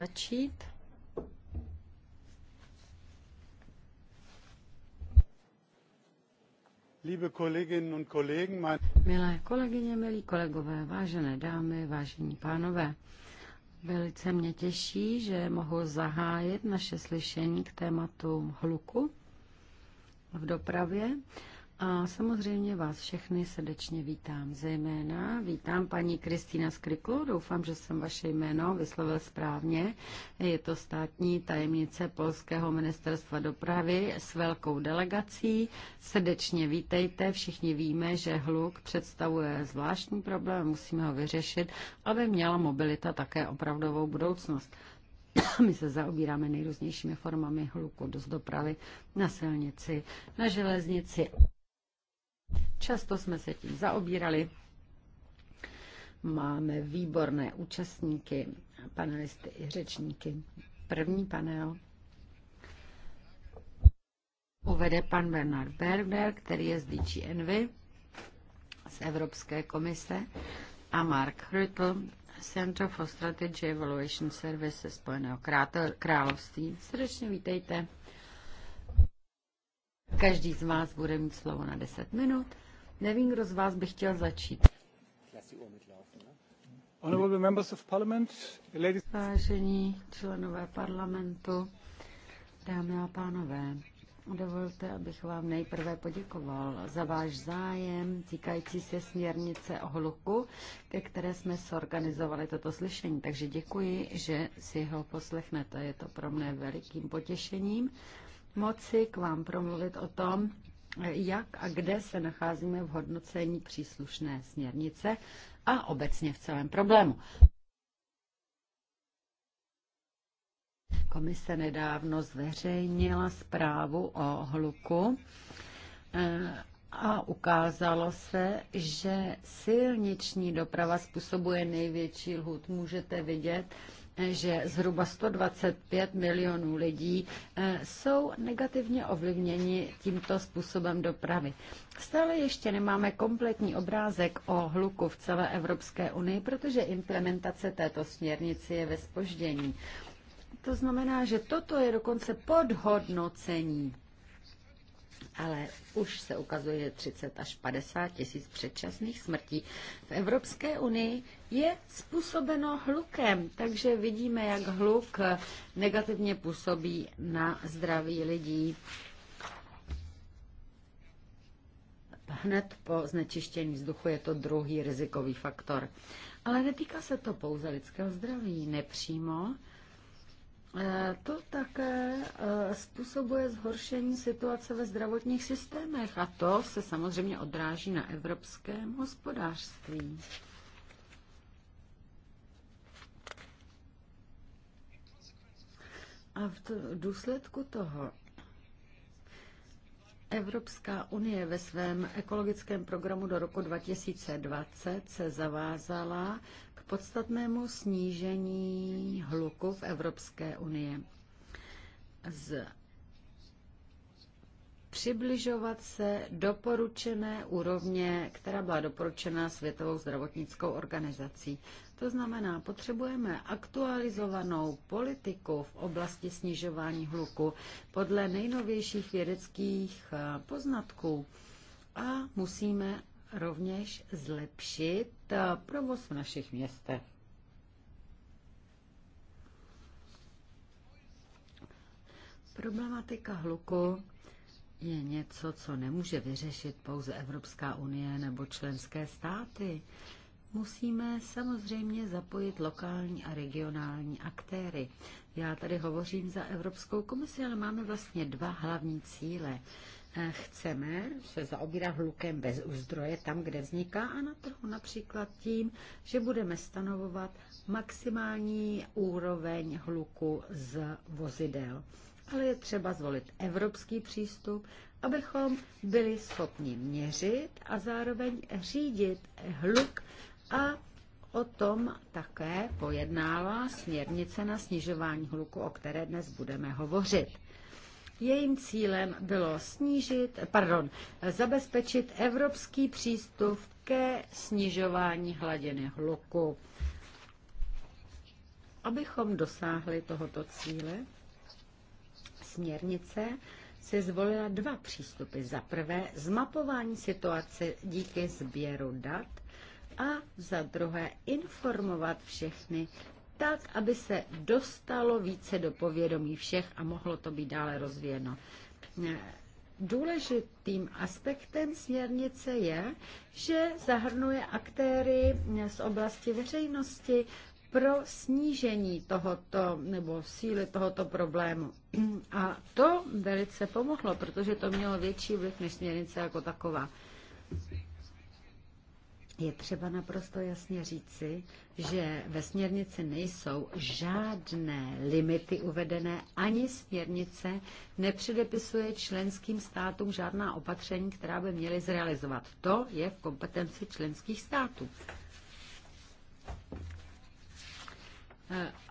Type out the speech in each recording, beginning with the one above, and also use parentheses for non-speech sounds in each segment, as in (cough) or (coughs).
začít. Liebe Kolleginnen und Kollegen, mein... Milé kolegyně, milí kolegové, vážené dámy, vážení pánové, velice mě těší, že mohu zahájit naše slyšení k tématu hluku v dopravě. A samozřejmě vás všechny srdečně vítám, zejména vítám paní Kristýna Skriklu, doufám, že jsem vaše jméno vyslovil správně. Je to státní tajemnice Polského ministerstva dopravy s velkou delegací. Srdečně vítejte, všichni víme, že hluk představuje zvláštní problém, musíme ho vyřešit, aby měla mobilita také opravdovou budoucnost. (coughs) My se zaobíráme nejrůznějšími formami hluku do dopravy na silnici, na železnici, Často jsme se tím zaobírali. Máme výborné účastníky, panelisty i řečníky. První panel uvede pan Bernard Berger, který je z DG Envy z Evropské komise a Mark Hrytl, Center for Strategy Evaluation Services Spojeného království. Srdečně vítejte. Každý z vás bude mít slovo na 10 minut. Nevím, kdo z vás by chtěl začít. Vážení členové parlamentu, dámy a pánové, Dovolte, abych vám nejprve poděkoval za váš zájem týkající se směrnice o hluku, ke které jsme sorganizovali toto slyšení. Takže děkuji, že si ho poslechnete. Je to pro mne velikým potěšením moci k vám promluvit o tom, jak a kde se nacházíme v hodnocení příslušné směrnice a obecně v celém problému. Komise nedávno zveřejnila zprávu o hluku eh, a ukázalo se, že silniční doprava způsobuje největší hluk. Můžete vidět, že zhruba 125 milionů lidí eh, jsou negativně ovlivněni tímto způsobem dopravy. Stále ještě nemáme kompletní obrázek o hluku v celé Evropské unii, protože implementace této směrnice je ve spoždění. To znamená, že toto je dokonce podhodnocení ale už se ukazuje, že 30 až 50 tisíc předčasných smrtí v Evropské unii je způsobeno hlukem. Takže vidíme, jak hluk negativně působí na zdraví lidí. Hned po znečištění vzduchu je to druhý rizikový faktor. Ale netýká se to pouze lidského zdraví, nepřímo E, to také e, způsobuje zhoršení situace ve zdravotních systémech a to se samozřejmě odráží na evropském hospodářství. A v důsledku toho Evropská unie ve svém ekologickém programu do roku 2020 se zavázala podstatnému snížení hluku v Evropské unii. Z přibližovat se doporučené úrovně, která byla doporučena Světovou zdravotnickou organizací. To znamená, potřebujeme aktualizovanou politiku v oblasti snižování hluku podle nejnovějších vědeckých eh, poznatků a musíme rovněž zlepšit eh, provoz v našich městech. Problematika hluku je něco, co nemůže vyřešit pouze Evropská unie nebo členské státy. Musíme samozřejmě zapojit lokální a regionální aktéry. Já tady hovořím za Evropskou komisi, ale máme vlastně dva hlavní cíle chceme se zaobírat hlukem bez uzdroje tam, kde vzniká a na trhu například tím, že budeme stanovovat maximální úroveň hluku z vozidel. Ale je třeba zvolit evropský přístup, abychom byli schopni měřit a zároveň řídit hluk a O tom také pojednává směrnice na snižování hluku, o které dnes budeme hovořit. Jejím cílem bylo snížit, pardon, zabezpečit evropský přístup ke snižování hladiny hluku. Abychom dosáhli tohoto cíle, směrnice se zvolila dva přístupy. Za prvé zmapování situace díky sběru dat a za druhé informovat všechny tak, aby se dostalo více do povědomí všech a mohlo to být dále rozvíjeno. Důležitým aspektem směrnice je, že zahrnuje aktéry z oblasti veřejnosti pro snížení tohoto nebo síly tohoto problému. A to velice pomohlo, protože to mělo větší vliv než směrnice jako taková je třeba naprosto jasně říci, že ve směrnici nejsou žádné limity uvedené, ani směrnice nepředepisuje členským státům žádná opatření, která by měly zrealizovat. To je v kompetenci členských států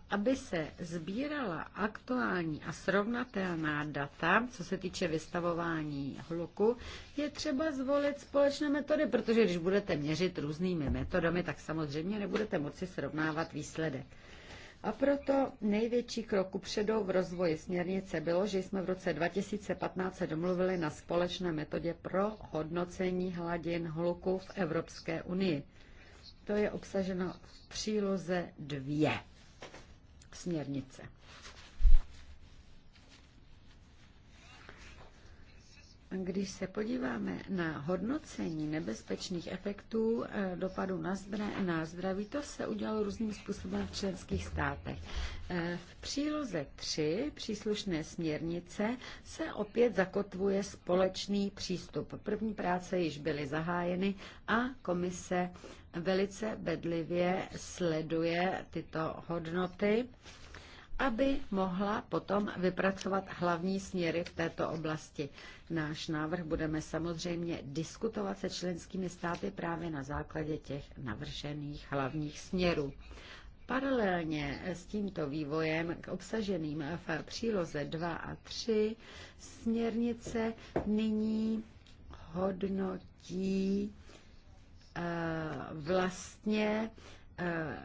aby se sbírala aktuální a srovnatelná data, co se týče vystavování hluku, je třeba zvolit společné metody, protože když budete měřit různými metodami, tak samozřejmě nebudete moci srovnávat výsledek. A proto největší kroku předou v rozvoji směrnice bylo, že jsme v roce 2015 domluvili na společné metodě pro hodnocení hladin hluku v Evropské unii. To je obsaženo v příloze 2 směrnice. Když se podíváme na hodnocení nebezpečných efektů eh, dopadu na, zdra, na zdraví, to se udělalo různým způsobem v členských státech. Eh, v příloze 3 příslušné směrnice se opět zakotvuje společný přístup. První práce již byly zahájeny a komise velice bedlivě sleduje tyto hodnoty aby mohla potom vypracovat hlavní směry v této oblasti. Náš návrh budeme samozřejmě diskutovat se členskými státy právě na základě těch navržených hlavních směrů. Paralelně s tímto vývojem k obsaženým v příloze 2 a 3 směrnice nyní hodnotí eh, vlastně eh,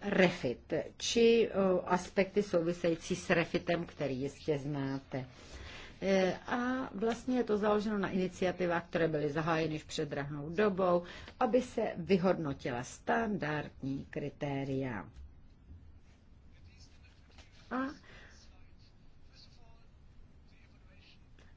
refit, či aspekty související s refitem, který jistě znáte. E, a vlastně je to založeno na iniciativách, které byly zahájeny před předrahnou dobou, aby se vyhodnotila standardní kritéria. A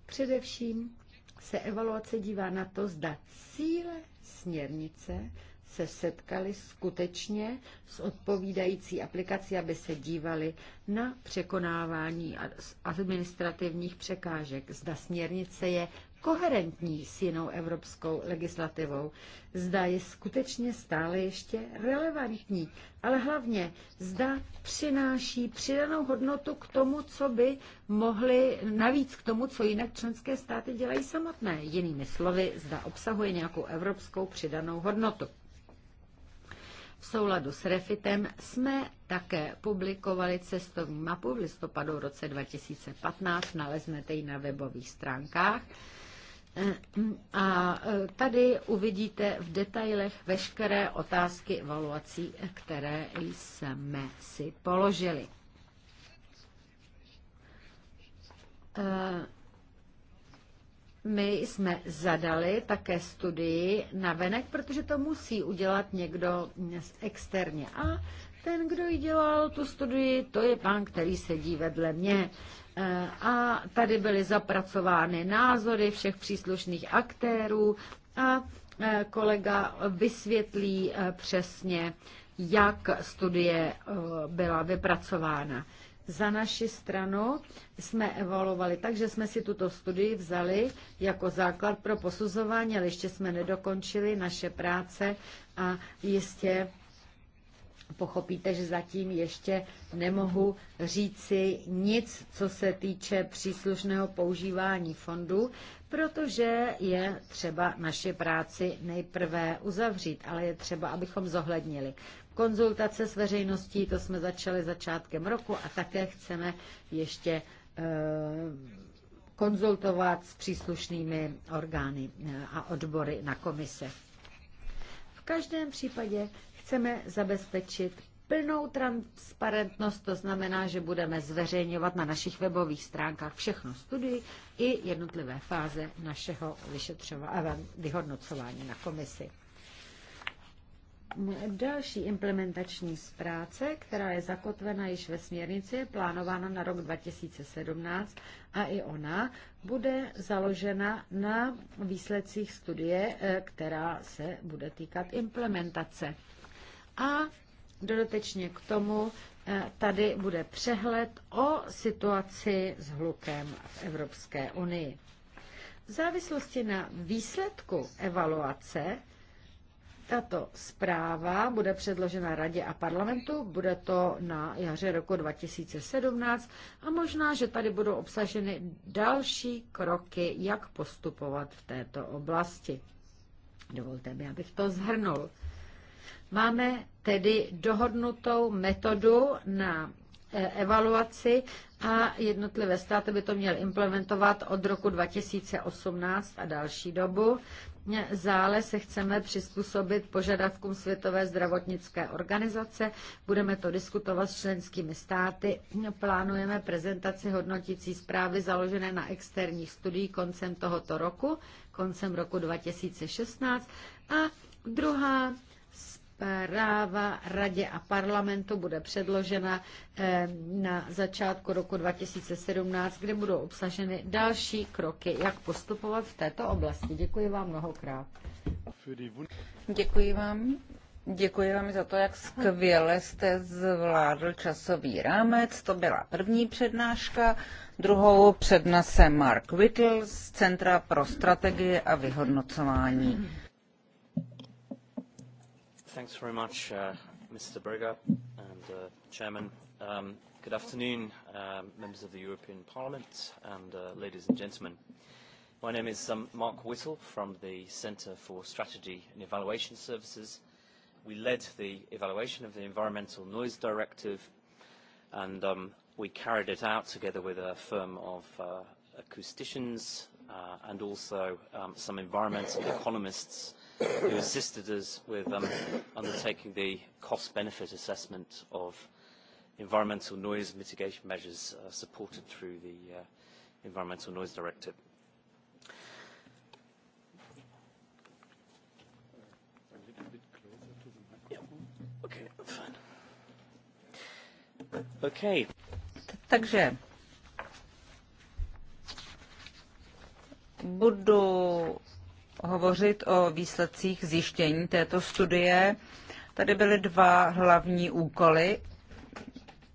především se evaluace dívá na to, zda cíle směrnice se setkali skutečně s odpovídající aplikací, aby se dívali na překonávání administrativních překážek. Zda směrnice je koherentní s jinou evropskou legislativou. Zda je skutečně stále ještě relevantní, ale hlavně zda přináší přidanou hodnotu k tomu, co by mohly, navíc k tomu, co jinak členské státy dělají samotné. Jinými slovy, zda obsahuje nějakou evropskou přidanou hodnotu. V souladu s Refitem jsme také publikovali cestovní mapu v listopadu v roce 2015, naleznete ji na webových stránkách. Eh, a eh, tady uvidíte v detailech veškeré otázky evaluací, které jsme si položili. Eh, my jsme zadali také studii na venek, protože to musí udělat někdo externě. A ten, kdo ji dělal, tu studii, to je pán, který sedí vedle mě. E, a tady byly zapracovány názory všech příslušných aktérů a e, kolega vysvětlí e, přesně, jak studie byla vypracována. Za naši stranu jsme evaluovali tak, že jsme si tuto studii vzali jako základ pro posuzování, ale ještě jsme nedokončili naše práce a jistě pochopíte, že zatím ještě nemohu říci nic, co se týče příslušného používání fondu, protože je třeba naše práci nejprve uzavřít, ale je třeba, abychom zohlednili konzultace s veřejností, to jsme začali začátkem roku a také chceme ještě eh, konzultovat s příslušnými orgány eh, a odbory na komise. V každém případě chceme zabezpečit plnou transparentnost, to znamená, že budeme zveřejňovat na našich webových stránkách všechno studii i jednotlivé fáze našeho vyšetřování, eh, vyhodnocování na komisi. Další implementační zpráce, která je zakotvena již ve směrnici, je plánována na rok 2017 a i ona bude založena na výsledcích studie, eh, která se bude týkat implementace. A dodatečně k tomu eh, tady bude přehled o situaci s hlukem v Evropské unii. V závislosti na výsledku evaluace tato zpráva bude předložena radě a parlamentu, bude to na jaře roku 2017 a možná, že tady budou obsaženy další kroky, jak postupovat v této oblasti. Dovolte mi, abych to zhrnul. Máme tedy dohodnutou metodu na e, evaluaci a jednotlivé státy by to měly implementovat od roku 2018 a další dobu zále se chceme přizpůsobit požadavkům Světové zdravotnické organizace. Budeme to diskutovat s členskými státy. Plánujeme prezentaci hodnotící zprávy založené na externích studiích koncem tohoto roku, koncem roku 2016. A druhá zpráva radě a parlamentu bude předložena eh, na začátku roku 2017, kde budou obsaženy další kroky, jak postupovat v této oblasti. Děkuji vám mnohokrát. Děkuji vám. Děkuji vám za to, jak skvěle jste zvládl časový rámec. To byla první přednáška. Druhou přednese Mark Whittle z Centra pro strategie a vyhodnocování Thanks very much, uh, Mr. Berger and uh, Chairman. Um, good afternoon, uh, members of the European Parliament and uh, ladies and gentlemen. My name is um, Mark Whittle from the Centre for Strategy and Evaluation Services. We led the evaluation of the Environmental Noise Directive and um, we carried it out together with a firm of uh, acousticians uh, and also um, some environmental economists who assisted us with um, undertaking the cost-benefit assessment of environmental noise mitigation measures uh, supported through the uh, Environmental Noise Directive. Okay. Takže budu hovořit o výsledcích zjištění této studie. Tady byly dva hlavní úkoly.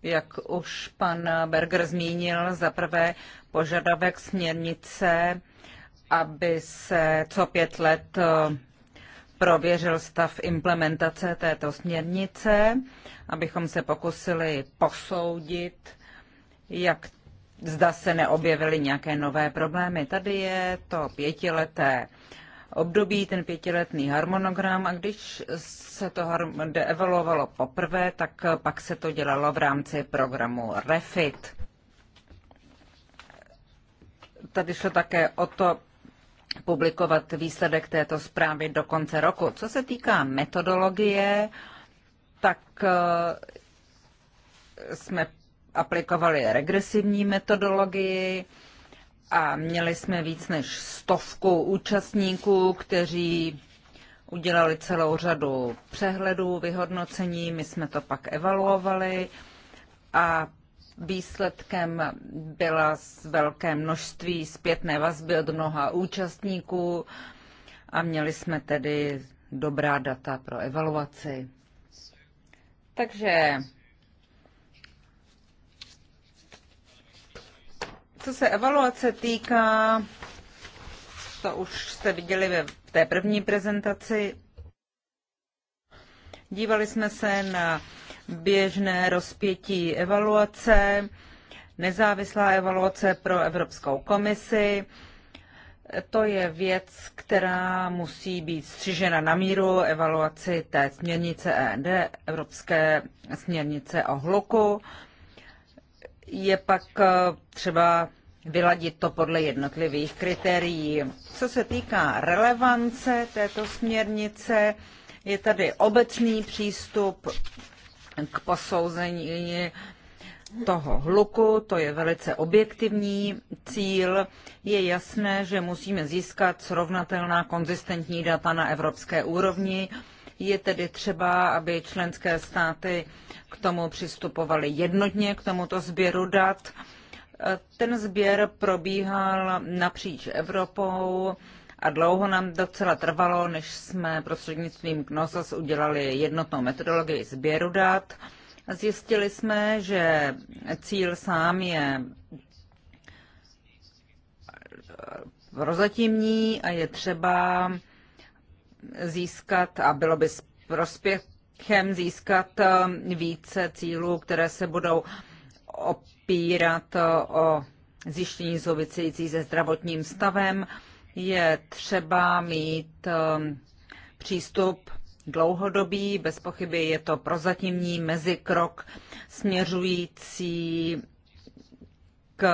Jak už pan Berger zmínil, za prvé požadavek směrnice, aby se co pět let eh, prověřil stav implementace této směrnice, abychom se pokusili posoudit, jak zda se neobjevily nějaké nové problémy. Tady je to pětileté období, ten pětiletý harmonogram a když se to evaluovalo poprvé, tak eh, pak se to dělalo v rámci programu REFIT. Tady šlo také o to publikovat výsledek této zprávy do konce roku. Co se týká metodologie, tak eh, jsme aplikovali regresivní metodologii, a měli jsme víc než stovku účastníků, kteří udělali celou řadu přehledů, vyhodnocení, my jsme to pak evaluovali a výsledkem byla z velké množství zpětné vazby od mnoha účastníků a měli jsme tedy dobrá data pro evaluaci. Takže Co se evaluace týká, to už jste viděli ve té první prezentaci. Dívali jsme se na běžné rozpětí evaluace, nezávislá evaluace pro Evropskou komisi. To je věc, která musí být střižena na míru evaluaci té směrnice END, Evropské směrnice o hluku je pak eh, třeba vyladit to podle jednotlivých kritérií. Co se týká relevance této směrnice, je tady obecný přístup k posouzení toho hluku, to je velice objektivní cíl. Je jasné, že musíme získat srovnatelná konzistentní data na evropské úrovni, je tedy třeba, aby členské státy k tomu přistupovaly jednotně, k tomuto sběru dat. Ten sběr probíhal napříč Evropou a dlouho nám docela trvalo, než jsme prostřednictvím KNOSOS udělali jednotnou metodologii sběru dat. Zjistili jsme, že cíl sám je prozatímní a je třeba získat a bylo by s prospěchem získat eh, více cílů, které se budou opírat eh, o zjištění související se zdravotním stavem, je třeba mít eh, přístup dlouhodobý, bez pochyby je to prozatímní mezikrok směřující k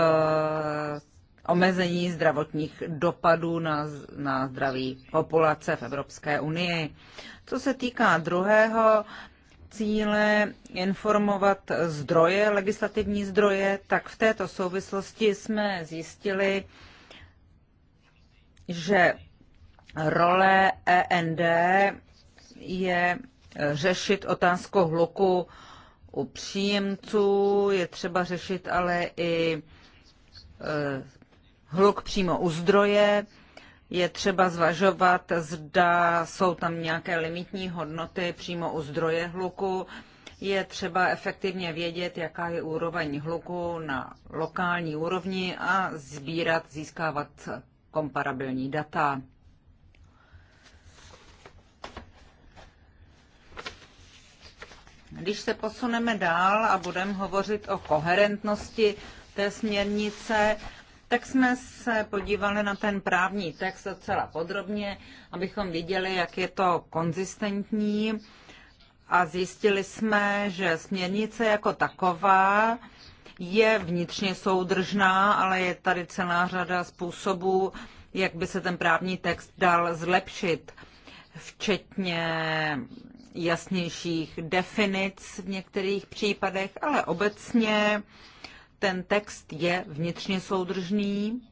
omezení zdravotních dopadů na, na zdraví populace v Evropské unii. Co se týká druhého cíle informovat zdroje, legislativní zdroje, tak v této souvislosti jsme zjistili, že role END je řešit otázku hluku u příjemců, je třeba řešit ale i eh, hluk přímo u zdroje. Je třeba zvažovat, zda jsou tam nějaké limitní hodnoty přímo u zdroje hluku. Je třeba efektivně vědět, jaká je úroveň hluku na lokální úrovni a sbírat, získávat komparabilní data. Když se posuneme dál a budeme hovořit o koherentnosti té směrnice, tak jsme se podívali na ten právní text docela podrobně, abychom viděli, jak je to konzistentní a zjistili jsme, že směrnice jako taková je vnitřně soudržná, ale je tady celá řada způsobů, jak by se ten právní text dal zlepšit, včetně jasnějších definic v některých případech, ale obecně ten text je vnitřně soudržný.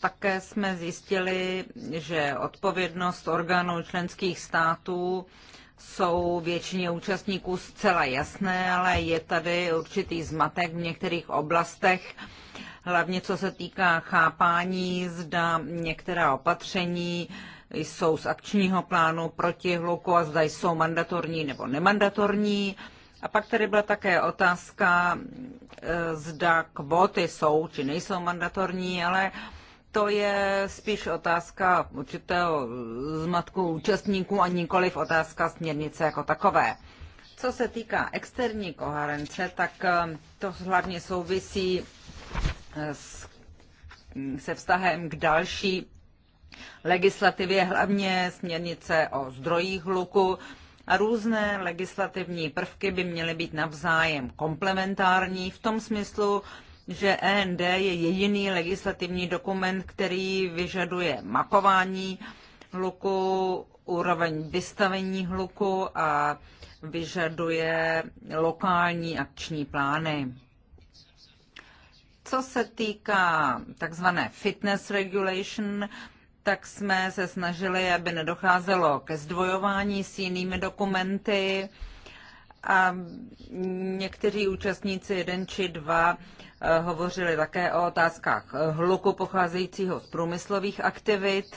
Také jsme zjistili, že odpovědnost orgánů členských států jsou většině účastníků zcela jasné, ale je tady určitý zmatek v některých oblastech, hlavně co se týká chápání, zda některá opatření jsou z akčního plánu proti hluku a zda jsou mandatorní nebo nemandatorní. A pak tady byla také otázka, e, zda kvóty jsou či nejsou mandatorní, ale to je spíš otázka určitého zmatku účastníků a nikoliv otázka směrnice jako takové. Co se týká externí koherence, tak e, to hlavně souvisí e, s, se vztahem k další legislativě, hlavně směrnice o zdrojích hluku a různé legislativní prvky by měly být navzájem komplementární v tom smyslu, že END je jediný legislativní dokument, který vyžaduje mapování hluku, úroveň vystavení hluku a vyžaduje lokální akční plány. Co se týká takzvané fitness regulation, tak jsme se snažili, aby nedocházelo ke zdvojování s jinými dokumenty a někteří účastníci, jeden či dva, eh, hovořili také o otázkách hluku pocházejícího z průmyslových aktivit.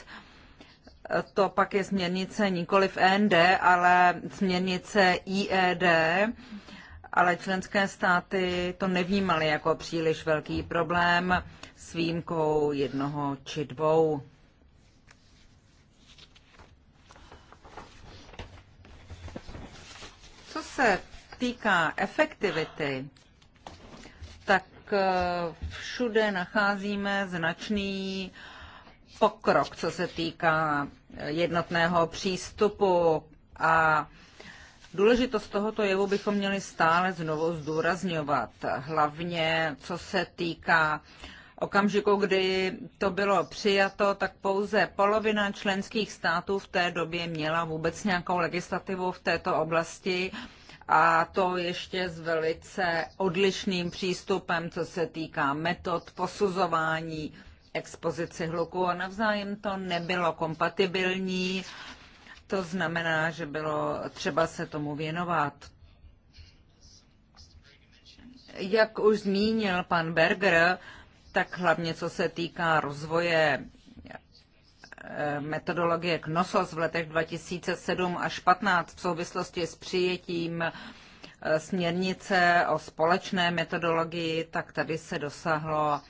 To pak je směrnice nikoli v END, ale směrnice IED, ale členské státy to nevnímaly jako příliš velký problém s výjimkou jednoho či dvou. se týká efektivity, tak eh, všude nacházíme značný pokrok, co se týká jednotného přístupu a důležitost tohoto jevu bychom měli stále znovu zdůrazňovat, hlavně co se týká okamžiku, kdy to bylo přijato, tak pouze polovina členských států v té době měla vůbec nějakou legislativu v této oblasti a to ještě s velice odlišným přístupem, co se týká metod posuzování expozici hluku a navzájem to nebylo kompatibilní. To znamená, že bylo třeba se tomu věnovat. Jak už zmínil pan Berger, tak hlavně co se týká rozvoje metodologie KNOSOS v letech 2007 až 2015 v souvislosti s přijetím eh, směrnice o společné metodologii, tak tady se dosáhlo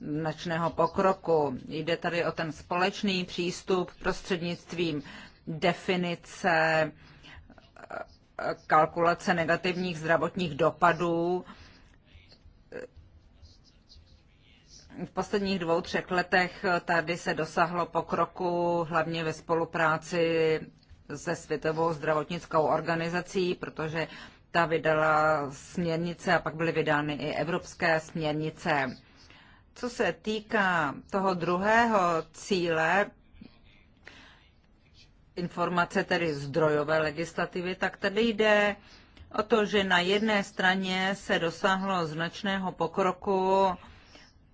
značného pokroku. Jde tady o ten společný přístup prostřednictvím definice eh, eh, kalkulace negativních zdravotních dopadů, v posledních dvou, třech letech tady se dosáhlo pokroku hlavně ve spolupráci se Světovou zdravotnickou organizací, protože ta vydala směrnice a pak byly vydány i evropské směrnice. Co se týká toho druhého cíle, informace tedy zdrojové legislativy, tak tady jde o to, že na jedné straně se dosáhlo značného pokroku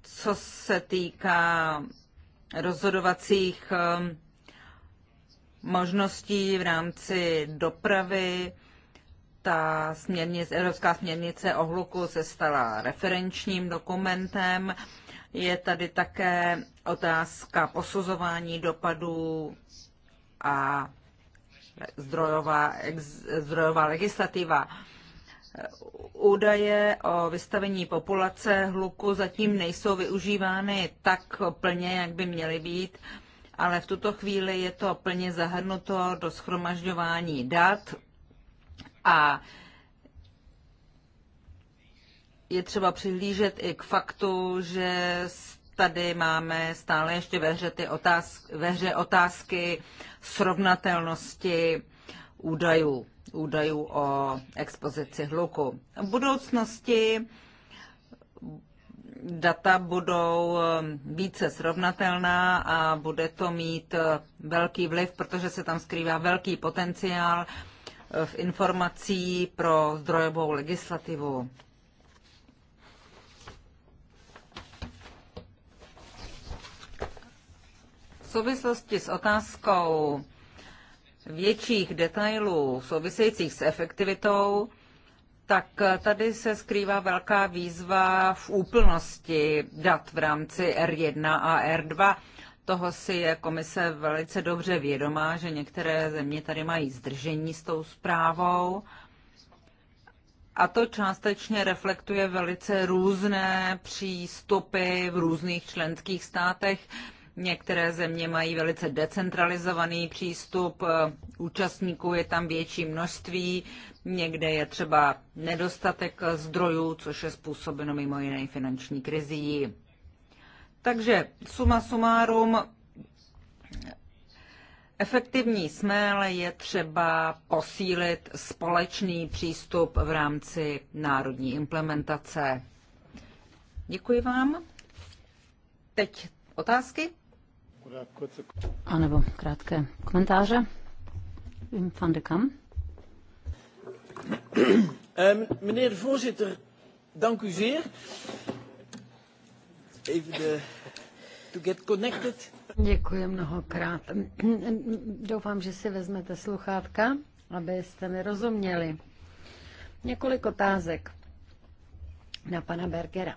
co se týká rozhodovacích um, možností v rámci dopravy, ta směrnice, Evropská směrnice o hluku se stala referenčním dokumentem. Je tady také otázka posuzování dopadů a zdrojová, ex, zdrojová legislativa. Údaje o vystavení populace hluku zatím nejsou využívány tak plně, jak by měly být, ale v tuto chvíli je to plně zahrnuto do schromažďování dat a je třeba přihlížet i k faktu, že tady máme stále ještě ve hře, ty otázky, ve hře otázky srovnatelnosti údajů údajů o expozici hluku. V budoucnosti data budou eh, více srovnatelná a bude to mít eh, velký vliv, protože se tam skrývá velký potenciál eh, v informací pro zdrojovou legislativu. V souvislosti s otázkou větších detailů souvisejících s efektivitou, tak tady se skrývá velká výzva v úplnosti dat v rámci R1 a R2. Toho si je komise velice dobře vědomá, že některé země tady mají zdržení s tou zprávou. A to částečně reflektuje velice různé přístupy v různých členských státech Některé země mají velice decentralizovaný přístup, eh, účastníků je tam větší množství, někde je třeba nedostatek zdrojů, což je způsobeno mimo jiné finanční krizí. Takže suma sumárum, efektivní jsme, ale je třeba posílit společný přístup v rámci národní implementace. Děkuji vám. Teď otázky? A nebo krátké komentáře? Van de Kam. Ehm, meneer de voorzitter, dank u zeer. Even de, to get connected. Děkuji mnohokrát. Doufám, že si vezmete sluchátka, abyste mi rozuměli. Několik otázek na pana Bergera.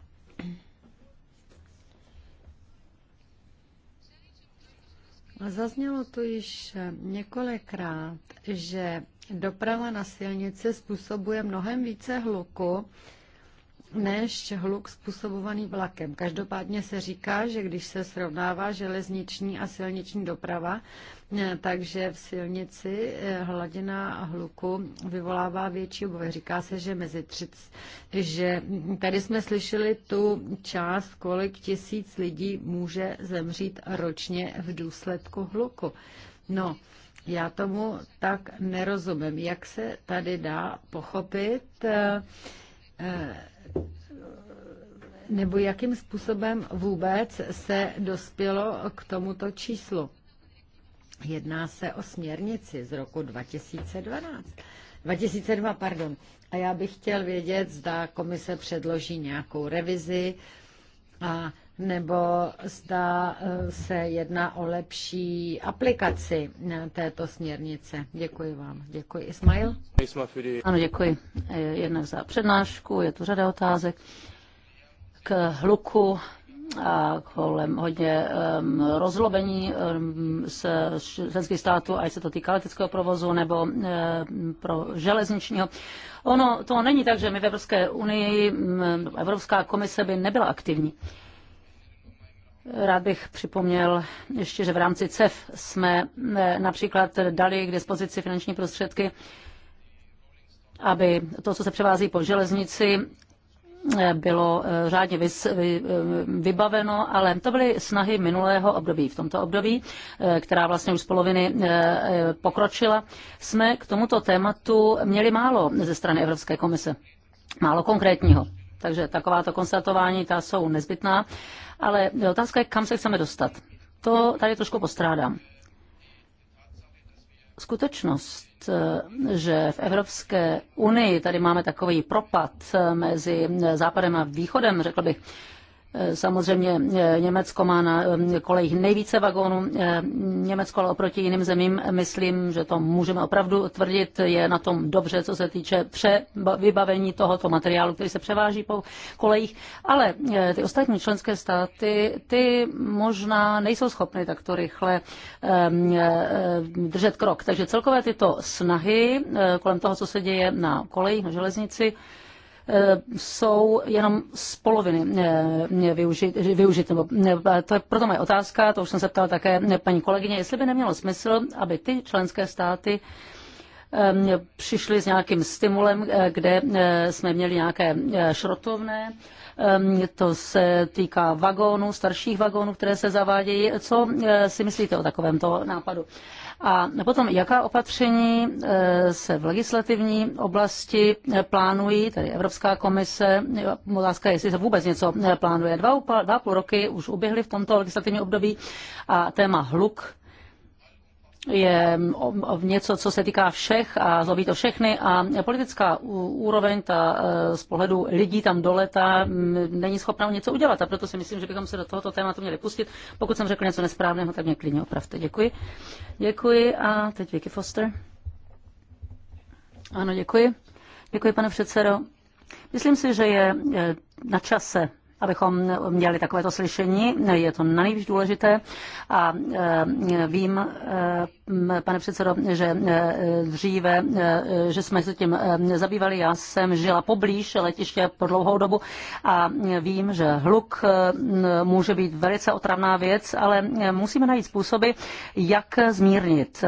Zaznělo tu již eh, několikrát, že doprava na silnici způsobuje mnohem více hluku než hluk způsobovaný vlakem. Každopádně se říká, že když se srovnává železniční a silniční doprava, eh, takže v silnici eh, hladina hluku vyvolává větší obavy. Říká se, že mezi třic, že tady jsme slyšeli tu část, kolik tisíc lidí může zemřít ročně v důsledku hluku. No, já tomu tak nerozumím. Jak se tady dá pochopit, eh, eh nebo jakým způsobem vůbec se dospělo k tomuto číslu. Jedná se o směrnici z roku 2012. 2002, pardon. A já bych chtěl vědět, zda komise předloží nějakou revizi a nebo zda e, se jedná o lepší aplikaci e, této směrnice. Děkuji vám. Děkuji, Ismail. Ano, děkuji e, jednak za přednášku, je tu řada otázek k hluku a kolem hodně um, rozlobení um, se členských států, ať se to týká leteckého provozu nebo um, pro železničního. Ono to není tak, že my v Evropské unii, um, Evropská komise by nebyla aktivní. Rád bych připomněl ještě, že v rámci CEF jsme e, například dali k dispozici finanční prostředky aby to, co se převází po železnici, bylo eh, řádně eh, vybaveno, ale to byly snahy minulého období. V tomto období, eh, která vlastně už z poloviny pokročila, jsme k tomuto tématu měli málo ze strany Evropské komise. Málo konkrétního. Takže takováto konstatování ta jsou nezbytná. Ale otázka je, kam se chceme dostat. To tady trošku postrádám skutečnost, že v Evropské unii tady máme takový propad mezi západem a východem, řekl bych, Eh, samozřejmě eh, Německo má na eh, kolejích nejvíce vagónů. Německo ale oproti jiným zemím, myslím, že to můžeme opravdu tvrdit, je na tom dobře, co se týče pře vybavení tohoto materiálu, který se převáží po kolejích. Ale ty ostatní členské státy, ty možná nejsou schopny takto rychle ehm, držet krok. Takže celkové tyto snahy kolem toho, co se děje na kolejích, na železnici, Eh, jsou jenom z poloviny eh, využit, využit nebo, eh, to je, proto moje otázka, to už jsem se ptala také paní kolegyně, jestli by nemělo smysl, aby ty členské státy přišli s nějakým stimulem, kde jsme měli nějaké šrotovné, to se týká vagónů, starších vagónů, které se zavádějí. Co si myslíte o takovémto nápadu? A potom, jaká opatření eh, se v legislativní oblasti eh, plánují, tedy Evropská komise, otázka je, jestli se vůbec něco eh, plánuje. Dva, dva půl roky už uběhly v tomto legislativním období a téma hluk je mm, něco, co se týká všech a zlobí to všechny a politická úroveň ta eh, z pohledu lidí tam dole ta mm, není schopná něco udělat a proto si myslím, že bychom se do tohoto tématu měli pustit. Pokud jsem řekl něco nesprávného, tak mě klidně opravte. Děkuji. Děkuji a teď Vicky Foster. Ano, děkuji. Děkuji, pane předsedo. Myslím si, že je eh, na čase abychom měli takovéto slyšení. Je to na nejvíc důležité a e, vím, e, pane předsedo, že e, dříve, že jsme se tím zabývali. Já jsem žila poblíž letiště po dlouhou dobu a vím, že hluk může být velice otravná věc, ale musíme najít způsoby, jak zmírnit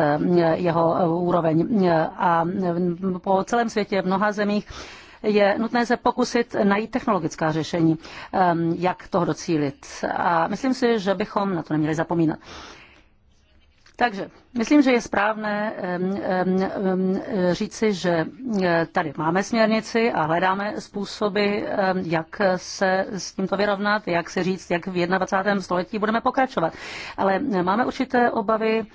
jeho úroveň. A po celém světě v mnoha zemích je nutné se pokusit najít technologická řešení, ehm, jak toho docílit. A myslím si, že bychom na to neměli zapomínat. Takže myslím, že je správné ehm, ehm, říci, že eh, tady máme směrnici a hledáme způsoby, jak se s tímto vyrovnat, jak se říct, jak v 21. století budeme pokračovat. Ale máme určité obavy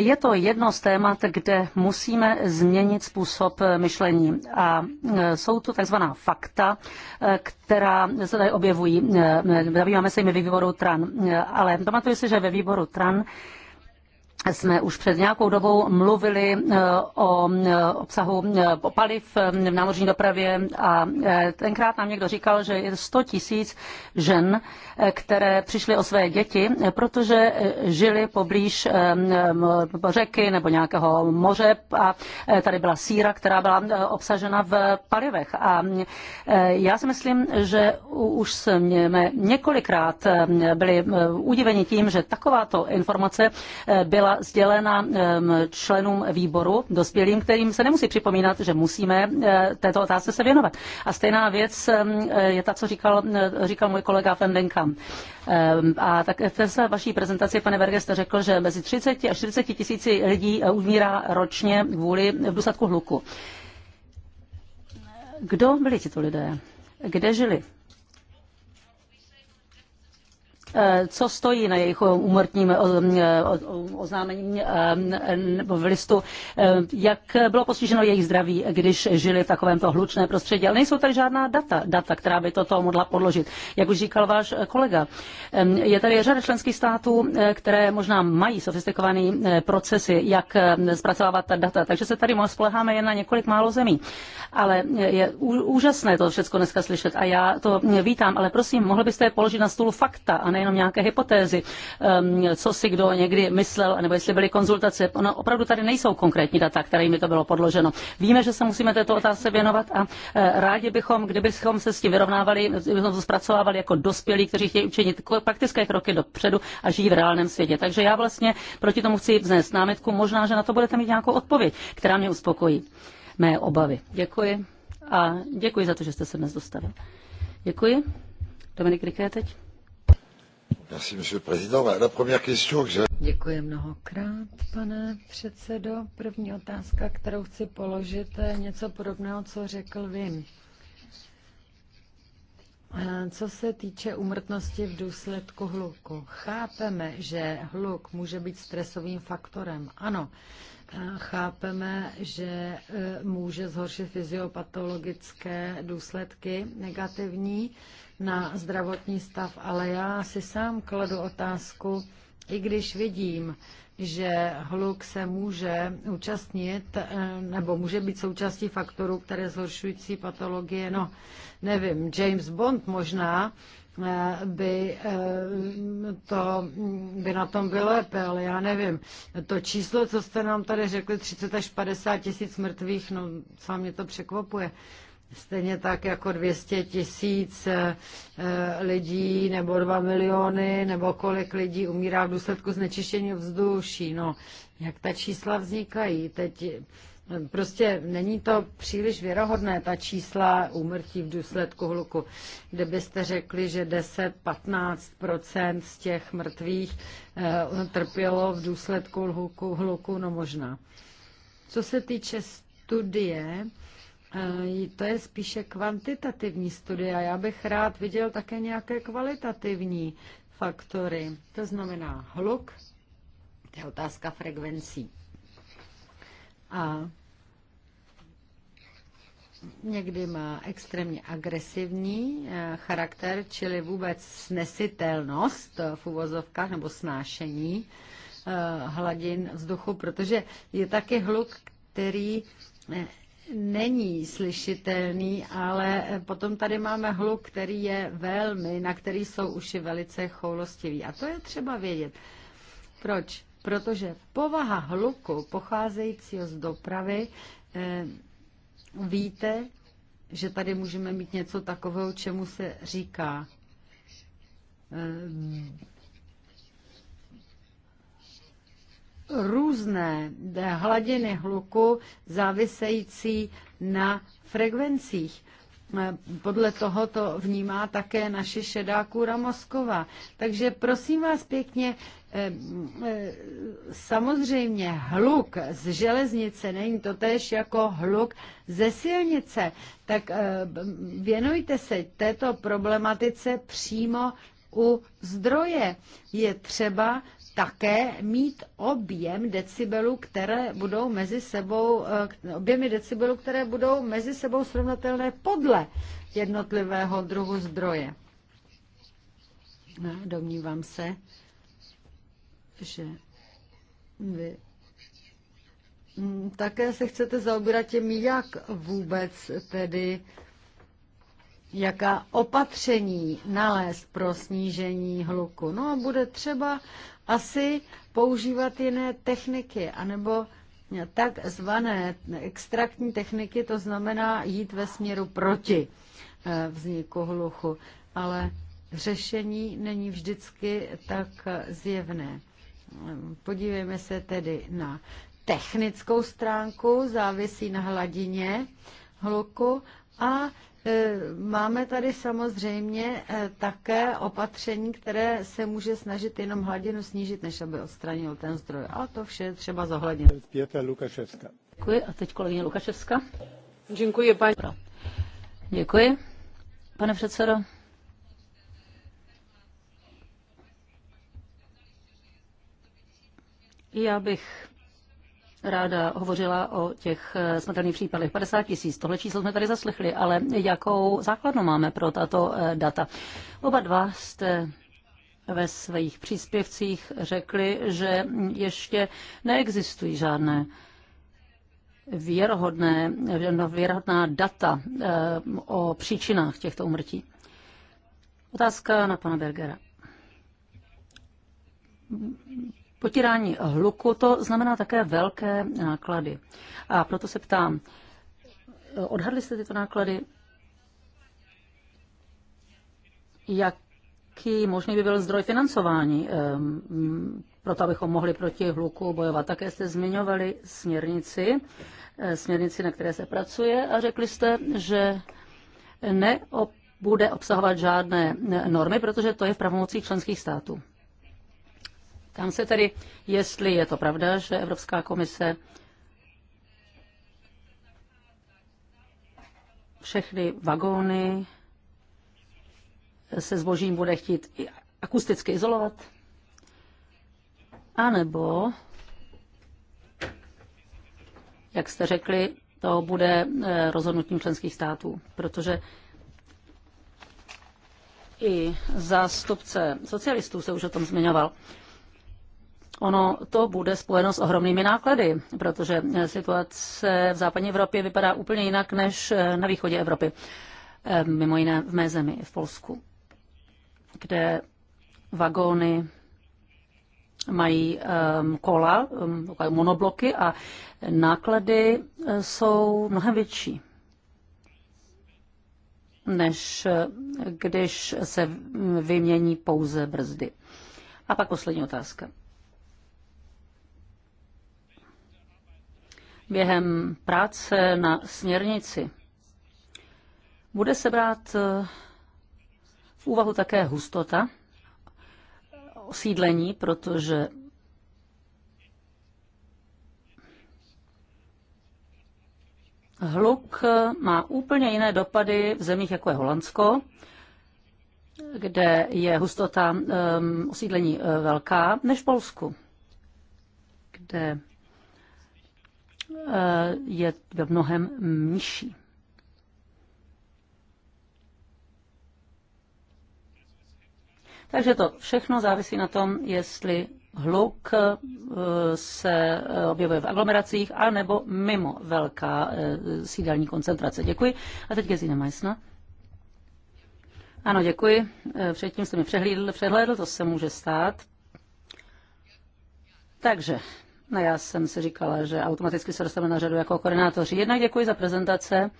je to jedno z témat, kde musíme změnit způsob myšlení. A e, jsou to takzvaná fakta, e, která se tady objevují. E, zabýváme se jimi ve výboru TRAN. Ale pamatuju si, že ve výboru TRAN jsme už před nějakou dobou mluvili eh, o eh, obsahu eh, paliv v námořní dopravě a tenkrát nám někdo říkal, že je 100 tisíc žen, které přišly o své děti, protože žili poblíž řeky nebo nějakého moře a tady byla síra, která byla obsažena v palivech. A já si myslím, že už jsme několikrát byli udiveni tím, že takováto informace byla sdělena členům výboru, dospělým, kterým se nemusí připomínat, že musíme eh, této otázce se věnovat. A stejná věc je ta, co říkal, eh, říkal můj kolega Fendenka. A tak v vaší prezentaci, pane Berge, jste řekl, že mezi 30 a 40 tisíci lidí eh, umírá ročně kvůli v důsledku hluku. Kdo byli tito lidé? Kde žili? Eh, co stojí na jejich eh, úmrtním eh, oznámení nebo v listu, jak bylo postiženo jejich zdraví, když žili v takovémto hlučné prostředí. Ale nejsou tady žádná data, data, která by toto mohla podložit. Jak už říkal váš kolega, je tady řada členských států, které možná mají sofistikované procesy, jak zpracovávat ta data, takže se tady spoleháme jen na několik málo zemí. Ale je úžasné to všechno dneska slyšet a já to vítám, ale prosím, mohl byste položit na stůl fakta a nejenom nějaké hypotézy, ehm, co si kdo někdy myslel, nebo jestli byly konzultace. Ono opravdu tady nejsou konkrétní data, kterými to bylo podloženo. Víme, že se musíme této otázce věnovat a eh, rádi bychom, kdybychom se s tím vyrovnávali, kdybychom to zpracovávali jako dospělí, kteří chtějí učinit praktické kroky dopředu a žijí v reálném světě. Takže já vlastně proti tomu chci vznést námitku. Možná, že na to budete mít nějakou odpověď, která mě uspokojí mé obavy. Děkuji a děkuji za to, že jste se dnes dostavil. Děkuji. Dominik Riké teď. Děkuji mnohokrát, pane předsedo. První otázka, kterou chci položit, je něco podobného, co řekl vy. Co se týče umrtnosti v důsledku hluku, chápeme, že hluk může být stresovým faktorem. Ano, chápeme, že e, může zhoršit fyziopatologické důsledky negativní, na zdravotní stav, ale já si sám kladu otázku, i když vidím, že hluk se může účastnit eh, nebo může být součástí faktorů, které zhoršující patologie, no nevím, James Bond možná eh, by, eh, to, by na tom bylo lépe, ale já nevím. To číslo, co jste nám tady řekli, 30 až 50 tisíc mrtvých, no co mě to překvapuje. Stejně tak jako 200 tisíc eh, eh, lidí nebo 2 miliony nebo kolik lidí umírá v důsledku znečištění vzduší. No, jak ta čísla vznikají? Teď eh, Prostě není to příliš věrohodné, ta čísla úmrtí v důsledku hluku. Kdybyste řekli, že 10-15 z těch mrtvých trpělo v důsledku hluku, hluku, no možná. Co se týče studie, Eh, to je spíše kvantitativní studie a já bych rád viděl také nějaké kvalitativní faktory. To znamená hluk, to je otázka frekvencí. A někdy má extrémně agresivní eh, charakter, čili vůbec snesitelnost v uvozovkách nebo snášení eh, hladin vzduchu, protože je taky hluk, který není slyšitelný, ale potom tady máme hluk, který je velmi, na který jsou uši velice choulostiví. A to je třeba vědět. Proč? Protože povaha hluku pocházejícího z dopravy, eh, víte, že tady můžeme mít něco takového, čemu se říká eh, různé hladiny hluku závisející na frekvencích. Podle toho to vnímá také naše šedá kůra moskova Takže prosím vás pěkně, eh, eh, samozřejmě hluk z železnice není to tež jako hluk ze silnice, tak eh, věnujte se této problematice přímo u zdroje. Je třeba také mít objem decibelů, které budou mezi sebou, eh, objemy decibelů, které budou mezi sebou srovnatelné podle jednotlivého druhu zdroje. Domnívám se, že vy také se chcete zaobírat tím, jak vůbec tedy jaká opatření nalézt pro snížení hluku. No a bude třeba asi používat jiné techniky, anebo tak zvané extraktní techniky, to znamená jít ve směru proti eh, vzniku hluchu. Ale řešení není vždycky tak zjevné. Podívejme se tedy na technickou stránku, závisí na hladině hluku a E, máme tady samozřejmě e, také opatření, které se může snažit jenom hladinu snížit, než aby odstranil ten zdroj. A to vše třeba zohlednit. Pěta Lukaševská. Děkuji. A teď kolegyně Lukaševská. Děkuji, paní. Děkuji, pane předsedo. Já bych ráda hovořila o těch eh, smrtelných případech 50 tisíc. Tohle číslo jsme tady zaslechli, ale jakou základnu máme pro tato eh, data? Oba dva jste ve svých příspěvcích řekli, že ještě neexistují žádné věrohodné, věrohodná data eh, o příčinách těchto umrtí. Otázka na pana Bergera Potírání hluku to znamená také velké náklady. A proto se ptám, odhadli jste tyto náklady? Jaký možný by byl zdroj financování ehm, proto, abychom mohli proti hluku bojovat? Také jste zmiňovali směrnici, eh, směrnici, na které se pracuje a řekli jste, že ne bude obsahovat žádné normy, protože to je v pravomocích členských států. Tam se tedy, jestli je to pravda, že Evropská komise všechny vagóny se zbožím bude chtít akusticky izolovat, anebo, jak jste řekli, to bude eh, rozhodnutím členských států, protože i zástupce socialistů se už o tom zmiňoval. Ono to bude spojeno s ohromnými náklady, protože situace v západní Evropě vypadá úplně jinak než eh, na východě Evropy. Eh, mimo jiné v mé zemi, v Polsku, kde vagóny mají ehm, kola, ehm, monobloky a náklady eh, jsou mnohem větší než když se vymění pouze brzdy. A pak poslední otázka. během práce na směrnici bude se brát eh, v úvahu také hustota osídlení, protože hluk má úplně jiné dopady v zemích, jako je Holandsko, kde je hustota um, osídlení eh, velká, než v Polsku, kde Eh, je ve mnohem nižší. Takže to všechno závisí na tom, jestli hluk eh, se eh, objevuje v aglomeracích a nebo mimo velká sídelní koncentrace. Děkuji. A teď Gezina Meissner. Ano, děkuji. Předtím jste mi přehlídl, přehlédl, to se může stát. Takže No já jsem si říkala, že automaticky se dostaneme na řadu jako koordinátoři. Jednak děkuji za prezentace.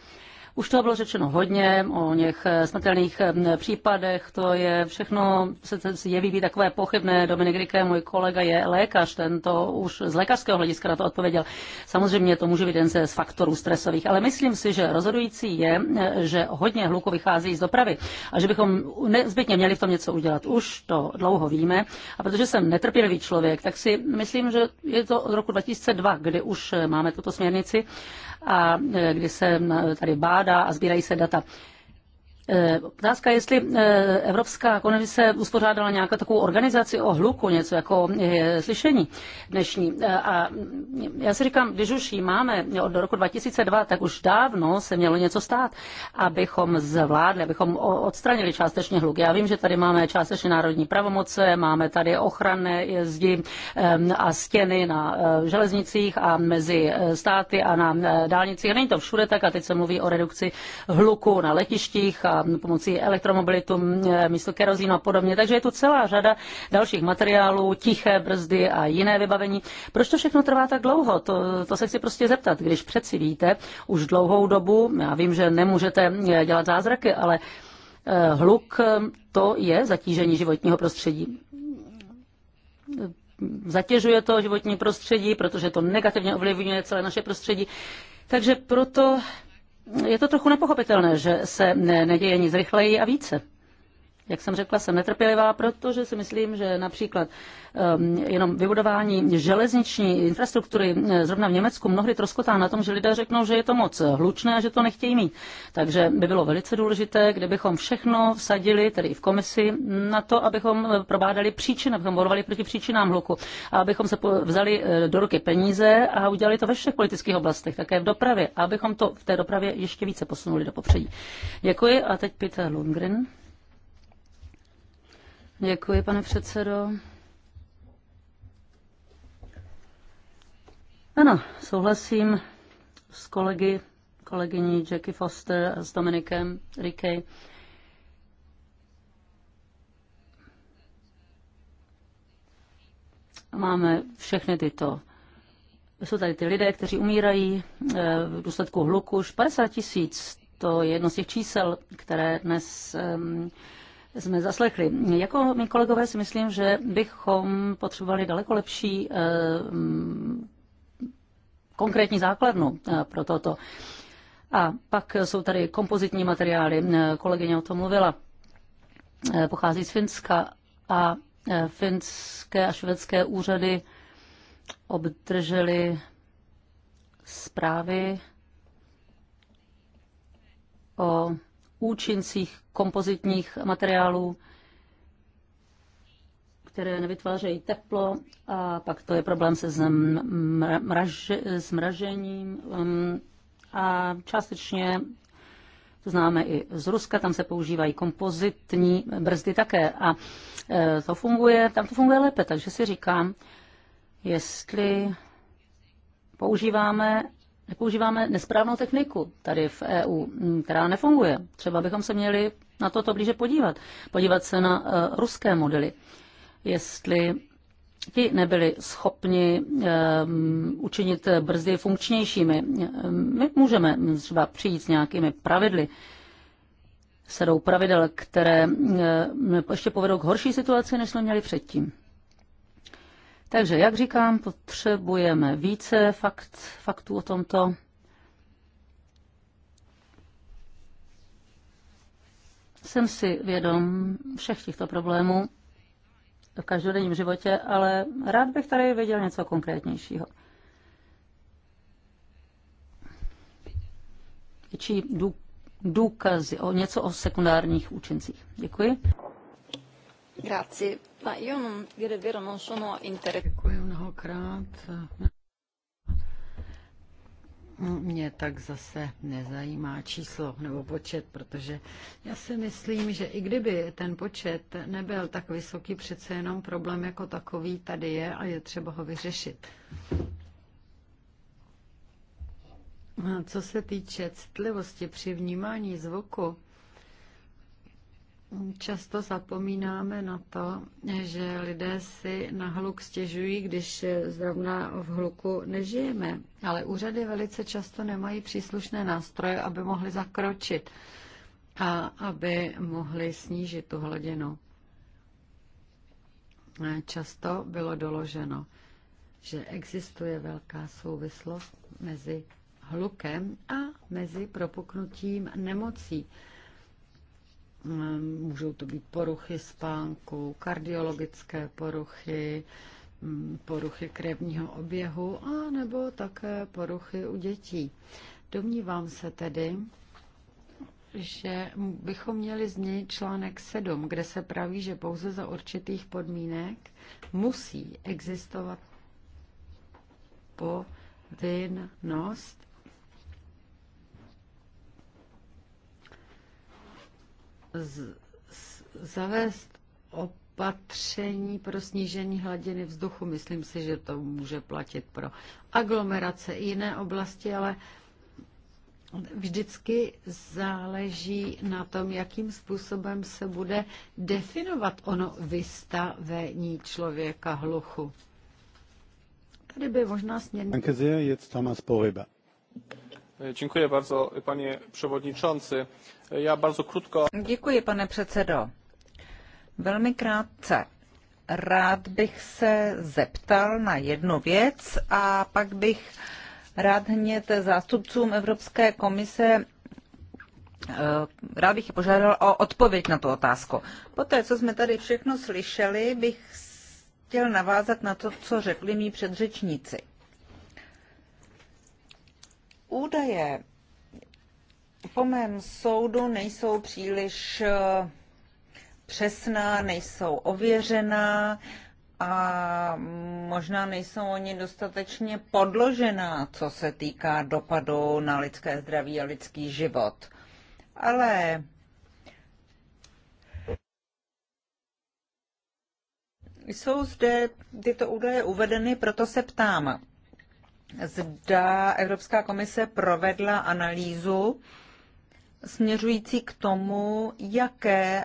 Už toho bylo řečeno hodně o něch eh, smrtelných eh, případech, to je všechno, se jeví být takové pochybné. Dominik Rike, můj kolega, je lékař, ten to už z lékařského hlediska na to odpověděl. Samozřejmě to může být jeden z faktorů stresových, ale myslím si, že rozhodující je, eh, že hodně hluku vychází z dopravy a že bychom nezbytně měli v tom něco udělat. Už to dlouho víme a protože jsem netrpělivý člověk, tak si myslím, že je to od roku 2002, kdy už máme tuto směrnici a eh, kdy se eh, tady bádá a sbírají se data. Eh, otázka, jestli eh, Evropská komise uspořádala nějakou takovou organizaci o hluku, něco jako eh, slyšení dnešní. A já si říkám, když už ji máme od roku 2002, tak už dávno se mělo něco stát, abychom zvládli, abychom odstranili částečně hluk. Já vím, že tady máme částečně národní pravomoce, máme tady ochranné zdi a stěny na železnicích a mezi státy a na dálnicích. Není to všude tak a teď se mluví o redukci hluku na letištích a Um, pomocí elektromobilitu e, místo kerozínu a podobně. Takže je tu celá řada dalších materiálů, tiché brzdy a jiné vybavení. Proč to všechno trvá tak dlouho? To, to se chci prostě zeptat, když přeci víte už dlouhou dobu, já vím, že nemůžete e, dělat zázraky, ale e, hluk to je zatížení životního prostředí zatěžuje to životní prostředí, protože to negativně ovlivňuje celé naše prostředí. Takže proto je to trochu nepochopitelné, že se neděje nic rychleji a více. Jak jsem řekla, jsem netrpělivá, protože si myslím, že například ehm, jenom vybudování železniční infrastruktury eh, zrovna v Německu mnohdy troskotá na tom, že lidé řeknou, že je to moc hlučné a že to nechtějí mít. Takže by bylo velice důležité, kdybychom všechno vsadili, tedy i v komisi, na to, abychom eh, probádali příčiny, abychom bojovali proti příčinám hluku a abychom se vzali eh, do ruky peníze a udělali to ve všech politických oblastech, také v dopravě, a abychom to v té dopravě ještě více posunuli do popředí. Děkuji a teď Peter Lundgren. Děkuji, pane předsedo. Ano, souhlasím s kolegy, kolegyní Jackie Foster a s Dominikem Rikej. Máme všechny tyto jsou tady ty lidé, kteří umírají eh, v důsledku hluku. Už 50 tisíc, to je jedno z těch čísel, které dnes ehm, jsme zaslechli. Jako my kolegové si myslím, že bychom potřebovali daleko lepší eh, mm, konkrétní základnu eh, pro toto. A pak jsou tady kompozitní materiály, eh, kolegyně o tom mluvila. Pochází z Finska a finské a švédské úřady obdrželi zprávy o účincích kompozitních materiálů, které nevytvářejí teplo a pak to je problém se zmražením um, a částečně to známe i z Ruska, tam se používají kompozitní brzdy také a e, to funguje, tam to funguje lépe, takže si říkám, jestli používáme používáme nesprávnou techniku tady v EU, mm, která nefunguje. Třeba bychom se měli na toto blíže podívat. Podívat se na e, ruské modely. Jestli ti nebyli schopni um, učinit brzdy funkčnějšími. E, my můžeme třeba přijít s nějakými pravidly, sedou pravidel, které ještě povedou k horší situaci, než jsme měli předtím. Takže, jak říkám, potřebujeme více fakt, faktů o tomto. Jsem si vědom všech těchto problémů v každodenním životě, ale rád bych tady věděl něco konkrétnějšího. Či dů, důkazy o něco o sekundárních účincích. Děkuji. Grazie. Ma io non, dire vero, non sono Děkuji mnohokrát. Mě tak zase nezajímá číslo nebo počet, protože já si myslím, že i kdyby ten počet nebyl tak vysoký, přece jenom problém jako takový tady je a je třeba ho vyřešit. A co se týče citlivosti při vnímání zvuku, Často zapomínáme na to, že lidé si na hluk stěžují, když zrovna v hluku nežijeme, ale úřady velice často nemají příslušné nástroje, aby mohly zakročit a aby mohly snížit tu hladinu. Často bylo doloženo, že existuje velká souvislost mezi hlukem a mezi propuknutím nemocí Mm, můžou to být poruchy spánku, kardiologické poruchy, mm, poruchy krevního oběhu a nebo také poruchy u dětí. Domnívám se tedy, že bychom měli změnit článek 7, kde se praví, že pouze za určitých podmínek musí existovat povinnost zavést opatření pro snížení hladiny vzduchu. Myslím si, že to může platit pro aglomerace i jiné oblasti, ale vždycky záleží na tom, jakým způsobem se bude definovat ono vystavení člověka hluchu. Tady by možná směrně... Děkuji bardzo, pane przewodniczący. bardzo krótko... Děkuji, pane předsedo. Velmi krátce. Rád bych se zeptal na jednu věc a pak bych rád hned zástupcům Evropské komise eh, Rád bych požádal o odpověď na tu otázku. Poté, co jsme tady všechno slyšeli, bych chtěl navázat na to, co řekli mý předřečníci. Údaje po mém soudu nejsou příliš eh, přesná, nejsou ověřená a možná nejsou oni dostatečně podložená, co se týká dopadu na lidské zdraví a lidský život. Ale jsou zde tyto údaje uvedeny, proto se ptám zda Evropská komise provedla analýzu směřující k tomu, jaké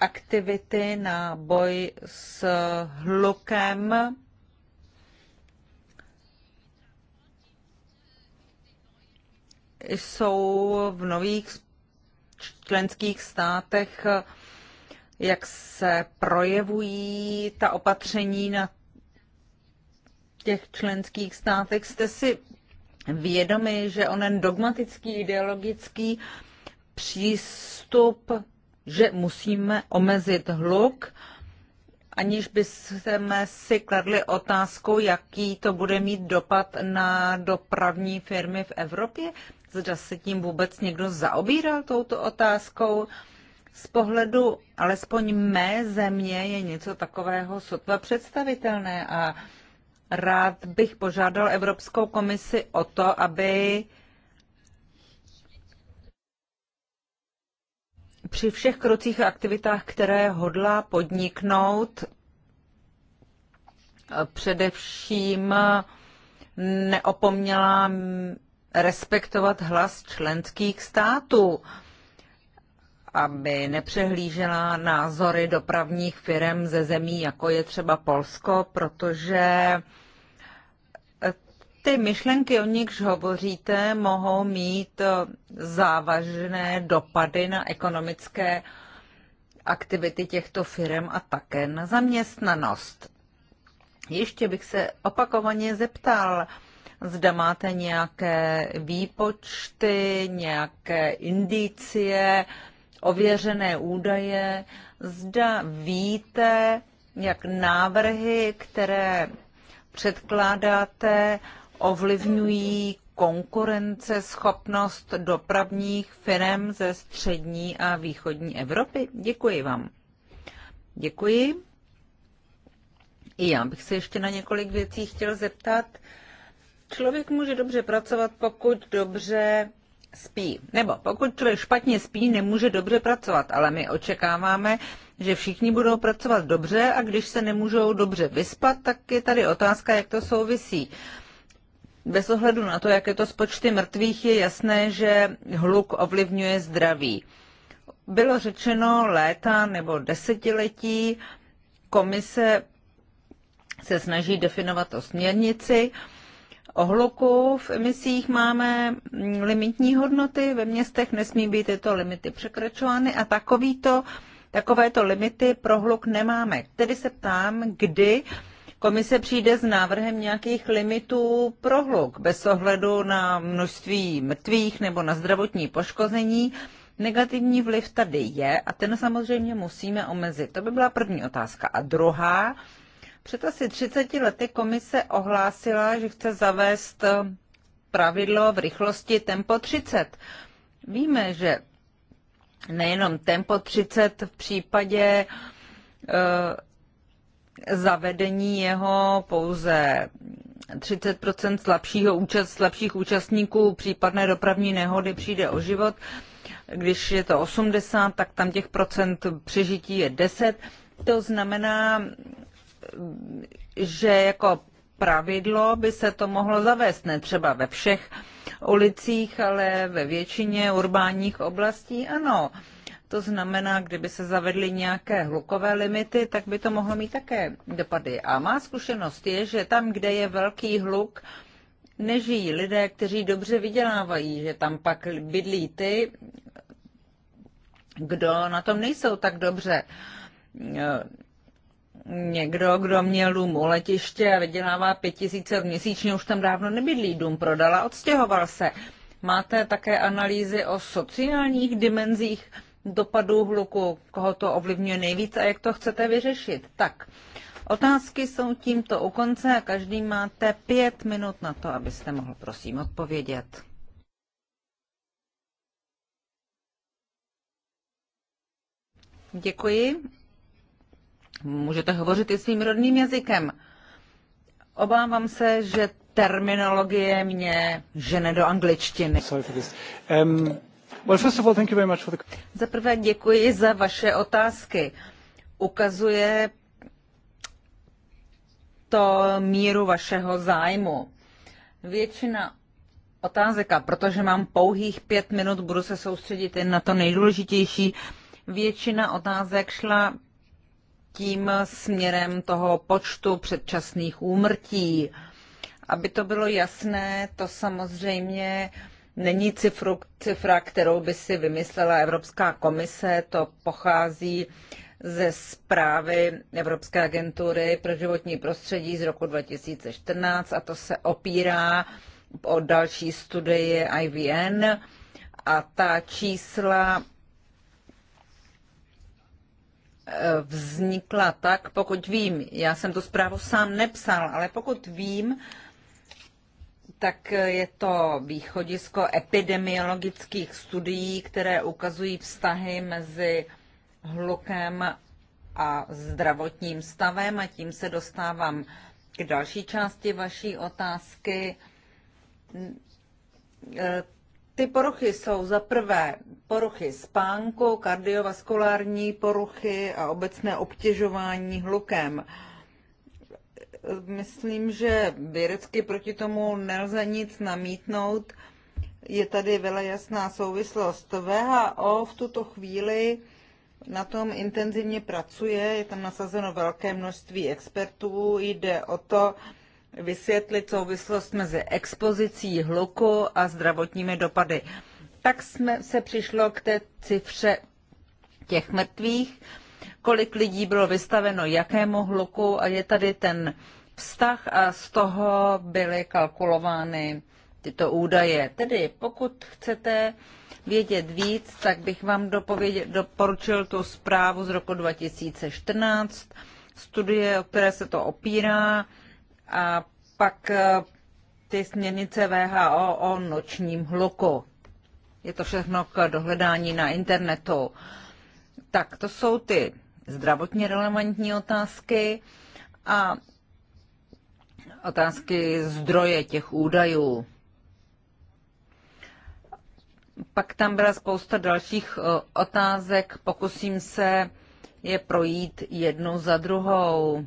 aktivity na boj s hlukem jsou v nových členských státech, jak se projevují ta opatření na těch členských státech jste si vědomi, že onen dogmatický ideologický přístup, že musíme omezit hluk, aniž bychom si kladli otázkou, jaký to bude mít dopad na dopravní firmy v Evropě. Zda se tím vůbec někdo zaobíral touto otázkou. Z pohledu alespoň mé země je něco takového sotva představitelné a Rád bych požádal Evropskou komisi o to, aby při všech krocích a aktivitách, které hodlá podniknout, především neopomněla respektovat hlas členských států, aby nepřehlížela názory dopravních firm ze zemí, jako je třeba Polsko, protože ty myšlenky, o nichž hovoříte, mohou mít eh, závažné dopady na ekonomické aktivity těchto firm a také na zaměstnanost. Ještě bych se opakovaně zeptal, zda máte nějaké výpočty, nějaké indicie, ověřené údaje, zda víte, jak návrhy, které předkládáte, ovlivňují konkurenceschopnost dopravních firm ze střední a východní Evropy? Děkuji vám. Děkuji. I já bych se ještě na několik věcí chtěl zeptat. Člověk může dobře pracovat, pokud dobře spí. Nebo pokud člověk špatně spí, nemůže dobře pracovat. Ale my očekáváme, že všichni budou pracovat dobře a když se nemůžou dobře vyspat, tak je tady otázka, jak to souvisí. Uh, bez ohledu na to, jak je to s počty mrtvých, je jasné, že hluk ovlivňuje zdraví. Bylo řečeno léta nebo desetiletí, komise se snaží definovat to směrnici. O hluku v emisích máme limitní hodnoty, ve městech nesmí být tyto limity překračovány a takovýto, takovéto limity pro hluk nemáme. Tedy se ptám, kdy Komise přijde s návrhem nějakých limitů pro hluk bez ohledu na množství mrtvých nebo na zdravotní poškození. Negativní vliv tady je a ten samozřejmě musíme omezit. To by byla první otázka. A druhá, před asi 30 lety komise ohlásila, že chce zavést pravidlo v rychlosti tempo 30. Víme, že nejenom tempo 30 v případě eh, zavedení jeho pouze 30 slabšího účast, slabších účastníků případné dopravní nehody přijde o život. Když je to 80, tak tam těch procent přežití je 10. To znamená, že jako pravidlo by se to mohlo zavést, ne třeba ve všech ulicích, ale ve většině urbánních oblastí ano. To znamená, kdyby se zavedly nějaké hlukové limity, tak by to mohlo mít také dopady. A má zkušenost je, že tam, kde je velký hluk, nežijí lidé, kteří dobře vydělávají, že tam pak bydlí ty, kdo na tom nejsou tak dobře. Někdo, kdo měl dům u letiště a vydělává pět tisíc měsíčně, už tam dávno nebydlí, dům prodala, odstěhoval se. Máte také analýzy o sociálních dimenzích dopadů hluku, koho to ovlivňuje nejvíc a jak to chcete vyřešit. Tak, otázky jsou tímto u konce a každý máte pět minut na to, abyste mohl prosím odpovědět. Děkuji. Můžete hovořit i svým rodným jazykem. Obávám se, že terminologie mě žene do angličtiny. Sorry for this. Um... Za prvé děkuji za vaše otázky. Ukazuje to míru vašeho zájmu. Většina otázek, a protože mám pouhých pět minut, budu se soustředit jen na to nejdůležitější, většina otázek šla tím směrem toho počtu předčasných úmrtí. Aby to bylo jasné, to samozřejmě uh, není cifru, cifra, kterou by si vymyslela Evropská komise, to pochází ze zprávy Evropské agentury pro životní prostředí z roku 2014 a to se opírá o další studii IVN a ta čísla eh, vznikla tak, pokud vím, já jsem tu zprávu sám nepsal, ale pokud vím, tak je to východisko epidemiologických studií, které ukazují vztahy mezi hlukem a zdravotním stavem a tím se dostávám k další části vaší otázky. Ty poruchy jsou za prvé poruchy spánku, kardiovaskulární poruchy a obecné obtěžování hlukem myslím, že vědecky proti tomu nelze nic namítnout. Je tady velmi jasná souvislost. VHO v tuto chvíli na tom intenzivně pracuje, je tam nasazeno velké množství expertů, jde o to vysvětlit souvislost mezi expozicí hluku a zdravotními dopady. Tak jsme se přišlo k té cifře těch mrtvých kolik lidí bylo vystaveno jakému hluku a je tady ten vztah a z toho byly kalkulovány tyto údaje. Tedy pokud chcete vědět víc, tak bych vám doporučil tu zprávu z roku 2014, studie, o které se to opírá, a pak eh, ty směrnice VHO o nočním hluku. Je to všechno k dohledání na internetu. Tak to jsou ty zdravotně relevantní otázky a otázky zdroje těch údajů. Pak tam byla spousta dalších e, otázek, pokusím se je projít jednu za druhou.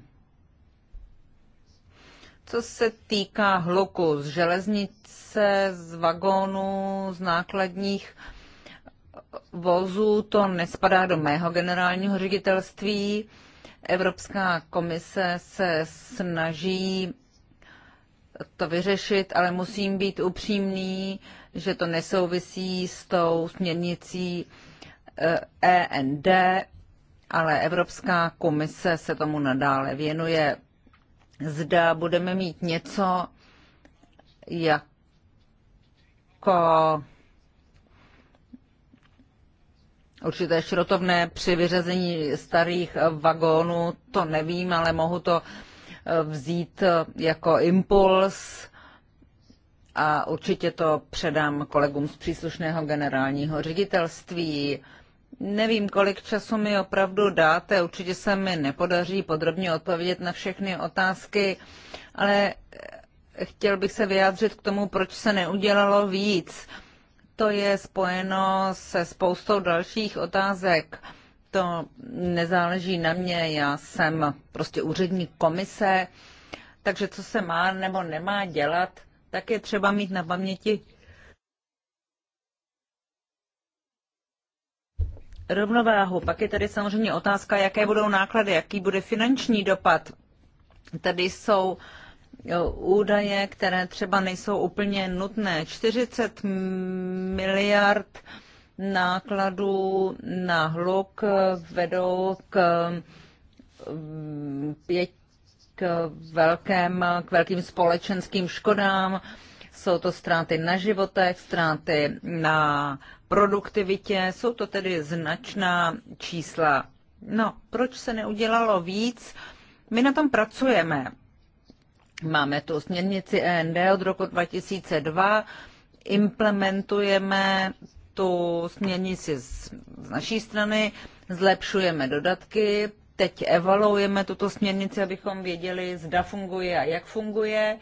Co se týká hluku z železnice, z vagónů, z nákladních vozů to nespadá do mého generálního ředitelství. Evropská komise se snaží to vyřešit, ale musím být upřímný, že to nesouvisí s tou směrnicí END, eh, e ale Evropská komise se tomu nadále věnuje. Zda budeme mít něco jako určité šrotovné při vyřazení starých vagónů, to nevím, ale mohu to eh, vzít eh, jako impuls a určitě to předám kolegům z příslušného generálního ředitelství. Nevím, kolik času mi opravdu dáte, určitě se mi nepodaří podrobně odpovědět na všechny otázky, ale eh, chtěl bych se vyjádřit k tomu, proč se neudělalo víc to je spojeno se spoustou dalších otázek. To nezáleží na mě, já jsem prostě úředník komise, takže co se má nebo nemá dělat, tak je třeba mít na paměti rovnováhu. Pak je tady samozřejmě otázka, jaké budou náklady, jaký bude finanční dopad. Tady jsou uh, údaje, které třeba nejsou úplně nutné. 40 miliard nákladů na hluk vedou k, k, velkém, k velkým společenským škodám. Jsou to ztráty na životech, ztráty na produktivitě, jsou to tedy značná čísla. No, proč se neudělalo víc? My na tom pracujeme. Máme tu směrnici END od roku 2002, implementujeme tu směrnici z, z naší strany, zlepšujeme dodatky, teď evaluujeme tuto směrnici, abychom věděli, zda funguje a jak funguje.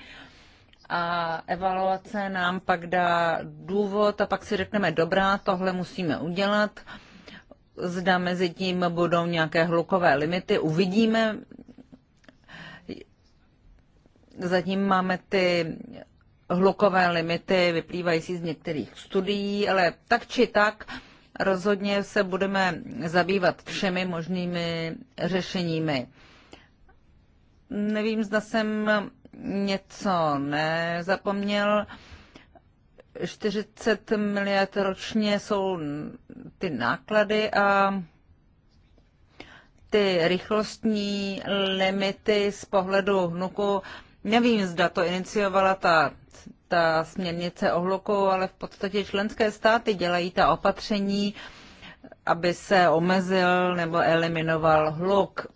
A evaluace nám pak dá důvod a pak si řekneme, dobrá, tohle musíme udělat. Zda mezi tím budou nějaké hlukové limity, uvidíme, Zatím máme ty hlukové limity vyplývající z některých studií, ale tak či tak rozhodně se budeme zabývat všemi možnými řešeními. Nevím, zda jsem něco nezapomněl. 40 miliard ročně jsou ty náklady a ty rychlostní limity z pohledu hnuku Nevím, zda to iniciovala ta, ta směrnice o hluku, ale v podstatě členské státy dělají ta opatření, aby se omezil nebo eliminoval hluk.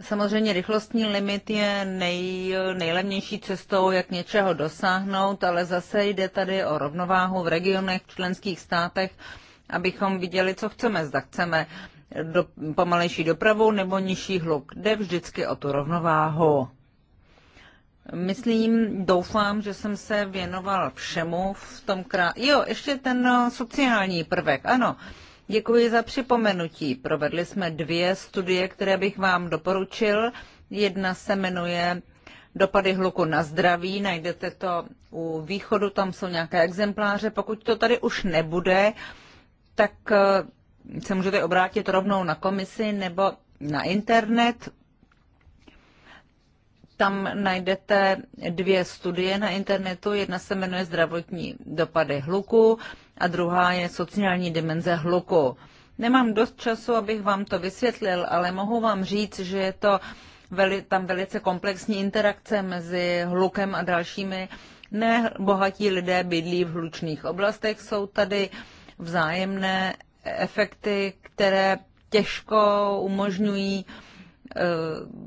Samozřejmě rychlostní limit je nej, nejlevnější cestou, jak něčeho dosáhnout, ale zase jde tady o rovnováhu v regionech, v členských státech, abychom viděli, co chceme. Zda chceme do, pomalejší dopravou nebo nižší hluk. Jde vždycky o tu rovnováhu. Myslím, doufám, že jsem se věnoval všemu v tom krá... Jo, ještě ten no, sociální prvek, ano. Děkuji za připomenutí. Provedli jsme dvě studie, které bych vám doporučil. Jedna se jmenuje Dopady hluku na zdraví, najdete to u východu, tam jsou nějaké exempláře. Pokud to tady už nebude, tak eh, se můžete obrátit rovnou na komisi nebo na internet. Tam najdete dvě studie na internetu. Jedna se jmenuje Zdravotní dopady hluku a druhá je Sociální dimenze hluku. Nemám dost času, abych vám to vysvětlil, ale mohu vám říct, že je to veli, tam velice komplexní interakce mezi hlukem a dalšími. Ne bohatí lidé bydlí v hlučných oblastech, jsou tady vzájemné efekty, které těžko umožňují eh,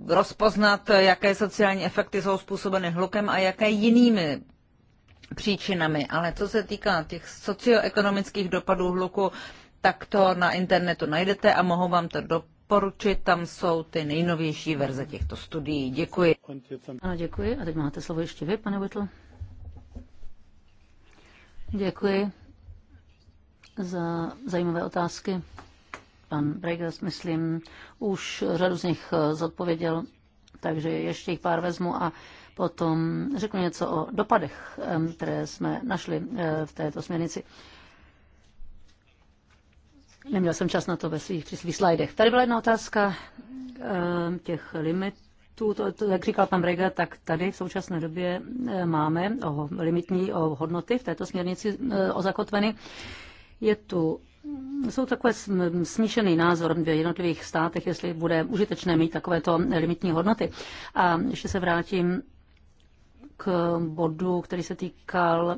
rozpoznat, jaké sociální efekty jsou způsobeny hlukem a jaké jinými příčinami. Ale co se týká těch socioekonomických dopadů hluku, tak to na internetu najdete a mohu vám to doporučit. Tam jsou ty nejnovější verze těchto studií. Děkuji. Ano, děkuji. A teď máte slovo ještě vy, pane Whittle. Děkuji za zajímavé otázky. Pan Bregas, myslím, už řadu z nich eh, zodpověděl, takže ještě jich pár vezmu a potom řeknu něco o dopadech, které jsme našli eh, v této směrnici. Neměl jsem čas na to ve svých, při svých slajdech. Tady byla jedna otázka eh, těch limitů, to, to, jak říkal pan Brega, tak tady v současné době máme o limitní o hodnoty v této směrnici o zakotveny. Je tu jsou takové smíšený názor v jednotlivých státech, jestli bude užitečné mít takovéto limitní hodnoty. A ještě se vrátím k bodu, který se týkal e,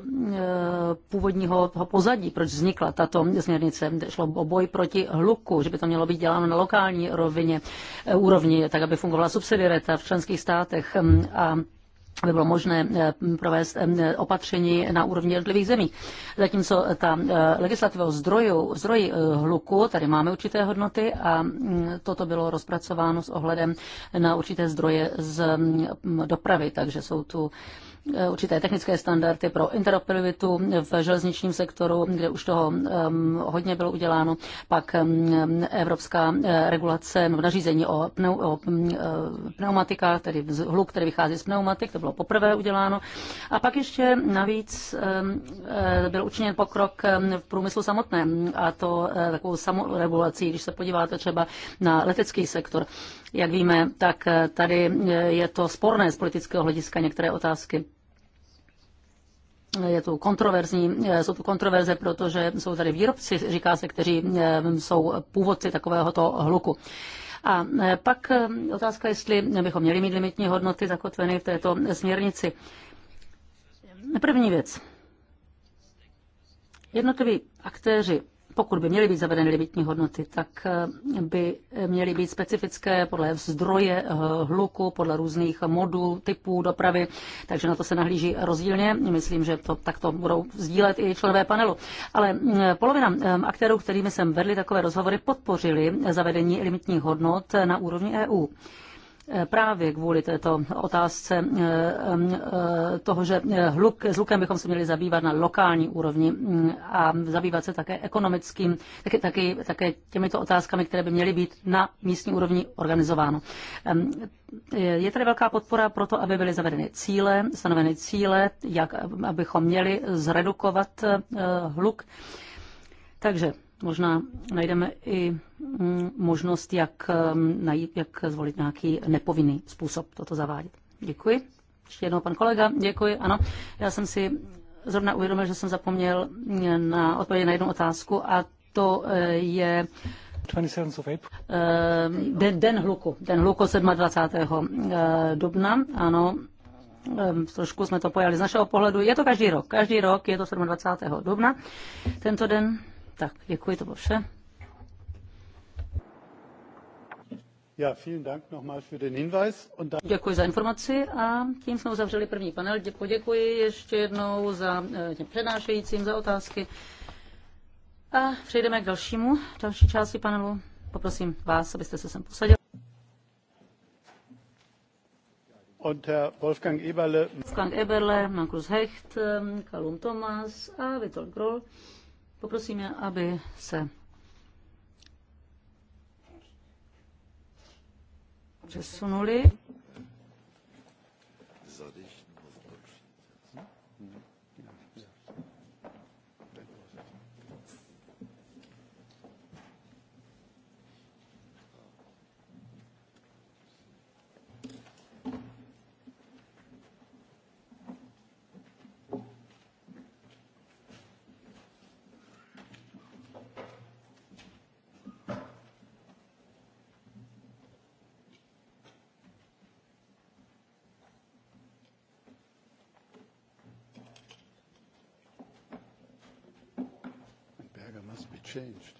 původního pozadí, proč vznikla tato směrnice. Šlo o boj proti hluku, že by to mělo být děláno na lokální rovině, e, úrovni, tak aby fungovala subsidiarita v členských státech. E, a aby bylo možné eh, provést eh, opatření na úrovni jednotlivých zemí. Zatímco ta eh, legislativa o zdroju, zdroji hluku, tady máme určité hodnoty a mm, toto bylo rozpracováno s ohledem na určité zdroje z mm, dopravy, takže jsou tu Eh, určité technické standardy pro interoperabilitu v železničním sektoru, kde už toho hodně bylo uděláno, pak evropská eh, regulace nebo nařízení o, o eh, pneumatikách, tedy hluk, který vychází z pneumatik, to bylo poprvé uděláno. A pak ještě navíc byl učiněn pokrok v průmyslu samotném a to takovou samoregulací, když se podíváte třeba na letecký sektor. Jak víme, tak eh, tady eh, je to sporné z politického hlediska některé otázky eh, je to kontroverzní, jsou to kontroverze, protože jsou tady výrobci, říká se, kteří jsou původci takovéhoto hluku. A pak otázka, jestli bychom měli mít limitní hodnoty zakotveny v této směrnici. První věc. Jednotliví aktéři pokud by měly být zavedeny limitní hodnoty, tak eh, by měly být specifické podle zdroje eh, hluku, podle různých modů, typů dopravy, takže na to se nahlíží rozdílně. Myslím, že to takto budou sdílet i členové panelu. Ale eh, polovina aktérů, kterými jsem vedli takové rozhovory, podpořili zavedení limitních hodnot na úrovni EU právě kvůli této otázce eh, eh, toho, že eh, hluk, s hlukem bychom se měli zabývat na lokální úrovni mm, a zabývat se také ekonomickým, také, také, také těmito otázkami, které by měly být na místní úrovni organizováno. Ehm, je tady velká podpora pro to, aby byly zavedeny cíle, stanoveny cíle, jak abychom měli zredukovat hluk. Takže Možná najdeme i mm, možnost, jak, mm, najít, jak zvolit nějaký nepovinný způsob toto zavádět. Děkuji. Ještě jednou pan kolega, děkuji. Ano, já jsem si zrovna uvědomil, že jsem zapomněl mm, na odpověď na jednu otázku a to eh, je eh, Den, den hluku. Den hluku 27. Eh, dubna, ano. Trošku jsme to pojali z našeho pohledu. Je to každý rok. Každý rok je to 27. dubna. Tento den tak, děkuji, to bylo vše. Děkuji za informaci a tím jsme uzavřeli první panel. Poděkuji ještě jednou za eh, těm přednášejícím, za otázky. A přejdeme k dalšímu, další části panelu. Poprosím vás, abyste se sem posadili. Und Herr Wolfgang Eberle, Wolfgang Eberle, Markus Hecht, eh, Kalum Thomas a Vitor Grohl. Poprosíme, aby se přesunuli. changed.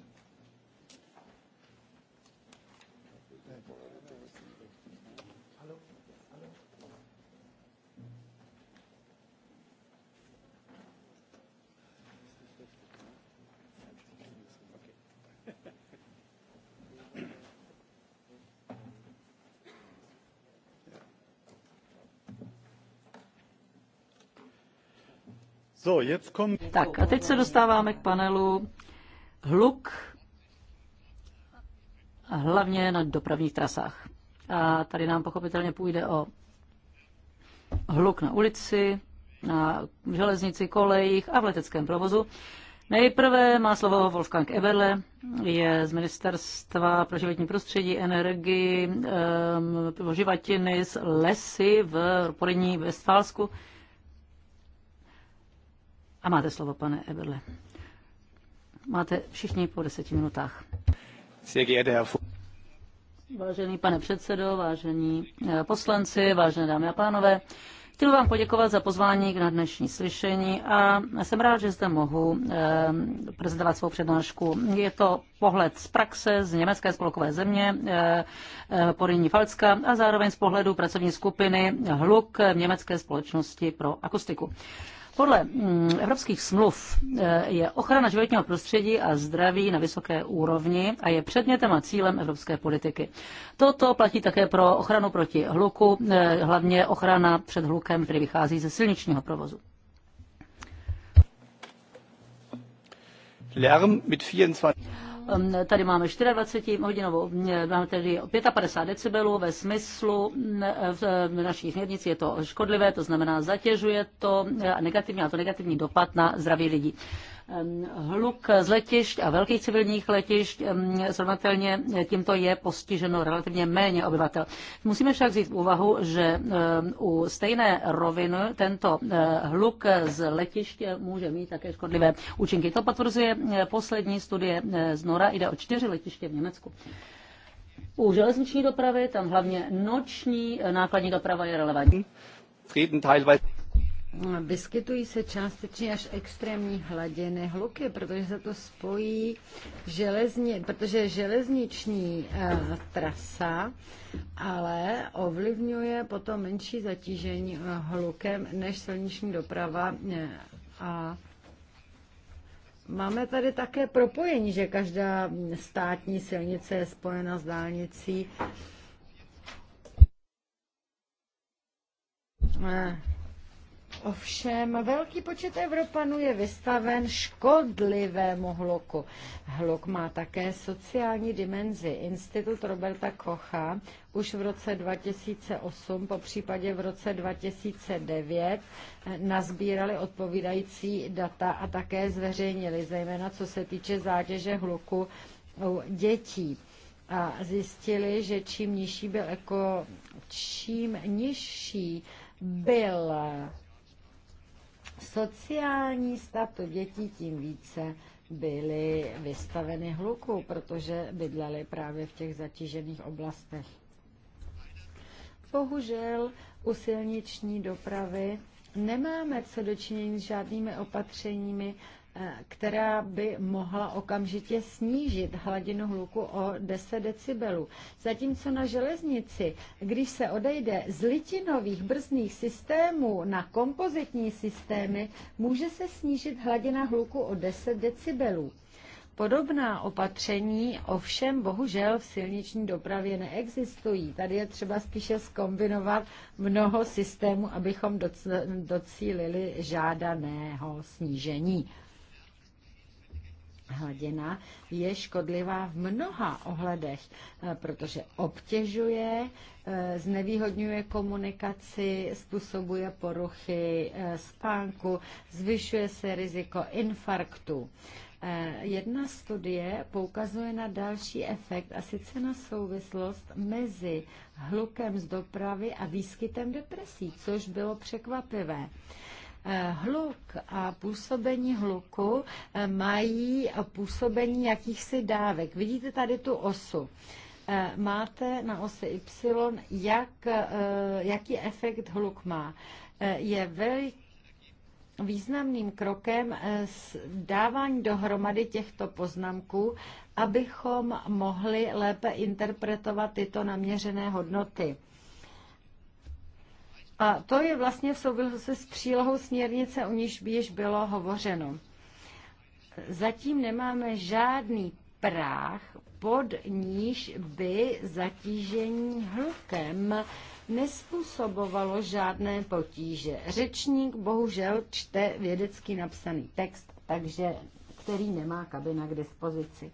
Tak a teď se dostáváme k panelu hluk, hlavně na dopravních trasách. A tady nám pochopitelně půjde o hluk na ulici, na železnici, kolejích a v leteckém provozu. Nejprve má slovo Wolfgang Eberle, je z Ministerstva pro životní prostředí, energii, um, ehm, živatiny z lesy v porodní Westfálsku. A máte slovo, pane Eberle. Máte všichni po deseti minutách. Vážený pane předsedo, vážení eh, poslanci, vážené dámy a pánové, Chtěl vám poděkovat za pozvání na dnešní slyšení a jsem rád, že zde mohu eh, prezentovat svou přednášku. Je to pohled z praxe z německé spolkové země eh, Porinní Falcka a zároveň z pohledu pracovní skupiny Hluk Německé společnosti pro akustiku. Podle mm, evropských smluv eh, je ochrana životního prostředí a zdraví na vysoké úrovni a je předmětem a cílem evropské politiky. Toto platí také pro ochranu proti hluku, eh, hlavně ochrana před hlukem, který vychází ze silničního provozu. Lärm mit 24 Tady máme 24 hodinovou, eh, máme tedy 55 decibelů ve smyslu mm, eh, v eh, naší směrnici je to škodlivé, to znamená zatěžuje to negativně, a to negativní dopad na zdraví lidí. Hluk z letišť a velkých civilních letišť srovnatelně tímto je postiženo relativně méně obyvatel. Musíme však vzít v úvahu, že u stejné roviny tento eh, hluk z letiště může mít také škodlivé účinky. To potvrzuje eh, poslední studie eh, z Nora, jde o čtyři letiště v Německu. U železniční dopravy tam hlavně noční nákladní doprava je relevantní vyskytují se částečně až extrémní hladiny hluky, protože se to spojí železně, protože železniční e, trasa ale ovlivňuje potom menší zatížení eh, hlukem než silniční doprava eh, a Máme tady také propojení, že každá státní silnice je spojena s dálnicí. E. Ovšem velký počet Evropanů je vystaven škodlivému hluku. Hluk má také sociální dimenzi. Institut Roberta Kocha už v roce 2008, po případě v roce 2009, nazbírali odpovídající data a také zveřejnili, zejména co se týče zátěže hluku u dětí a zjistili, že čím nižší byl jako, čím nižší byl sociální statu dětí, tím více byly vystaveny hluku, protože bydleli právě v těch zatížených oblastech. Bohužel u silniční dopravy nemáme co dočinění s žádnými opatřeními, Eh, která by mohla okamžitě snížit hladinu hluku o 10 decibelů. Zatímco na železnici, když se odejde z litinových brzdných systémů na kompozitní systémy, může se snížit hladina hluku o 10 decibelů. Podobná opatření ovšem bohužel v silniční dopravě neexistují. Tady je třeba spíše skombinovat mnoho systémů, abychom docílili žádaného snížení hladina je škodlivá v mnoha ohledech, eh, protože obtěžuje, eh, znevýhodňuje komunikaci, způsobuje poruchy eh, spánku, zvyšuje se riziko infarktu. Jedna studie poukazuje na další efekt, a sice na souvislost mezi hlukem z dopravy a výskytem depresí, což bylo překvapivé. Eh, hluk a působení hluku eh, mají působení jakýchsi dávek. Vidíte tady tu osu eh, máte na ose Y, jak, jaký efekt hluk má. Je velký významným krokem dávání dohromady těchto poznámků, abychom mohli lépe interpretovat tyto naměřené hodnoty. A to je vlastně v souvislosti s přílohou směrnice, o níž by již bylo hovořeno. Zatím nemáme žádný práh, pod níž by zatížení hlukem nespůsobovalo žádné potíže. Řečník bohužel čte vědecky napsaný text, takže který nemá kabina k dispozici.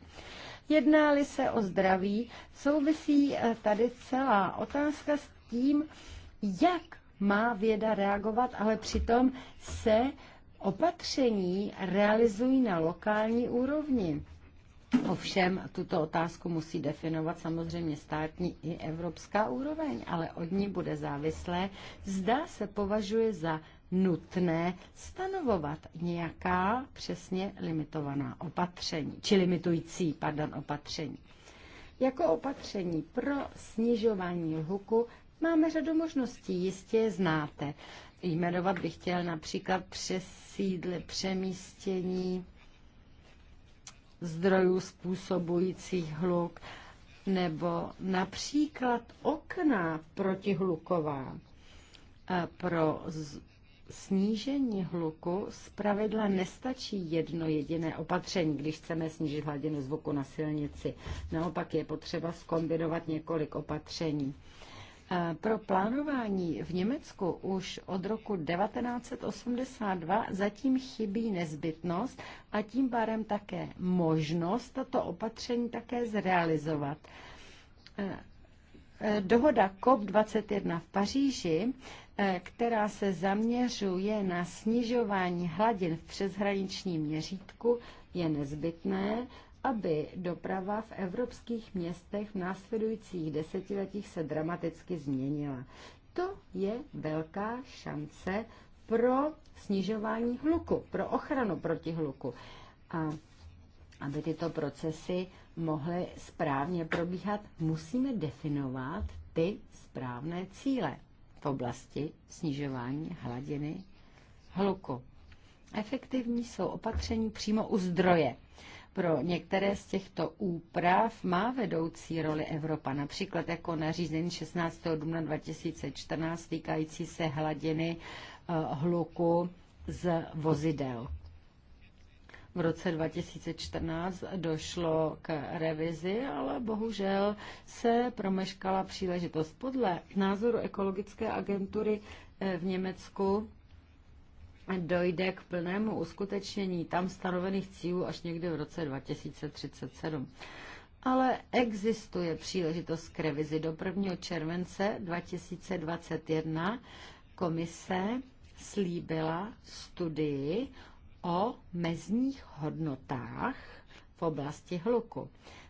Jedná-li se o zdraví, souvisí eh, tady celá otázka s tím, jak má věda reagovat, ale přitom se opatření realizují na lokální úrovni. Ovšem, tuto otázku musí definovat samozřejmě státní i evropská úroveň, ale od ní bude závislé, zda se považuje za nutné stanovovat nějaká přesně limitovaná opatření, či limitující, pardon, opatření. Jako opatření pro snižování hluku Máme řadu možností, jistě je znáte. Jmenovat bych chtěl například přesídle, přemístění zdrojů způsobujících hluk, nebo například okna protihluková pro snížení hluku zpravidla nestačí jedno jediné opatření, když chceme snížit hladinu zvuku na silnici. Naopak je potřeba skombinovat několik opatření. Eh, pro plánování v Německu už od roku 1982 zatím chybí nezbytnost a tím pádem také možnost toto opatření také zrealizovat. Eh, eh, dohoda COP21 v Paříži, která se zaměřuje na snižování hladin v přeshraničním měřítku, je nezbytné, aby doprava v evropských městech v následujících desetiletích se dramaticky změnila. To je velká šance pro snižování hluku, pro ochranu proti hluku. A aby tyto procesy mohly správně probíhat, musíme definovat ty správné cíle v oblasti snižování hladiny hluku. Efektivní jsou opatření přímo u zdroje. Pro některé z těchto úprav má vedoucí roli Evropa, například jako nařízení 16. dubna 2014 týkající se hladiny eh, hluku z vozidel. V roce 2014 došlo k revizi, ale bohužel se promeškala příležitost. Podle názoru ekologické agentury eh, v Německu dojde k plnému uskutečnění tam stanovených cílů až někdy v roce 2037. Ale existuje příležitost k revizi do 1. července 2021. Komise slíbila studii o mezních hodnotách v oblasti hluku.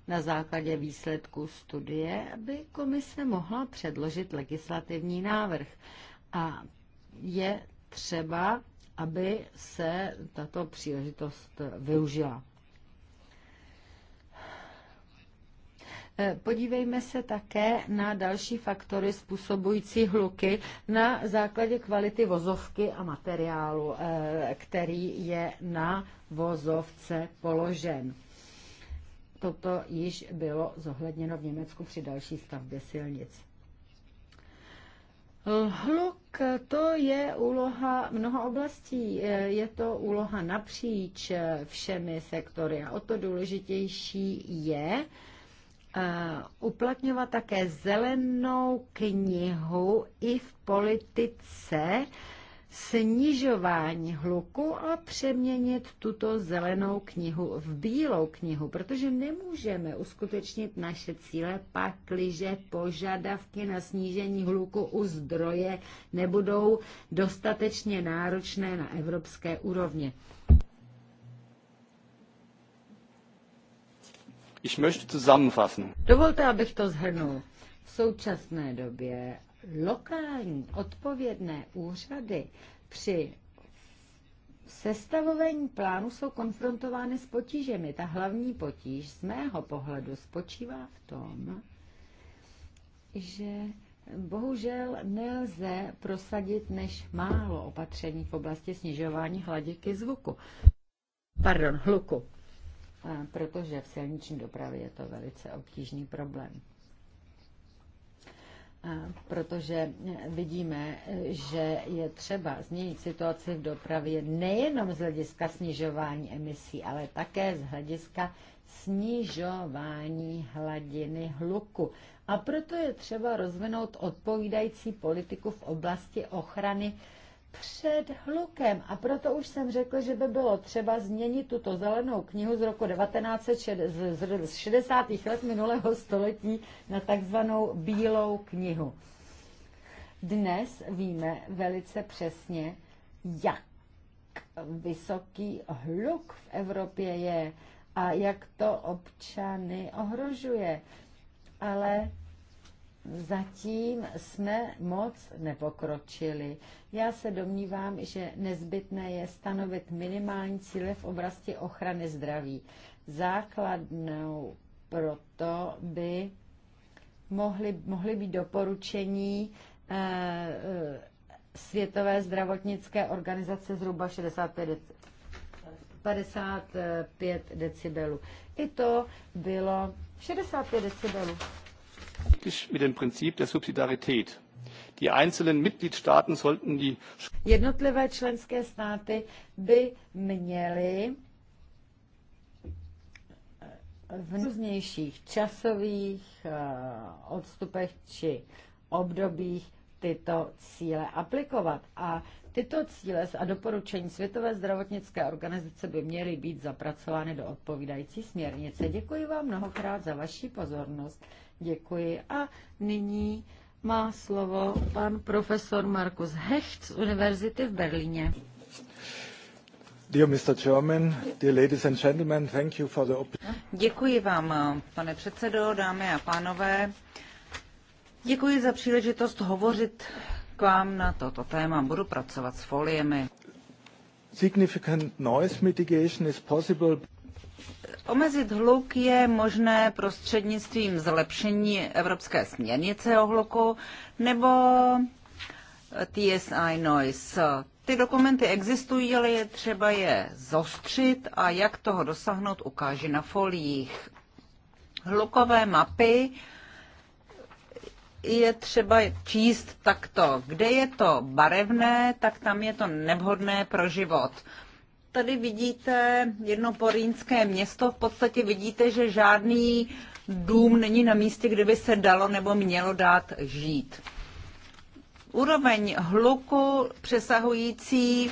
Na základě výsledků studie by komise mohla předložit legislativní návrh a je třeba aby se tato příležitost využila. Eh, podívejme se také na další faktory způsobující hluky na základě kvality vozovky a materiálu, eh, který je na vozovce položen. Toto již bylo zohledněno v Německu při další stavbě silnic. Hluk to je úloha mnoha oblastí. E, je to úloha napříč e, všemi sektory a o to důležitější je e, uplatňovat také zelenou knihu i v politice snižování hluku a přeměnit tuto zelenou knihu v bílou knihu, protože nemůžeme uskutečnit naše cíle, pakliže požadavky na snížení hluku u zdroje nebudou dostatečně náročné na evropské úrovně. Ich möchte zusammenfassen. Dovolte, abych to zhrnul. V současné době lokální odpovědné úřady při sestavování plánu jsou konfrontovány s potížemi. Ta hlavní potíž z mého pohledu spočívá v tom, že bohužel nelze prosadit než málo opatření v oblasti snižování hladiky zvuku. Pardon, hluku. Protože v silniční dopravě je to velice obtížný problém protože vidíme, že je třeba změnit situaci v dopravě nejenom z hlediska snižování emisí, ale také z hlediska snižování hladiny hluku. A proto je třeba rozvinout odpovídající politiku v oblasti ochrany před hlukem. A proto už jsem řekl, že by bylo třeba změnit tuto zelenou knihu z roku 1960. let minulého století na takzvanou bílou knihu. Dnes víme velice přesně, jak vysoký hluk v Evropě je a jak to občany ohrožuje. Ale zatím jsme moc nepokročili. Já se domnívám, že nezbytné je stanovit minimální cíle v oblasti ochrany zdraví. Základnou proto by mohly, mohly být doporučení e, e, Světové zdravotnické organizace zhruba 65 55 decibelů. I to bylo 65 decibelů. Mit dem Prinzip der Subsidiarität. Die einzelnen Mitgliedstaaten sollten die... Jednotlivé členské státy by měly v různějších časových eh, odstupech či obdobích tyto cíle aplikovat. A Tyto cíle a doporučení Světové zdravotnické organizace by měly být zapracovány do odpovídající směrnice. Děkuji vám mnohokrát za vaši pozornost. Děkuji. A nyní má slovo pan profesor Markus Hecht z Univerzity v Berlíně. Dear Mr. Chairman, dear ladies and gentlemen, thank you for the Děkuji vám, pane předsedo, dámy a pánové. Děkuji za příležitost hovořit k vám na toto téma. Budu pracovat s foliemi. Significant noise mitigation is possible. Omezit hluk je možné prostřednictvím zlepšení evropské směrnice o hluku nebo TSI noise. Ty dokumenty existují, ale je třeba je zostřit a jak toho dosáhnout ukáže na foliích. Hlukové mapy je třeba číst takto. Kde je to barevné, tak tam je to nevhodné pro život. Tady vidíte jedno porýnské město, v podstatě vidíte, že žádný dům není na místě, kde by se dalo nebo mělo dát žít. Úroveň hluku přesahující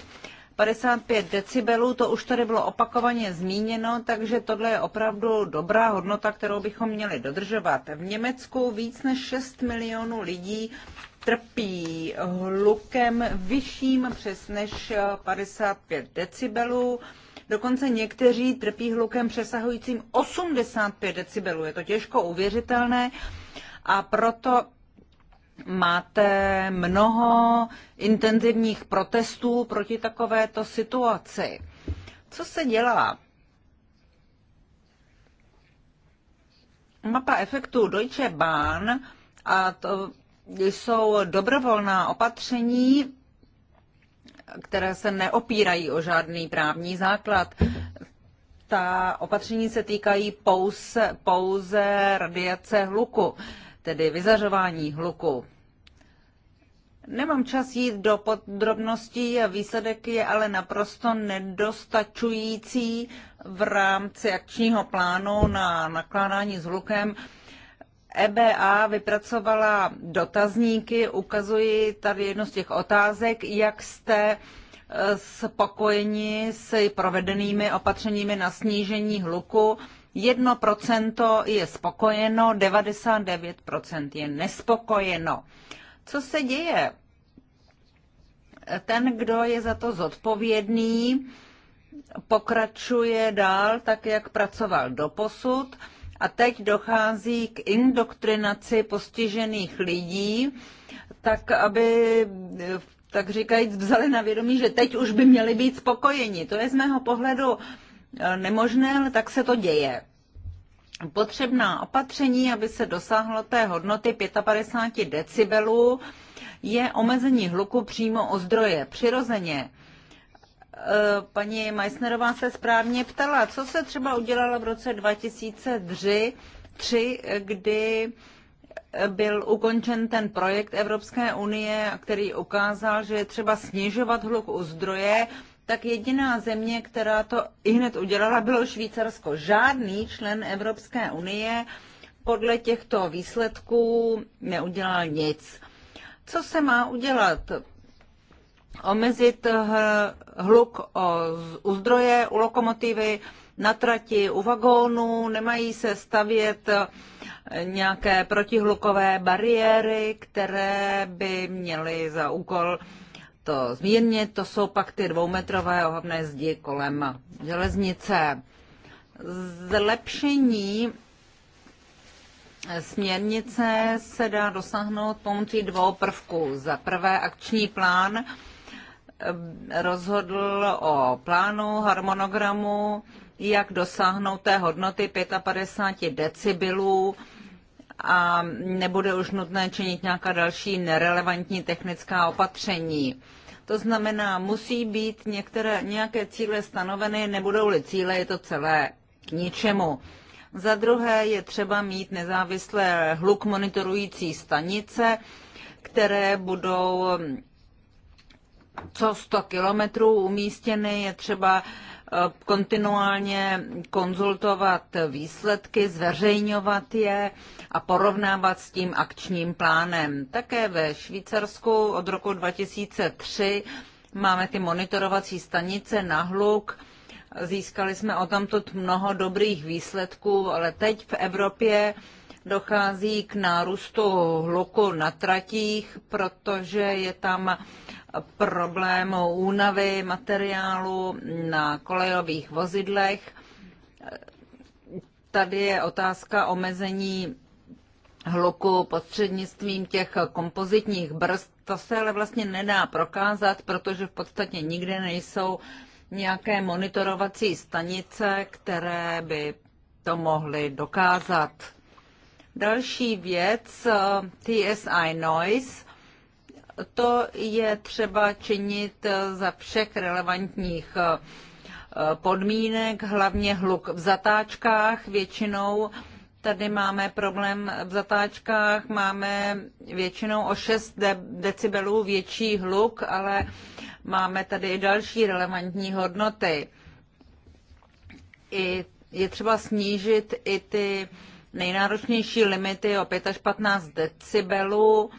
55 decibelů, to už tady bylo opakovaně zmíněno, takže tohle je opravdu dobrá hodnota, kterou bychom měli dodržovat. V Německu víc než 6 milionů lidí trpí hlukem vyšším přes než 55 decibelů. Dokonce někteří trpí hlukem přesahujícím 85 decibelů. Je to těžko uvěřitelné a proto máte mnoho intenzivních protestů proti takovéto situaci. Co se dělá? Mapa efektu Deutsche Bahn a to jsou dobrovolná opatření, které se neopírají o žádný právní základ. Ta opatření se týkají pouze, pouze radiace hluku. Uh, tedy vyzařování hluku. Nemám čas jít do podrobností a výsledek je ale naprosto nedostačující v rámci akčního plánu na nakládání s hlukem. EBA vypracovala dotazníky, ukazuji tady jednu z těch otázek, jak jste e, spokojeni s provedenými opatřeními na snížení hluku 1% je spokojeno, 99% je nespokojeno. Co se děje? Ten, kdo je za to zodpovědný, pokračuje dál tak, jak pracoval do posud, a teď dochází k indoktrinaci postižených lidí, tak aby tak říkajíc vzali na vědomí, že teď už by měli být spokojeni. To je z mého pohledu Eh, nemožné, ale tak se to děje. Potřebná opatření, aby se dosáhlo té hodnoty 55 decibelů, je omezení hluku přímo o zdroje, přirozeně. Eh, paní Meissnerová se správně ptala, co se třeba udělalo v roce 2003, kdy eh, byl ukončen ten projekt Evropské unie, který ukázal, že je třeba snižovat hluk u zdroje tak jediná země, která to i hned udělala, bylo Švýcarsko. Žádný člen Evropské unie podle těchto výsledků neudělal nic. Co se má udělat? Omezit hluk u zdroje, u lokomotivy, na trati, u vagónu. nemají se stavět eh, nějaké protihlukové bariéry, které by měly za úkol to zmírnit, to jsou pak ty dvoumetrové ohavné zdi kolem železnice. Zlepšení směrnice se dá dosáhnout pomocí dvou prvků. Za prvé akční plán rozhodl o plánu, harmonogramu, jak dosáhnout té hodnoty 55 decibelů a nebude už nutné činit nějaká další nerelevantní technická opatření. To znamená, musí být některé, nějaké cíle stanoveny, nebudou-li cíle, je to celé k ničemu. Za druhé je třeba mít nezávislé hluk monitorující stanice, které budou co 100 kilometrů umístěny, je třeba kontinuálně konzultovat výsledky, zveřejňovat je a porovnávat s tím akčním plánem. Také ve Švýcarsku od roku 2003 máme ty monitorovací stanice na hluk. Získali jsme o tamto mnoho dobrých výsledků, ale teď v Evropě dochází k nárůstu hluku na tratích, protože je tam problému únavy materiálu na kolejových vozidlech. Tady je otázka omezení hluku prostřednictvím těch kompozitních brzd. To se ale vlastně nedá prokázat, protože v podstatě nikde nejsou nějaké monitorovací stanice, které by to mohly dokázat. Další věc, TSI Noise, to je třeba činit za všech relevantních eh, podmínek, hlavně hluk v zatáčkách. Většinou tady máme problém v zatáčkách, máme většinou o 6 decibelů větší hluk, ale máme tady i další relevantní hodnoty. I je třeba snížit i ty nejnáročnější limity o 5 až 15 decibelů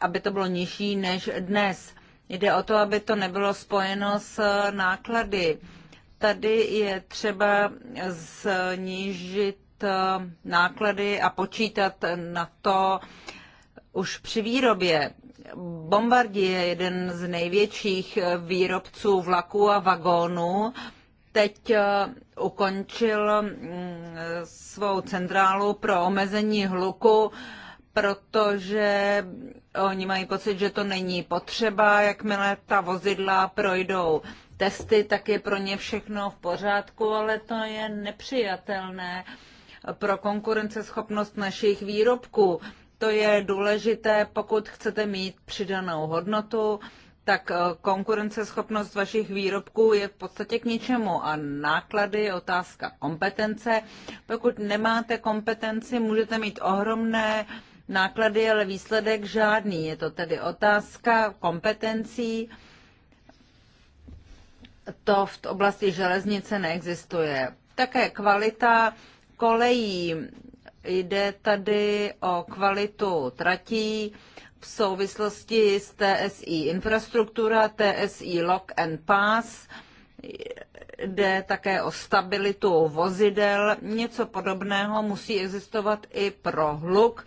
aby to bylo nižší než dnes. Jde o to, aby to nebylo spojeno s náklady. Tady je třeba snížit eh, náklady a počítat na to už při výrobě. Bombardier je jeden z největších výrobců vlaků a vagónů. Teď eh, ukončil mm, svou centrálu pro omezení hluku, protože Oni mají pocit, že to není potřeba, jakmile ta vozidla projdou testy, tak je pro ně všechno v pořádku, ale to je nepřijatelné pro konkurenceschopnost našich výrobků. To je důležité, pokud chcete mít přidanou hodnotu, tak eh, konkurenceschopnost vašich výrobků je v podstatě k ničemu a náklady je otázka kompetence. Pokud nemáte kompetenci, můžete mít ohromné náklady, ale výsledek žádný. Je to tedy otázka kompetencí. To v oblasti železnice neexistuje. Také kvalita kolejí. Jde tady o kvalitu tratí v souvislosti s TSI infrastruktura, TSI lock and pass. Jde také o stabilitu vozidel. Něco podobného musí existovat i pro hluk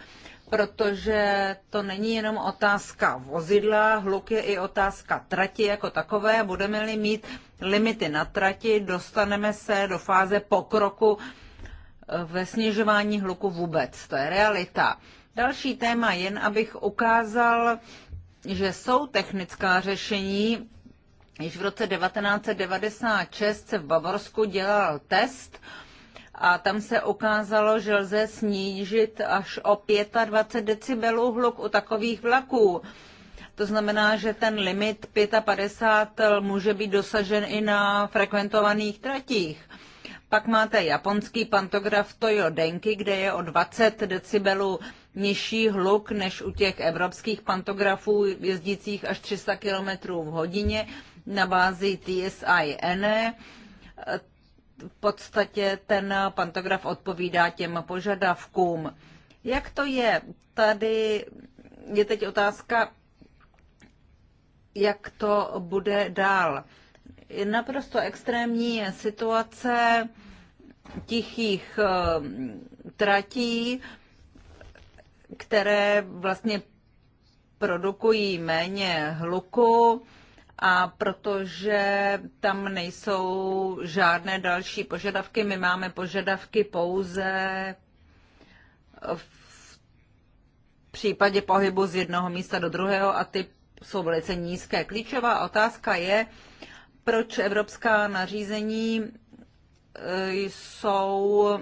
protože to není jenom otázka vozidla, hluk je i otázka trati jako takové. Budeme-li mít limity na trati, dostaneme se do fáze pokroku eh, ve snižování hluku vůbec. To je realita. Další téma, jen abych ukázal, že jsou technická řešení. Již v roce 1996 se v Bavorsku dělal test, a tam se ukázalo, že lze snížit až o 25 decibelů hluk u takových vlaků. To znamená, že ten limit 55 může být dosažen i na frekventovaných tratích. Pak máte japonský pantograf Toyo Denki, kde je o 20 decibelů nižší hluk než u těch evropských pantografů jezdících až 300 km v hodině na bázi TSI NE v podstatě ten pantograf odpovídá těm požadavkům. Jak to je? Tady je teď otázka, jak to bude dál. Je naprosto extrémní situace tichých eh, tratí, které vlastně produkují méně hluku a protože tam nejsou žádné další požadavky, my máme požadavky pouze v případě pohybu z jednoho místa do druhého a ty jsou velice nízké. Klíčová otázka je, proč evropská nařízení eh, jsou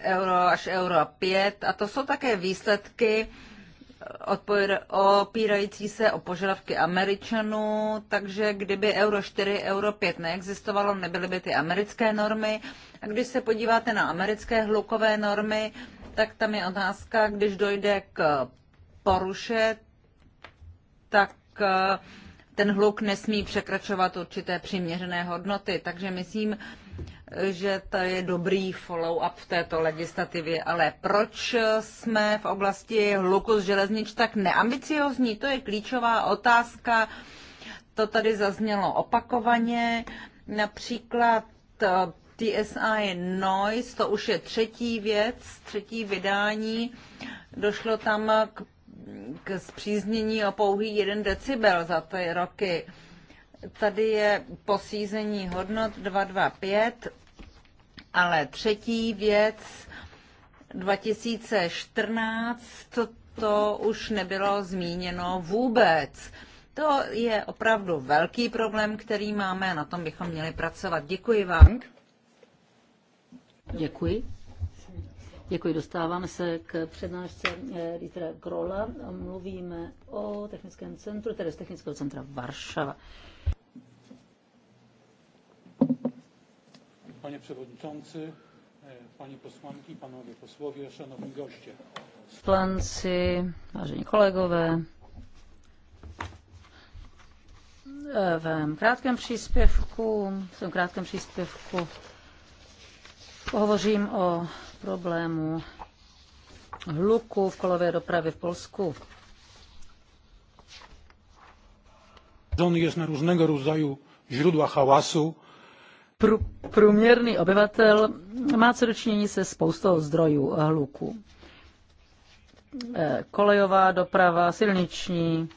euro až euro 5 a to jsou také výsledky opírající se o požadavky Američanů, takže kdyby Euro 4, Euro 5 neexistovalo, nebyly by ty americké normy. A když se podíváte na americké hlukové normy, tak tam je otázka, když dojde k poruše, tak eh, ten hluk nesmí překračovat určité přiměřené hodnoty. Takže myslím, že to je dobrý follow-up v této legislativě, ale proč jsme v oblasti hluku z železnič tak neambiciozní? To je klíčová otázka. To tady zaznělo opakovaně. Například eh, TSI Noise, to už je třetí věc, třetí vydání. Došlo tam k, k zpříznění o pouhý jeden decibel za ty roky. Tady je posízení hodnot 225, ale třetí věc 2014, to, to už nebylo zmíněno vůbec. To je opravdu velký problém, který máme a na tom bychom měli pracovat. Děkuji vám. Děkuji. Děkuji, dostáváme se k přednášce eh, Dietra Grola. Mluvíme o technickém centru, tedy z Technického centra Varšava. Panie Przewodniczący, e, pani posłanki, Panowie posłowie, Szanowni goście. Poslanci, vážení kolegové, w krátkém příspěvku, v tom krátkém příspěvku pohovořím o problému hluku v kolové dopravě v Polsku. On jest na różnego rodzaju źródła hałasu pr- průměrný obyvatel má co dočinění se spoustou zdrojů hluku. Eh, kolejová doprava, silniční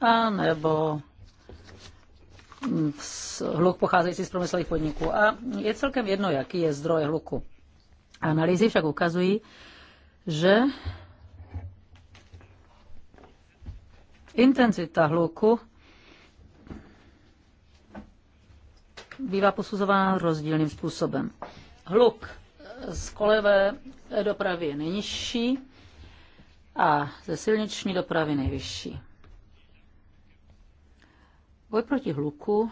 a nebo mm, hluk pocházející z průmyslových podniků. A je celkem jedno, jaký je zdroj hluku. Analýzy však ukazují, že intenzita hluku bývá posuzována rozdílným způsobem. Hluk z kolejové dopravy je nejnižší a ze silniční dopravy nejvyšší. Boj proti hluku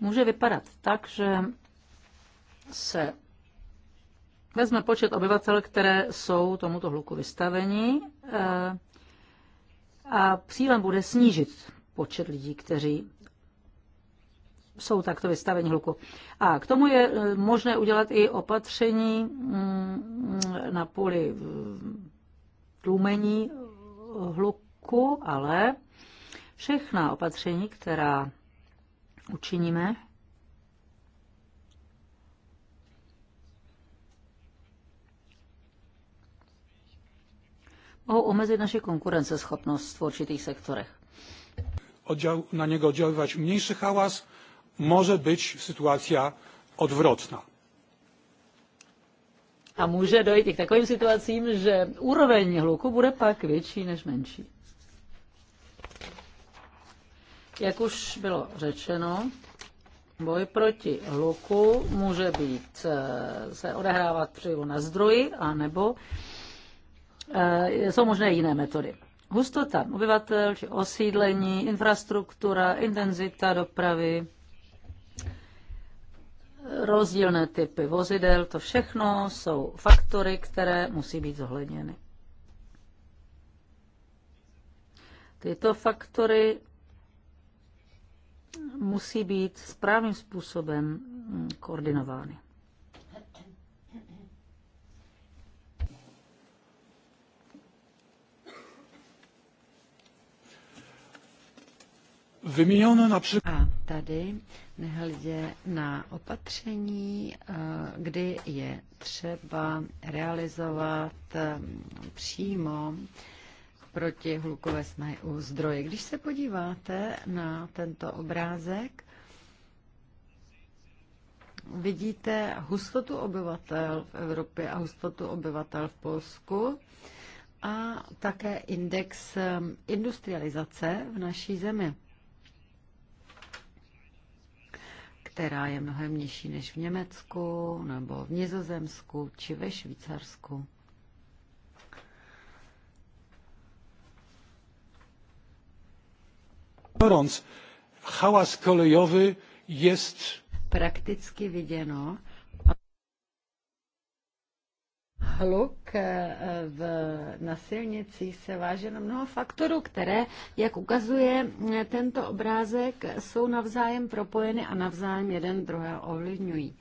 může vypadat tak, že se vezme počet obyvatel, které jsou tomuto hluku vystaveni eh, a cílem bude snížit počet lidí, kteří jsou takto vystaveni hluku. A k tomu je eh, možné udělat i opatření mm, na poli tlumení hluku, ale všechna opatření, která učiníme, mohou omezit naši konkurenceschopnost v určitých sektorech oddział, na niego oddziaływać mniejszy hałas, może być sytuacja odwrotna. A může dojít i k takovým situacím, že úroveň hluku bude pak větší než menší. Jak už bylo řečeno, boj proti hluku může být, eh, se odehrávat přímo na zdroji, anebo eh, jsou možné jiné metody. Hustota obyvatel či osídlení, infrastruktura, intenzita dopravy, rozdílné typy vozidel, to všechno jsou faktory, které musí být zohledněny. Tyto faktory musí být správným způsobem mm, koordinovány. například... A tady, nehledě na opatření, eh, kdy je třeba realizovat eh, přímo hlukové snahy u zdroje. Když se podíváte na tento obrázek, vidíte hustotu obyvatel v Evropě a hustotu obyvatel v Polsku a také index eh, industrializace v naší zemi. která je mnohem nižší než v Německu nebo v Nizozemsku či ve Švýcarsku. Hałas kolejowy jest Prakticky widziano, hluk eh, v, na silnici se váže na mnoho faktorů, které, jak ukazuje eh, tento obrázek, jsou navzájem propojeny a navzájem jeden druhého ovlivňují.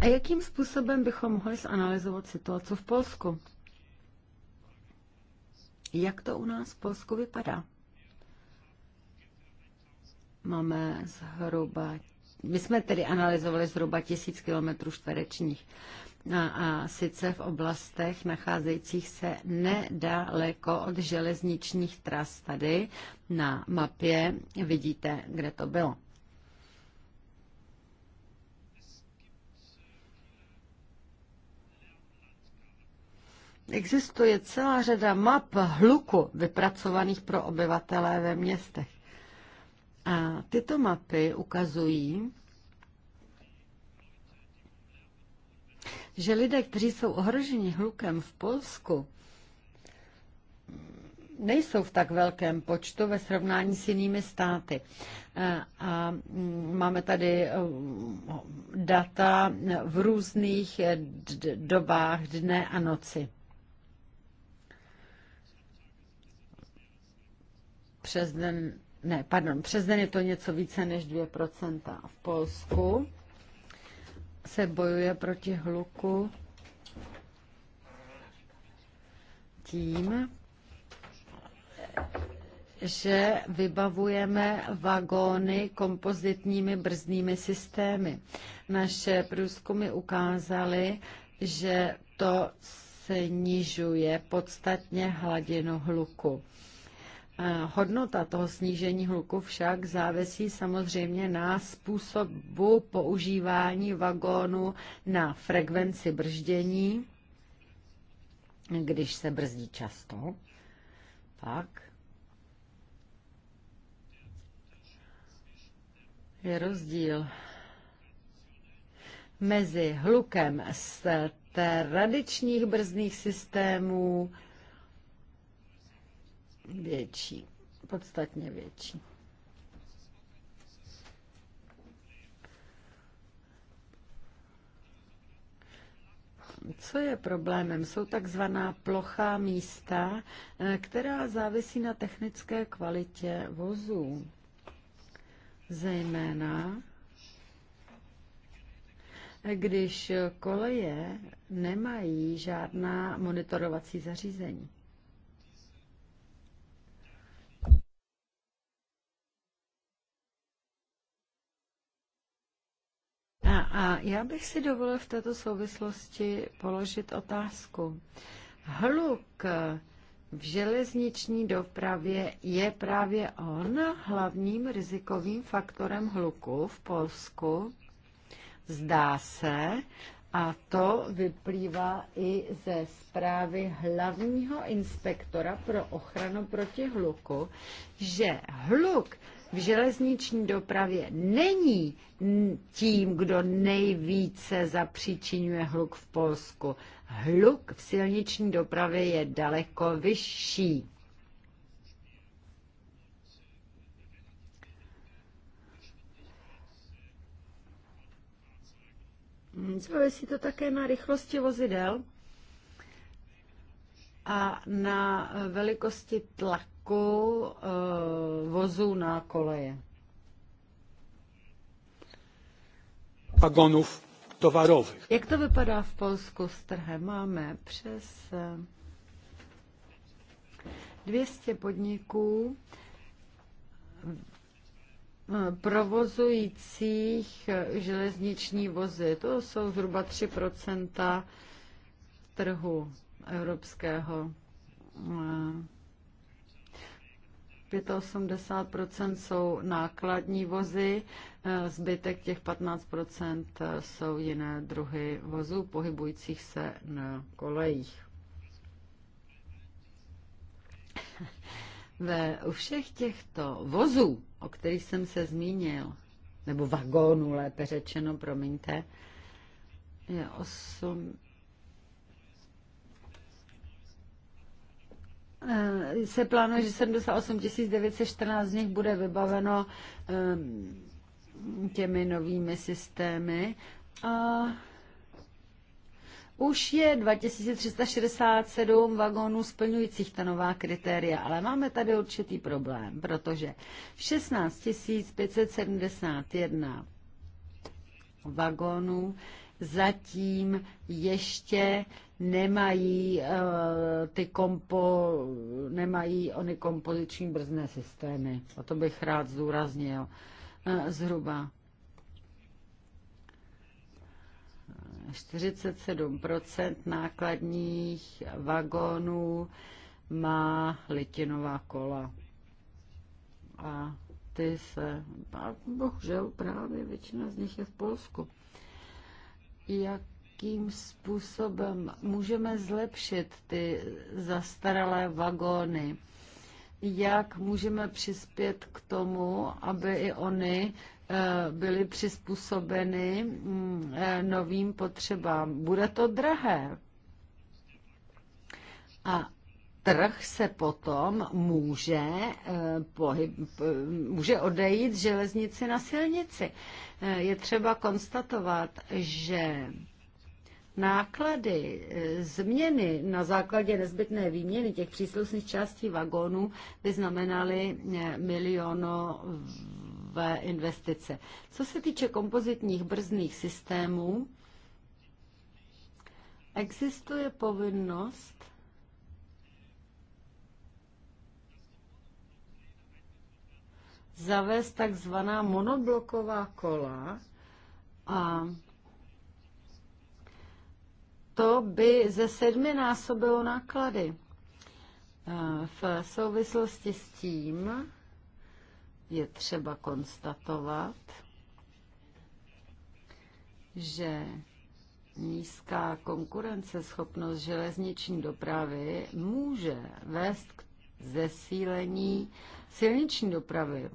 A jakým způsobem bychom mohli zanalizovat situaci v Polsku? Jak to u nás v Polsku vypadá? Máme zhruba, my jsme tedy analyzovali zhruba tisíc kilometrů čtverečních. A, no a sice v oblastech nacházejících se nedaleko od železničních tras. Tady na mapě vidíte, kde to bylo. existuje celá řada map hluku vypracovaných pro obyvatelé ve městech. A tyto mapy ukazují, že lidé, kteří jsou ohroženi hlukem v Polsku, nejsou v tak velkém počtu ve srovnání s jinými státy. A máme tady um, data v různých eh, dobách dne a noci. Přes den, ne, pardon, přes den je to něco více než 2%. v Polsku se bojuje proti hluku tím, že vybavujeme vagóny kompozitními brzdnými systémy. Naše průzkumy ukázaly, že to snižuje podstatně hladinu hluku. Eh, hodnota toho snížení hluku však závisí samozřejmě na způsobu používání vagónu na frekvenci brždění, když se brzdí často, Tak je rozdíl mezi hlukem z tradičních brzdných systémů větší, podstatně větší. co je problémem? Jsou takzvaná plochá místa, eh, která závisí na technické kvalitě vozů. Zejména když koleje nemají žádná monitorovací zařízení. A já bych si dovolil v této souvislosti položit otázku. Hluk v železniční dopravě je právě on hlavním rizikovým faktorem hluku v Polsku. Zdá se, a to vyplývá i ze zprávy hlavního inspektora pro ochranu proti hluku, že hluk v železniční dopravě není tím, kdo nejvíce zapříčinuje hluk v Polsku. Hluk v silniční dopravě je daleko vyšší. Závisí to také na rychlosti vozidel a na velikosti tlaku výrobku eh, vozů na koleje. Vagonů tovarových. Jak to vypadá v Polsku s trhem? Máme přes 200 eh, podniků eh, provozujících železniční vozy. To jsou zhruba 3 trhu evropského 85% jsou nákladní vozy, eh, zbytek těch 15% eh, jsou jiné druhy vozů pohybujících se na kolejích. (laughs) Ve, u všech těchto vozů, o kterých jsem se zmínil, nebo vagónů lépe řečeno, promiňte, je 8 Eh, se plánuje, že 78 914 z nich bude vybaveno eh, těmi novými systémy. A už je 2367 vagónů splňujících ta nová kritéria, ale máme tady určitý problém, protože 16 571 vagónů zatím ještě nemají eh, ty kompo, nemají ony kompoziční brzné systémy. A to bych rád zdůraznil. Eh, zhruba 47% nákladních vagónů má litinová kola. A ty se, bohužel právě většina z nich je v Polsku jakým způsobem můžeme zlepšit ty zastaralé vagóny, jak můžeme přispět k tomu, aby i oni eh, byly přizpůsobeny mm, eh, novým potřebám. Bude to drahé. A trh se potom může, eh, pohyb, eh, může odejít železnici na silnici. Eh, je třeba konstatovat, že náklady změny na základě nezbytné výměny těch příslušných částí vagónů by znamenaly milionové investice. Co se týče kompozitních brzdných systémů, existuje povinnost zavést takzvaná monobloková kola a to by ze sedmi násobilo náklady. E, v souvislosti s tím je třeba konstatovat, že nízká konkurenceschopnost železniční dopravy může vést k zesílení silniční dopravy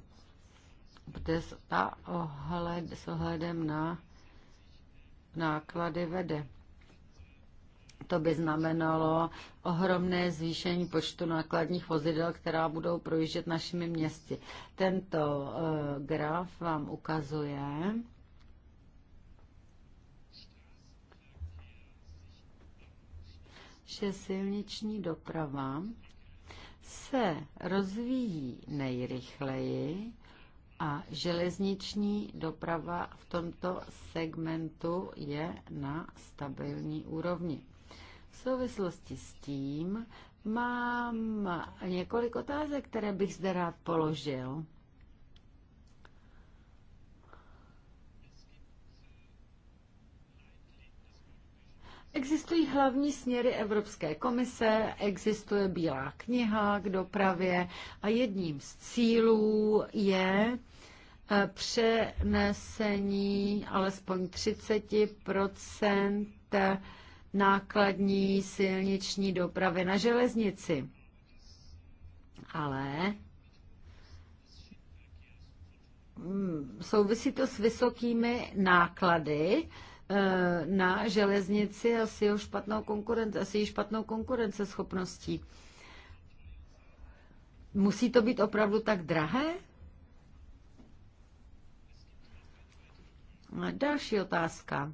bez ta ohled, s ohledem na náklady vede. To by znamenalo ohromné zvýšení počtu nákladních vozidel, která budou projíždět našimi městy. Tento eh, graf vám ukazuje, že silniční doprava se rozvíjí nejrychleji a železniční doprava v tomto segmentu je na stabilní úrovni. V souvislosti s tím mám několik otázek, které bych zde rád položil. Existují hlavní směry Evropské komise, existuje Bílá kniha k dopravě a jedním z cílů je eh, přenesení alespoň 30 nákladní silniční dopravy na železnici. Ale mm, souvisí to s vysokými náklady, Eh, na železnici a s jeho špatnou, konkurence, a s jeho špatnou konkurenceschopností. Musí to být opravdu tak drahé? Další otázka.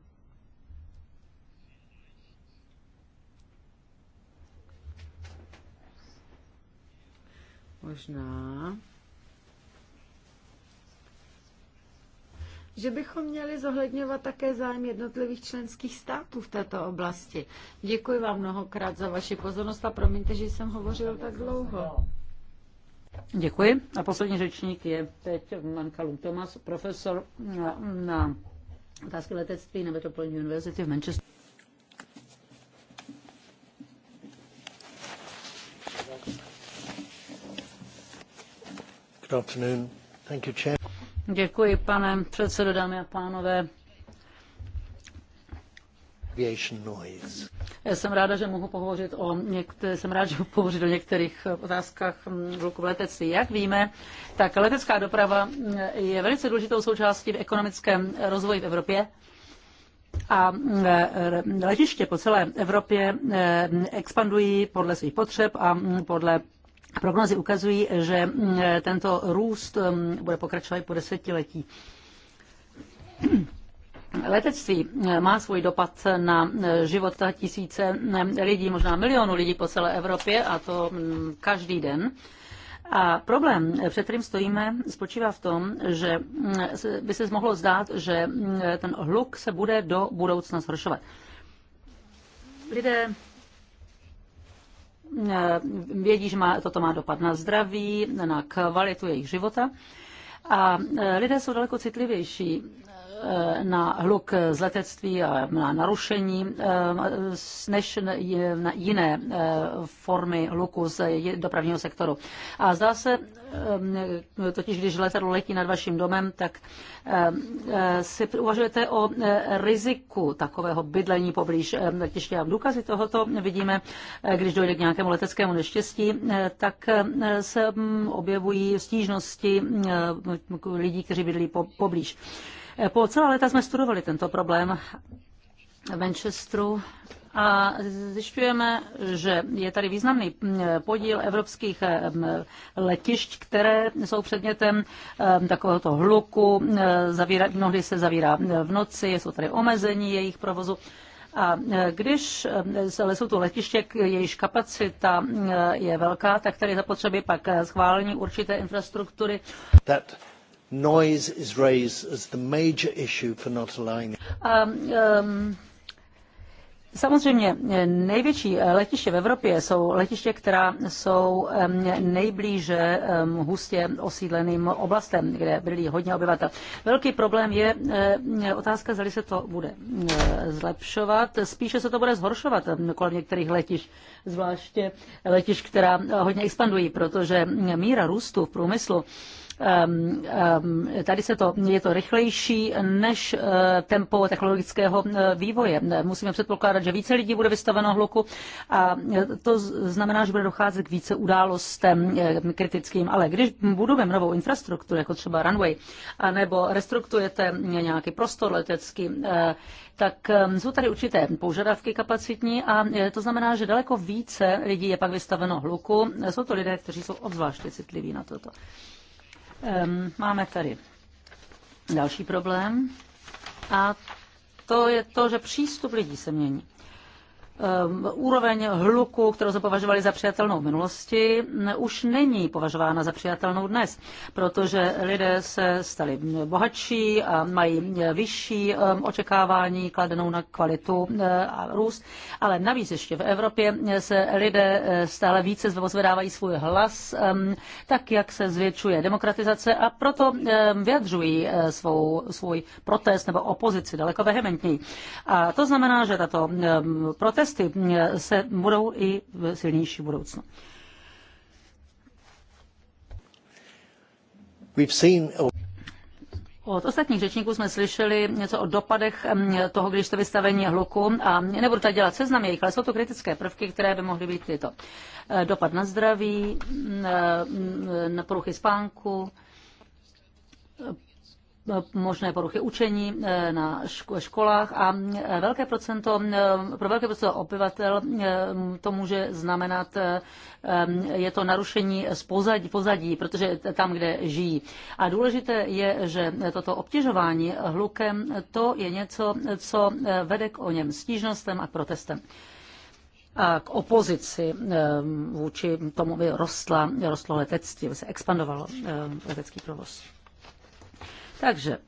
Možná že bychom měli zohledňovat také zájem jednotlivých členských států v této oblasti. Děkuji vám mnohokrát za vaši pozornost a promiňte, že jsem hovořil tak dlouho. Děkuji. A poslední řečník je teď Mankalum Tomas, profesor na, na otázky letectví na Metropolitní univerzitě v Manchesteru. Good afternoon. Thank you, Chair. Děkuji, pane předsedající dámy Jsem ráda, že mohu pohovořit o, některých, jsem rád, že mohu pohovořit o některých otázkách v letectví. Jak víme, tak letecká doprava je velice důležitou součástí v ekonomickém rozvoji v Evropě a e, e, letiště po celé Evropě e, expandují podle svých potřeb a podle Prognozy ukazují, že mm, tento růst mm, bude pokračovat po desetiletí. (clears throat) Letectví mm, má svůj dopad na život tisíce lidí, možná milionů lidí po celé Evropě a to každý den. A problém, eh, před kterým stojíme, spočívá v tom, že by se mohlo zdát, že ten hluk se bude do budoucna zhoršovat. Lidé Eh, vědí, že má, toto má dopad na zdraví, na kvalitu jejich života. A eh, lidé jsou daleko citlivější Eh, na hluk z letectví a na narušení eh, než na jiné eh, formy hluku z dopravního sektoru. A zdá se, totiž když letadlo letí nad vaším domem, tak si uvažujete o riziku takového bydlení poblíž letiště. A důkazy tohoto vidíme, když dojde k nějakému leteckému neštěstí, tak se mm, objevují stížnosti lidí, kteří bydlí poblíž. Po celá léta jsme studovali tento problém v Manchesteru a zjišťujeme, že je tady významný mm, podíl evropských mm, letišť, které jsou předmětem mm, takovéhoto hluku, Zavíra, mnohdy se zavírá v noci, jsou tady omezení jejich provozu. A když ale jsou to letiště, jejíž kapacita je velká, tak tady zapotřebí pak schválení určité infrastruktury. That noise is raised as the major issue for not Um, um... Samozřejmě eh, největší eh, letiště v Evropě jsou letiště, která jsou nejblíže hustě osídleným oblastem, kde byli hodně obyvatel. Velký problém je eh, otázka, zda se to bude zlepšovat. Spíše se to bude zhoršovat kolem některých letišť, zvláště letišť, která hodně expandují, protože míra růstu v průmyslu Ehm, ehm, tady se to, je to rychlejší než eh, tempo technologického eh, vývoje. Musíme předpokládat, že více lidí bude vystaveno hluku a eh, to znamená, že bude docházet k více událostem kritickým. Ale když budeme novou infrastrukturu, jako třeba runway, nebo restruktujete nějaký prostor letecký, tak ehm, jsou tady určité požadavky kapacitní a to znamená, že daleko více lidí je pak vystaveno hluku. Jsou to lidé, kteří jsou obzvláště citliví na toto. Ehm, máme tady další problém a to je to, že přístup lidí se mění. Ehm, úroveň hluku, kterou jsme považovali za přijatelnou v minulosti, už není považována za přijatelnou dnes, protože lidé se stali bohatší a mají e, vyšší ehm, očekávání kladenou na kvalitu e, a růst, ale navíc ještě v Evropě e, se lidé stále více zvedávají svůj hlas, ehm, tak jak se zvětšuje demokratizace a proto vyjadřují svou, svůj protest nebo opozici daleko vehementněji. A to znamená, že tato protest cesty mm, se budou i v silnější budoucnu. We've seen... Od ostatních řečníků jsme slyšeli něco o dopadech mm, toho, když jste vystavení hluku a nebudu tady dělat seznam jejich, ale jsou to kritické prvky, které by mohly být tyto. Eh, dopad na zdraví, mm, eh, na poruchy spánku, možné poruchy učení eh, na školách a eh, velké procento, eh, pro velké procento obyvatel to může znamenat, je to narušení z pozadí, pozadí, protože tam, kde žijí. A důležité je, že toto obtěžování hlukem, to je něco, co vede k o něm stížnostem a protestem a k opozici vůči tomu, by rostla, rostlo letectví, by se expandovalo letecký provoz. Takže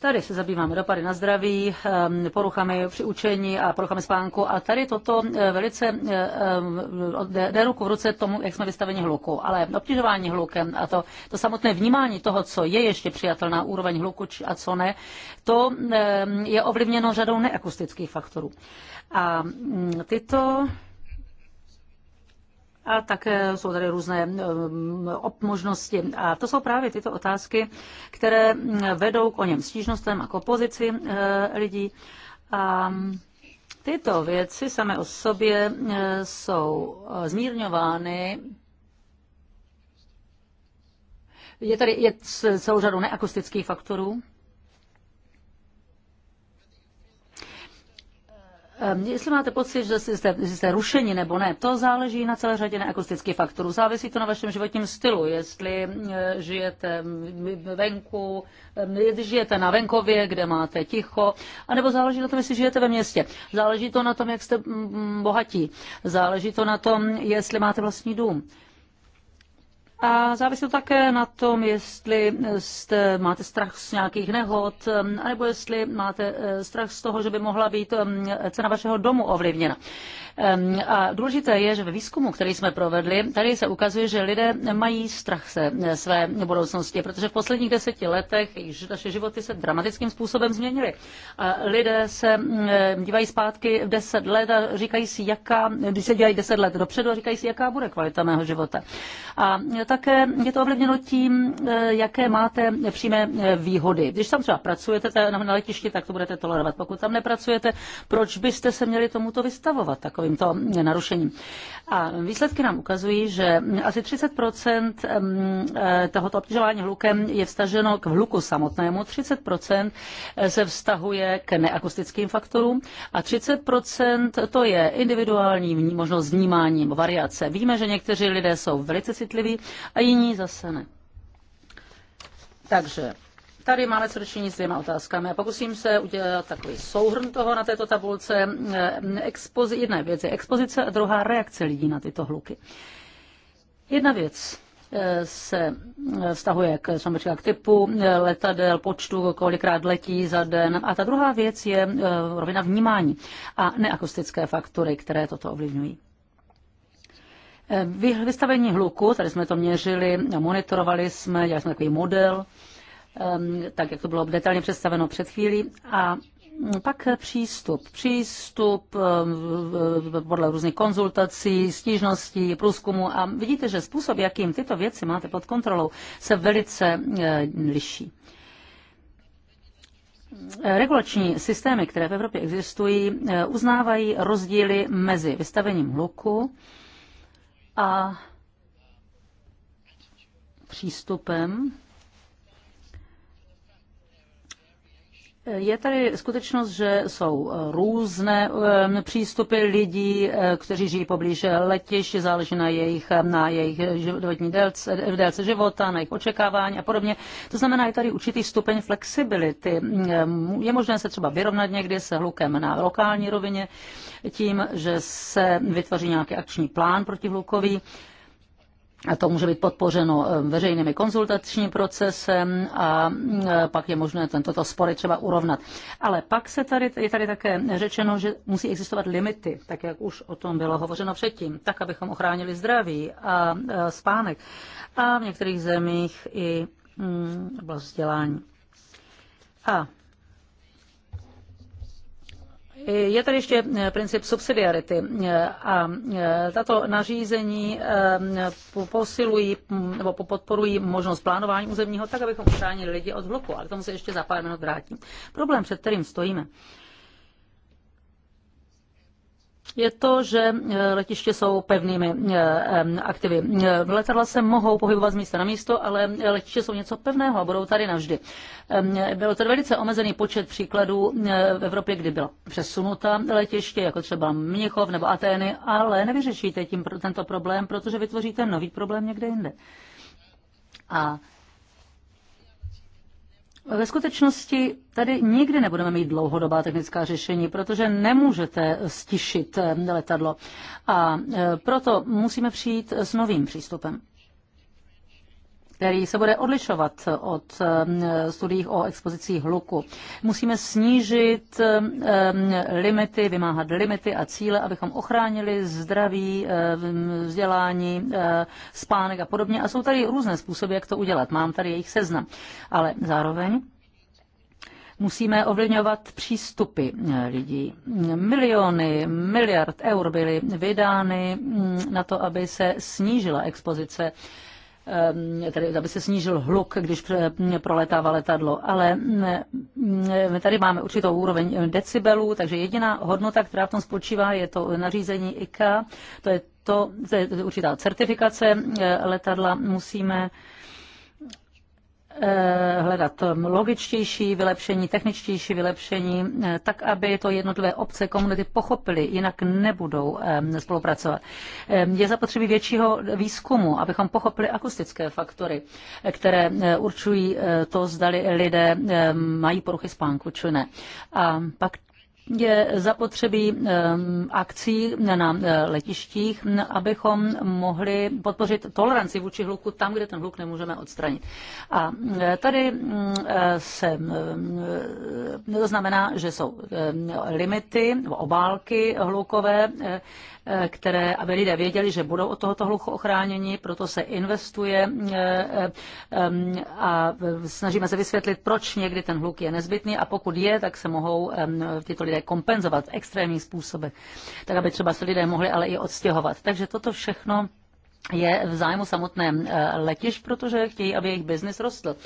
Tady se zabýváme dopady na zdraví, ehm, poruchami při učení a poruchami spánku a tady toto eh, velice eh, ehm, jde ruku v ruce tomu, jak jsme vystaveni hluku, ale obtěžování hlukem a to, to samotné vnímání toho, co je ještě přijatelná úroveň hluku a co ne, to ehm, je ovlivněno řadou neakustických faktorů. A mm, tyto a také eh, jsou tady různé eh, možnosti. A to jsou právě tyto otázky, které mm, vedou k o něm stížnostem a k opozici eh, lidí. A mm, tyto věci samé o sobě jsou zmírňovány je tady je celou řadu neakustických faktorů, Ehm, jestli máte pocit, že jste, že jste rušeni nebo ne, to záleží na celé řadě neakustických faktorů. Závisí to na vašem životním stylu, jestli eh, žijete mm, mm, venku, ehm, jestli žijete na venkově, kde máte ticho, anebo záleží na tom, jestli žijete ve městě. Záleží to na tom, jak jste mm, bohatí. Záleží to na tom, jestli máte vlastní dům. A závisí to také na tom, jestli jste, máte strach z nějakých nehod, nebo jestli máte eh, strach z toho, že by mohla být cena vašeho domu ovlivněna. A důležité je, že ve výzkumu, který jsme provedli, tady se ukazuje, že lidé mají strach se své budoucnosti, protože v posledních deseti letech naše životy se dramatickým způsobem změnily. A lidé se dívají zpátky v deset let a říkají si, jaká, když se dělají deset let dopředu a říkají si, jaká bude kvalita mého života. A také je to ovlivněno tím, eh, jaké máte přímé eh, výhody. Když tam třeba pracujete na letišti, tak to budete tolerovat. Pokud tam nepracujete, proč byste se měli tomuto vystavovat, takovýmto eh, narušením? A výsledky nám ukazují, že asi 30 tohoto obtěžování hlukem je vstaženo k hluku samotnému, 30 se vztahuje k neakustickým faktorům a 30 to je individuální možnost vnímání variace. Víme, že někteří lidé jsou velice citliví a jiní zase ne. Takže Tady máme co dočinit s dvěma otázkami. Já pokusím se udělat takový souhrn toho na této tabulce. Eh, expozi, jedna věc je expozice a druhá reakce lidí na tyto hluky. Jedna věc eh, se eh, vztahuje k k typu letadel, počtu, kolikrát letí za den. A ta druhá věc je rovina vnímání a neakustické faktory, které toto ovlivňují. Vystavení hluku, tady jsme to měřili, monitorovali jsme, dělali jsme takový model, tak jak to bylo detailně představeno před chvílí. A pak přístup. Přístup podle různých konzultací, stížností, průzkumu a vidíte, že způsob, jakým tyto věci máte pod kontrolou, se velice e, liší. Regulační systémy, které v Evropě existují, e, uznávají rozdíly mezi vystavením hluku, a přístupem Je tady skutečnost, že jsou eh, různé eh, přístupy lidí, eh, kteří žijí poblíž letiště, záleží na jejich, na jejich životní délce, délce života, na jejich očekávání a podobně. To znamená, je tady určitý stupeň flexibility. Mm, je možné se třeba vyrovnat někdy se hlukem na lokální rovině tím, že se vytvoří nějaký akční plán proti a to může být podpořeno eh, veřejnými konzultačním procesem a eh, pak je možné tento spory třeba urovnat. Ale pak se tady, je tady také řečeno, že musí existovat limity, tak jak už o tom bylo hovořeno předtím, tak abychom ochránili zdraví a eh, spánek a v některých zemích i mm, vzdělání. A je tady ještě eh, princip subsidiarity eh, a eh, tato nařízení posilují hm, nebo podporují možnost plánování územního tak, abychom chránili lidi od hluku. A k tomu se ještě za pár minut vrátím. Problém, před kterým stojíme, je to, že e, letiště jsou pevnými e, aktivy. E, letadla se mohou pohybovat z místa na místo, ale letiště jsou něco pevného a budou tady navždy. Byl to velice omezený počet příkladů v Evropě, kdy byla přesunuta letiště, jako třeba Mnichov nebo Atény, ale nevyřešíte tím tento problém, protože vytvoříte nový problém někde jinde. A ve skutečnosti tady nikdy nebudeme mít dlouhodobá technická řešení, protože nemůžete stišit letadlo. A e, proto musíme přijít s novým přístupem který se bude odlišovat od eh, studií o expozicích hluku. Musíme snížit eh, limity, vymáhat limity a cíle, abychom ochránili zdraví, eh, vzdělání, spánek a podobně. A jsou tady různé způsoby, jak to udělat. Mám tady jejich seznam. Ale zároveň musíme ovlivňovat přístupy lidí. Miliony, miliard eur byly vydány mm, na to, aby se snížila expozice Ehm, tedy aby se snížil hluk, když proletává letadlo. Ale mm, mm, my tady máme určitou úroveň decibelů, takže jediná hodnota, která v tom spočívá, je to nařízení IK. to je to, to je určitá certifikace eh, letadla, musíme Eh, hledat logičtější vylepšení, techničtější vylepšení, eh, tak, aby to jednotlivé obce, komunity pochopily, jinak nebudou eh, spolupracovat. Je zapotřebí většího výzkumu, abychom pochopili akustické faktory, které určují to, zdali lidé mají poruchy spánku či ne. A pak je zapotřebí akcí na letištích, abychom mohli podpořit toleranci vůči hluku tam, kde ten hluk nemůžeme odstranit. A e, tady e, se, e, to znamená, že jsou limity, obálky hlukové, Eh, které, aby lidé věděli, že budou od tohoto hluchu ochráněni, proto se investuje eh, eh, a snažíme se vysvětlit, proč někdy ten hluk je nezbytný a pokud je, tak se mohou tyto lidé kompenzovat v způsoby, tak aby třeba se lidé mohli ale i odstěhovat. Takže toto všechno je v zájmu samotné letiš, protože chtějí, aby jejich biznis rostl.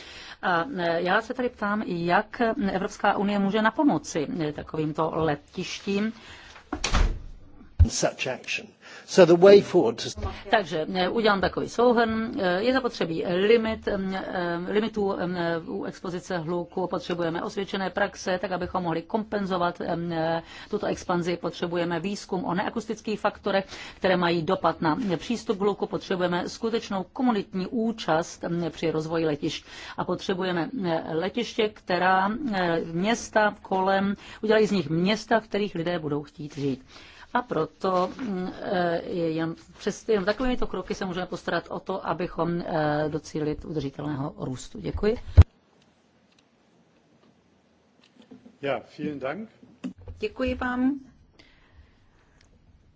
A já se tady ptám, jak Evropská unie může napomoci takovýmto letištím takže eh, udělám takový souhrn. Eh, je zapotřebí limit, eh, limitů u expozice hluku, potřebujeme osvědčené praxe, tak abychom mohli kompenzovat tuto expanzi. Potřebujeme výzkum o neakustických faktorech, které mají dopad na přístup k hluku. Potřebujeme skutečnou komunitní účast při rozvoji letišť. A potřebujeme letiště, která města kolem, udělají z nich města, v kterých lidé budou chtít žít. A proto mm, eh, jen, přes jen to kroky se můžeme postarat o to, abychom eh, docílit udržitelného růstu. Děkuji. Ja, vielen Dank. Děkuji vám.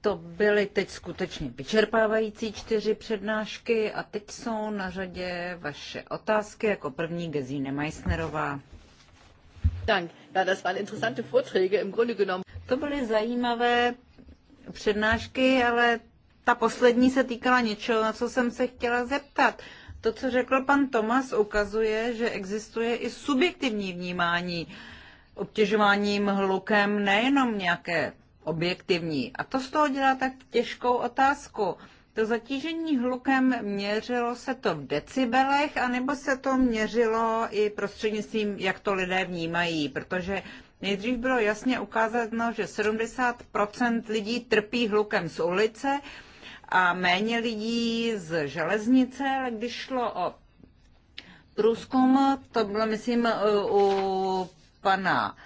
To byly teď skutečně vyčerpávající čtyři přednášky a teď jsou na řadě vaše otázky. Jako první gezíne Meissnerová. Dank. Ja, das waren interessante Vorträge im Grunde genommen. To byly zajímavé přednášky, ale ta poslední se týkala něčeho, na co jsem se chtěla zeptat. To, co řekl pan Tomas, ukazuje, že existuje i subjektivní vnímání obtěžováním hlukem, nejenom nějaké objektivní. A to z toho dělá tak těžkou otázku. To zatížení hlukem měřilo se to v decibelech, anebo se to měřilo i prostřednictvím, jak to lidé vnímají, protože Nejdřív bylo jasně ukázáno, že 70 lidí trpí hlukem z ulice a méně lidí z železnice, ale když šlo o průzkum, to bylo, myslím, u pana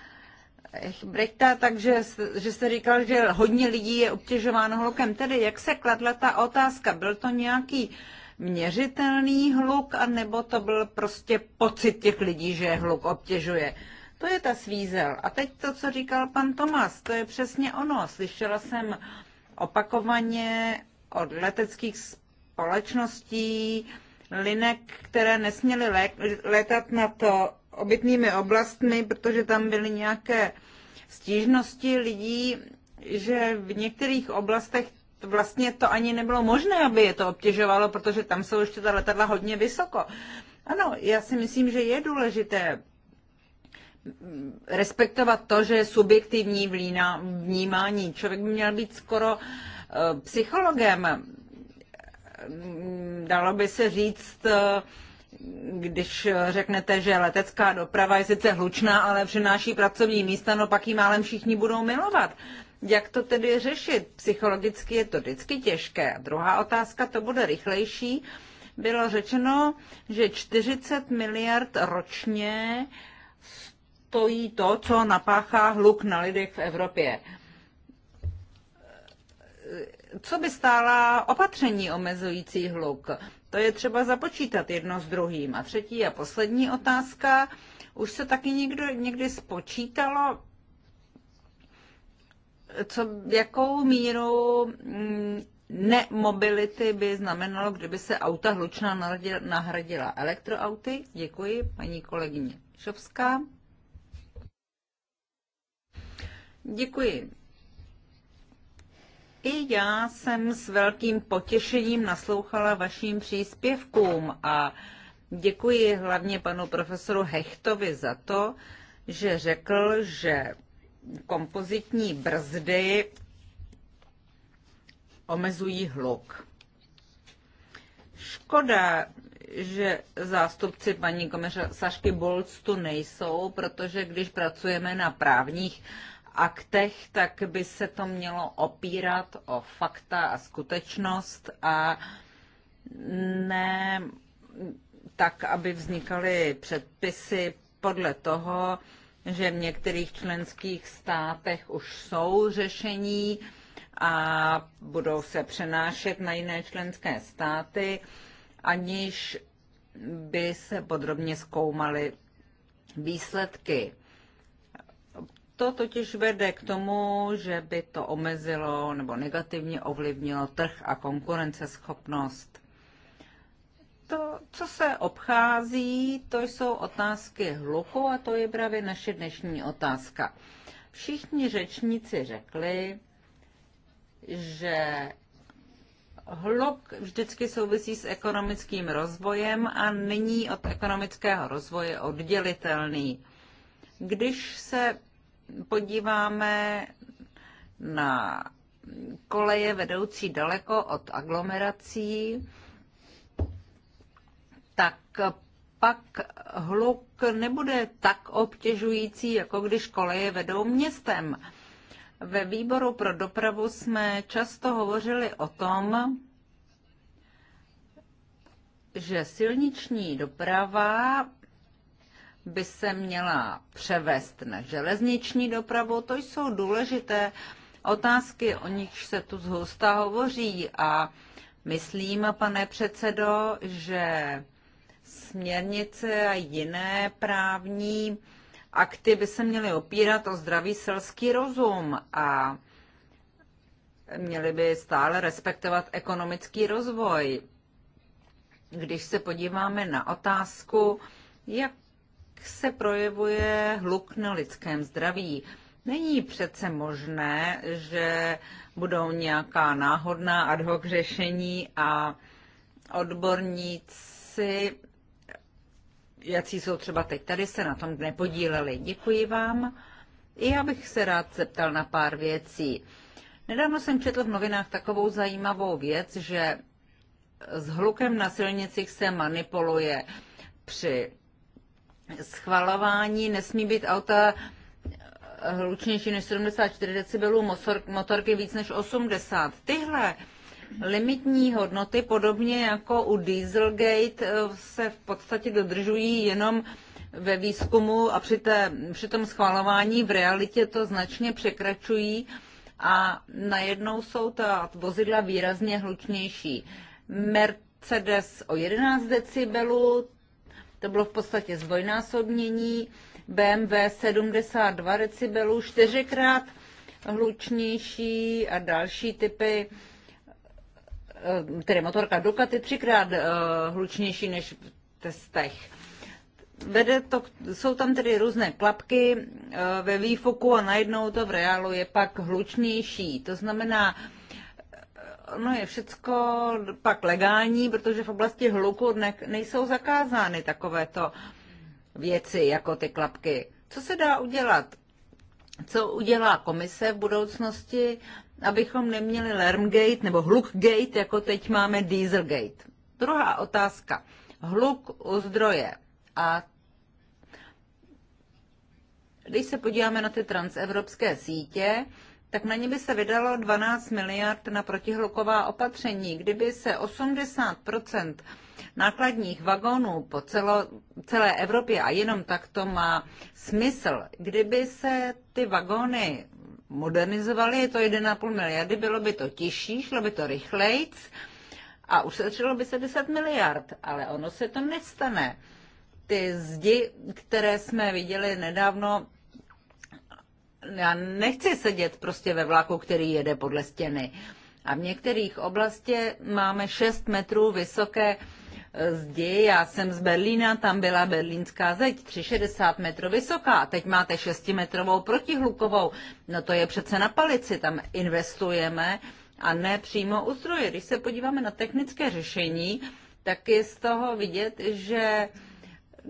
Brechta, takže že jste říkal, že hodně lidí je obtěžováno hlukem. Tedy jak se kladla ta otázka? Byl to nějaký měřitelný hluk, anebo to byl prostě pocit těch lidí, že hluk obtěžuje? To je ta svízel. A teď to, co říkal pan Tomas, to je přesně ono. Slyšela jsem opakovaně od leteckých společností linek, které nesměly létat to obytnými oblastmi, protože tam byly nějaké stížnosti lidí, že v některých oblastech vlastně to ani nebylo možné, aby je to obtěžovalo, protože tam jsou ještě ta letadla hodně vysoko. Ano, já si myslím, že je důležité respektovat to, že je subjektivní vlína, vnímání. Člověk by měl být skoro eh, psychologem. Mm, dalo by se říct, eh, když řeknete, že letecká doprava je sice hlučná, ale přináší pracovní místa, no pak ji málem všichni budou milovat. Jak to tedy řešit? Psychologicky je to vždycky těžké. A druhá otázka, to bude rychlejší. Bylo řečeno, že 40 miliard ročně z stojí to, co napáchá hluk na lidech v Evropě. Co by stála opatření omezující hluk? To je třeba započítat jedno s druhým. A třetí a poslední otázka. Už se taky někdo, někdy spočítalo, co, jakou míru mm, nemobility by znamenalo, kdyby se auta hlučná nahradila elektroauty? Děkuji, paní kolegyně Šovská. Děkuji. I já jsem s velkým potěšením naslouchala vašim příspěvkům a děkuji hlavně panu profesoru Hechtovi za to, že řekl, že kompozitní brzdy omezují hluk. Škoda, že zástupci paní komisařky Bolc tu nejsou, protože když pracujeme na právních aktech, tak by se to mělo opírat o fakta a skutečnost a ne tak, aby vznikaly předpisy podle toho, že v některých členských státech už jsou řešení a budou se přenášet na jiné členské státy, aniž by se podrobně zkoumaly výsledky. To totiž vede k tomu, že by to omezilo nebo negativně ovlivnilo trh a konkurenceschopnost. To, co se obchází, to jsou otázky hluchu a to je právě naše dnešní otázka. Všichni řečníci řekli, že hluk vždycky souvisí s ekonomickým rozvojem a není od ekonomického rozvoje oddělitelný. Když se podíváme na koleje vedoucí daleko od aglomerací, tak pak hluk nebude tak obtěžující, jako když koleje vedou městem. Ve výboru pro dopravu jsme často hovořili o tom, že silniční doprava by se měla převést na železniční dopravu. To jsou důležité otázky, o nichž se tu zhusta hovoří a myslím, pane předsedo, že směrnice a jiné právní akty by se měly opírat o zdravý selský rozum a měly by stále respektovat ekonomický rozvoj. Když se podíváme na otázku, jak se projevuje hluk na lidském zdraví. Není přece možné, že budou nějaká náhodná ad hoc řešení a odborníci, jací jsou třeba teď tady, se na tom nepodíleli. Děkuji vám. já bych se rád zeptal na pár věcí. Nedávno jsem četl v novinách takovou zajímavou věc, že s hlukem na silnicích se manipuluje při schvalování nesmí být auta hlučnější než 74 decibelů, motor, motorky víc než 80. Tyhle limitní hodnoty, podobně jako u Dieselgate, se v podstatě dodržují jenom ve výzkumu a při, té, při tom schvalování v realitě to značně překračují a najednou jsou ta vozidla výrazně hlučnější. Mercedes o 11 decibelů, to bylo v podstatě zdvojnásobnění, BMW 72 decibelů, čtyřikrát hlučnější a další typy, eh, tedy motorka Ducati třikrát eh, hlučnější než v testech. Vede to, jsou tam tedy různé klapky eh, ve výfoku a najednou to v reálu je pak hlučnější. To znamená, No je všecko pak legální, protože v oblasti hluku ne, nejsou zakázány takovéto věci jako ty klapky. Co se dá udělat? Co udělá komise v budoucnosti, abychom neměli Lermgate nebo Hlukgate, jako teď máme Dieselgate? Druhá otázka. Hluk u zdroje. A když se podíváme na ty transevropské sítě, tak na ně by se vydalo 12 miliard na protihluková opatření. Kdyby se 80 nákladních vagónů po celo, celé Evropě, a jenom tak to má smysl, kdyby se ty vagóny modernizovaly, je to 1,5 miliardy, bylo by to těžší, šlo by to rychlejc a ušetřilo by se 10 miliard, ale ono se to nestane. Ty zdi, které jsme viděli nedávno já nechci sedět prostě ve vlaku, který jede podle stěny. A v některých oblastech máme 6 metrů vysoké e, zdi. Já jsem z Berlína, tam byla berlínská zeď 360 metrů vysoká. A teď máte 6-metrovou protihlukovou. No to je přece na palici, tam investujeme a ne přímo u zdroje. Když se podíváme na technické řešení, tak je z toho vidět, že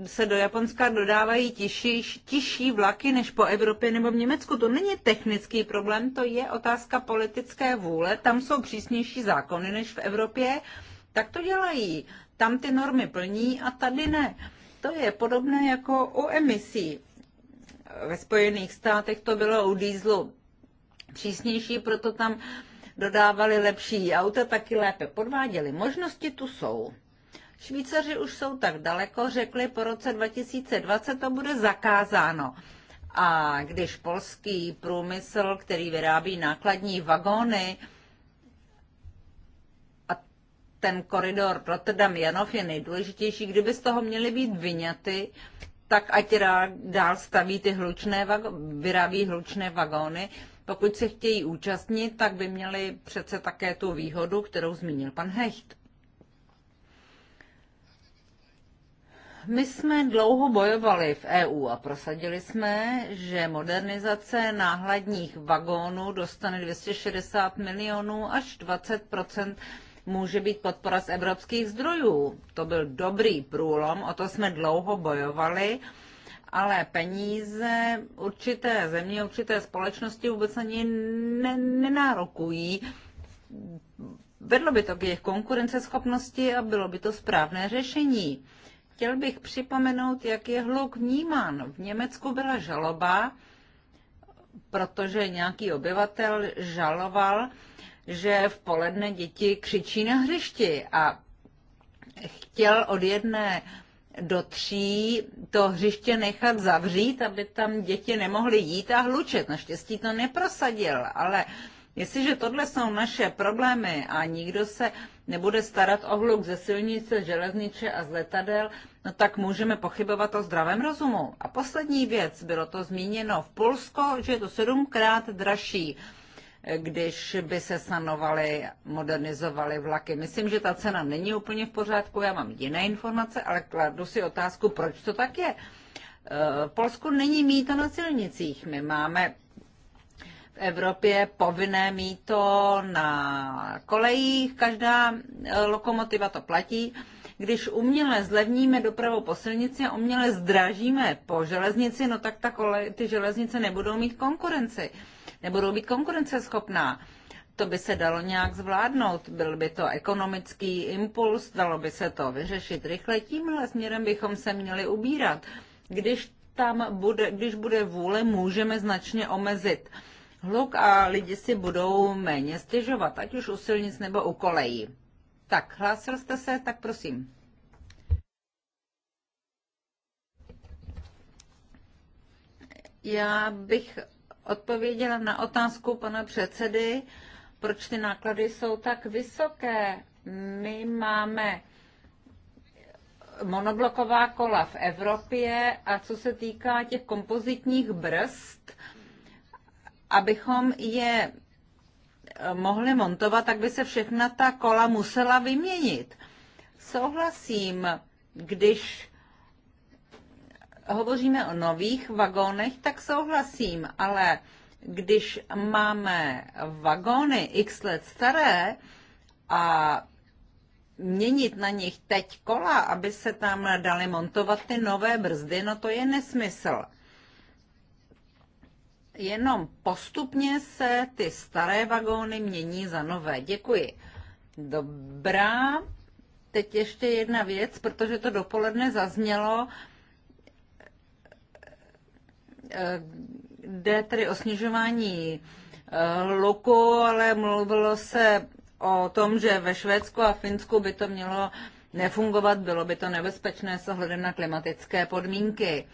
se do Japonska dodávají tiší, tiší vlaky než po Evropě nebo v Německu. To není technický problém, to je otázka politické vůle. Tam jsou přísnější zákony než v Evropě, tak to dělají. Tam ty normy plní a tady ne. To je podobné jako u emisí. Ve Spojených státech to bylo u dýzlu přísnější, proto tam dodávali lepší auta, taky lépe podváděli. Možnosti tu jsou. Švýcaři už jsou tak daleko, řekli, po roce 2020 to bude zakázáno. A když polský průmysl, který vyrábí nákladní vagóny, a ten koridor Rotterdam-Janov je nejdůležitější, kdyby z toho měly být vyňaty, tak ať dál staví ty hlučné, vyrábí hlučné vagóny. Pokud se chtějí účastnit, tak by měli přece také tu výhodu, kterou zmínil pan Hecht. My jsme dlouho bojovali v EU a prosadili jsme, že modernizace náhladních vagónů dostane 260 milionů až 20 může být podpora z evropských zdrojů. To byl dobrý průlom, o to jsme dlouho bojovali, ale peníze určité země, určité společnosti vůbec ani nenárokují. Vedlo by to k jejich konkurenceschopnosti a bylo by to správné řešení. Chtěl bych připomenout, jak je hluk vnímán. V Německu byla žaloba, protože nějaký obyvatel žaloval, že v poledne děti křičí na hřišti a chtěl od jedné do tří to hřiště nechat zavřít, aby tam děti nemohly jít a hlučet. Naštěstí to neprosadil, ale jestliže tohle jsou naše problémy a nikdo se nebude starat o hluk ze silnice, železniče a z letadel, no tak můžeme pochybovat o zdravém rozumu. A poslední věc, bylo to zmíněno v Polsku, že je to sedmkrát dražší když by se sanovaly, modernizovaly vlaky. Myslím, že ta cena není úplně v pořádku, já mám jiné informace, ale kladu si otázku, proč to tak je. E, v Polsku není mýto na silnicích. My máme v Evropě povinné to na kolejích, každá eh, lokomotiva to platí. Když uměle zlevníme dopravu po silnici a uměle zdražíme po železnici, no tak ta kole, ty železnice nebudou mít konkurenci, nebudou být konkurenceschopná. To by se dalo nějak zvládnout, byl by to ekonomický impuls, dalo by se to vyřešit rychle, tímhle směrem bychom se měli ubírat. Když tam bude, když bude vůle, můžeme značně omezit uh, hluk a lidi si budou méně stěžovat, ať už u silnic nebo u kolejí. Tak, hlásil jste se, tak prosím. Já bych odpověděla na otázku pana předsedy, proč ty náklady jsou tak vysoké. My máme monobloková kola v Evropě a co se týká těch kompozitních brzd, abychom je eh, mohli montovat, tak by se všechna ta kola musela vyměnit. Souhlasím, když hovoříme o nových vagónech, tak souhlasím, ale když máme vagóny x let staré a měnit na nich teď kola, aby se tam dali montovat ty nové brzdy, no to je nesmysl jenom postupně se ty staré vagóny mění za nové. Děkuji. Dobrá. Teď ještě jedna věc, protože to dopoledne zaznělo. Jde tedy o snižování eh, luku, ale mluvilo se o tom, že ve Švédsku a Finsku by to mělo nefungovat, bylo by to nebezpečné s ohledem na klimatické podmínky.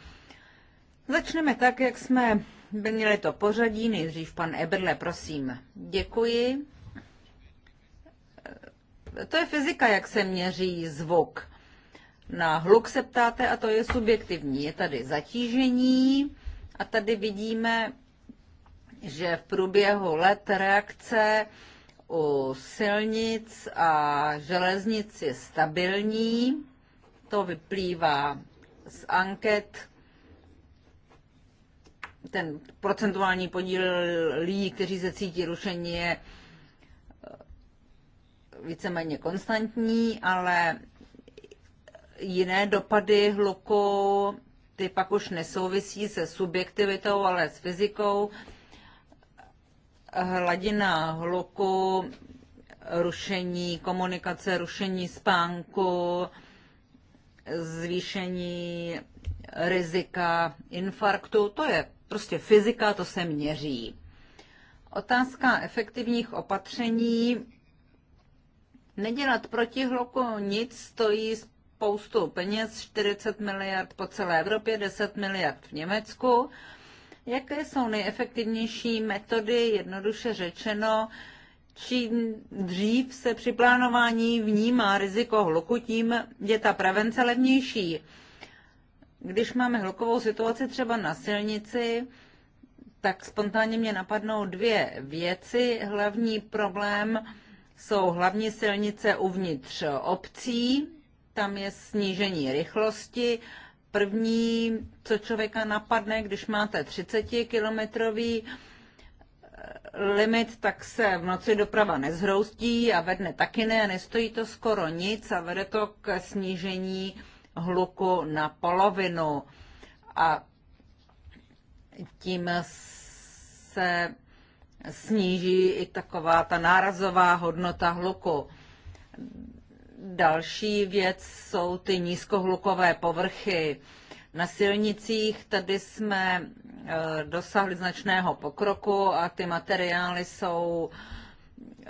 Začneme tak, jak jsme měli to pořadí. Nejdřív pan Eberle, prosím. Děkuji. To je fyzika, jak se měří zvuk. Na hluk se ptáte a to je subjektivní. Je tady zatížení a tady vidíme, že v průběhu let reakce u silnic a železnic je stabilní. To vyplývá z anket, ten procentuální podíl lidí, kteří se cítí rušení, je eh, víceméně konstantní, ale jiné dopady hluku, ty pak už nesouvisí se subjektivitou, ale s fyzikou. Hladina hluku, rušení komunikace, rušení spánku, zvýšení rizika infarktu, to je prostě fyzika, to se měří. Otázka efektivních opatření. Nedělat proti hluku nic stojí spoustu peněz, 40 miliard po celé Evropě, 10 miliard v Německu. Jaké jsou nejefektivnější metody, jednoduše řečeno, čím dřív se při plánování vnímá riziko hluku, tím je ta prevence levnější. Když máme hlukovou situaci třeba na silnici, tak spontánně mě napadnou dvě věci. Hlavní problém jsou hlavní silnice uvnitř obcí, tam je snížení rychlosti. První, co člověka napadne, když máte 30-kilometrový eh, limit, tak se v noci doprava nezhroustí a vedne taky ne, nestojí to skoro nic a vede to k snížení hluku na polovinu. A tím se sníží i taková ta nárazová hodnota hluku. Další věc jsou ty nízkohlukové povrchy. Na silnicích tady jsme eh, dosáhli značného pokroku a ty materiály jsou uh,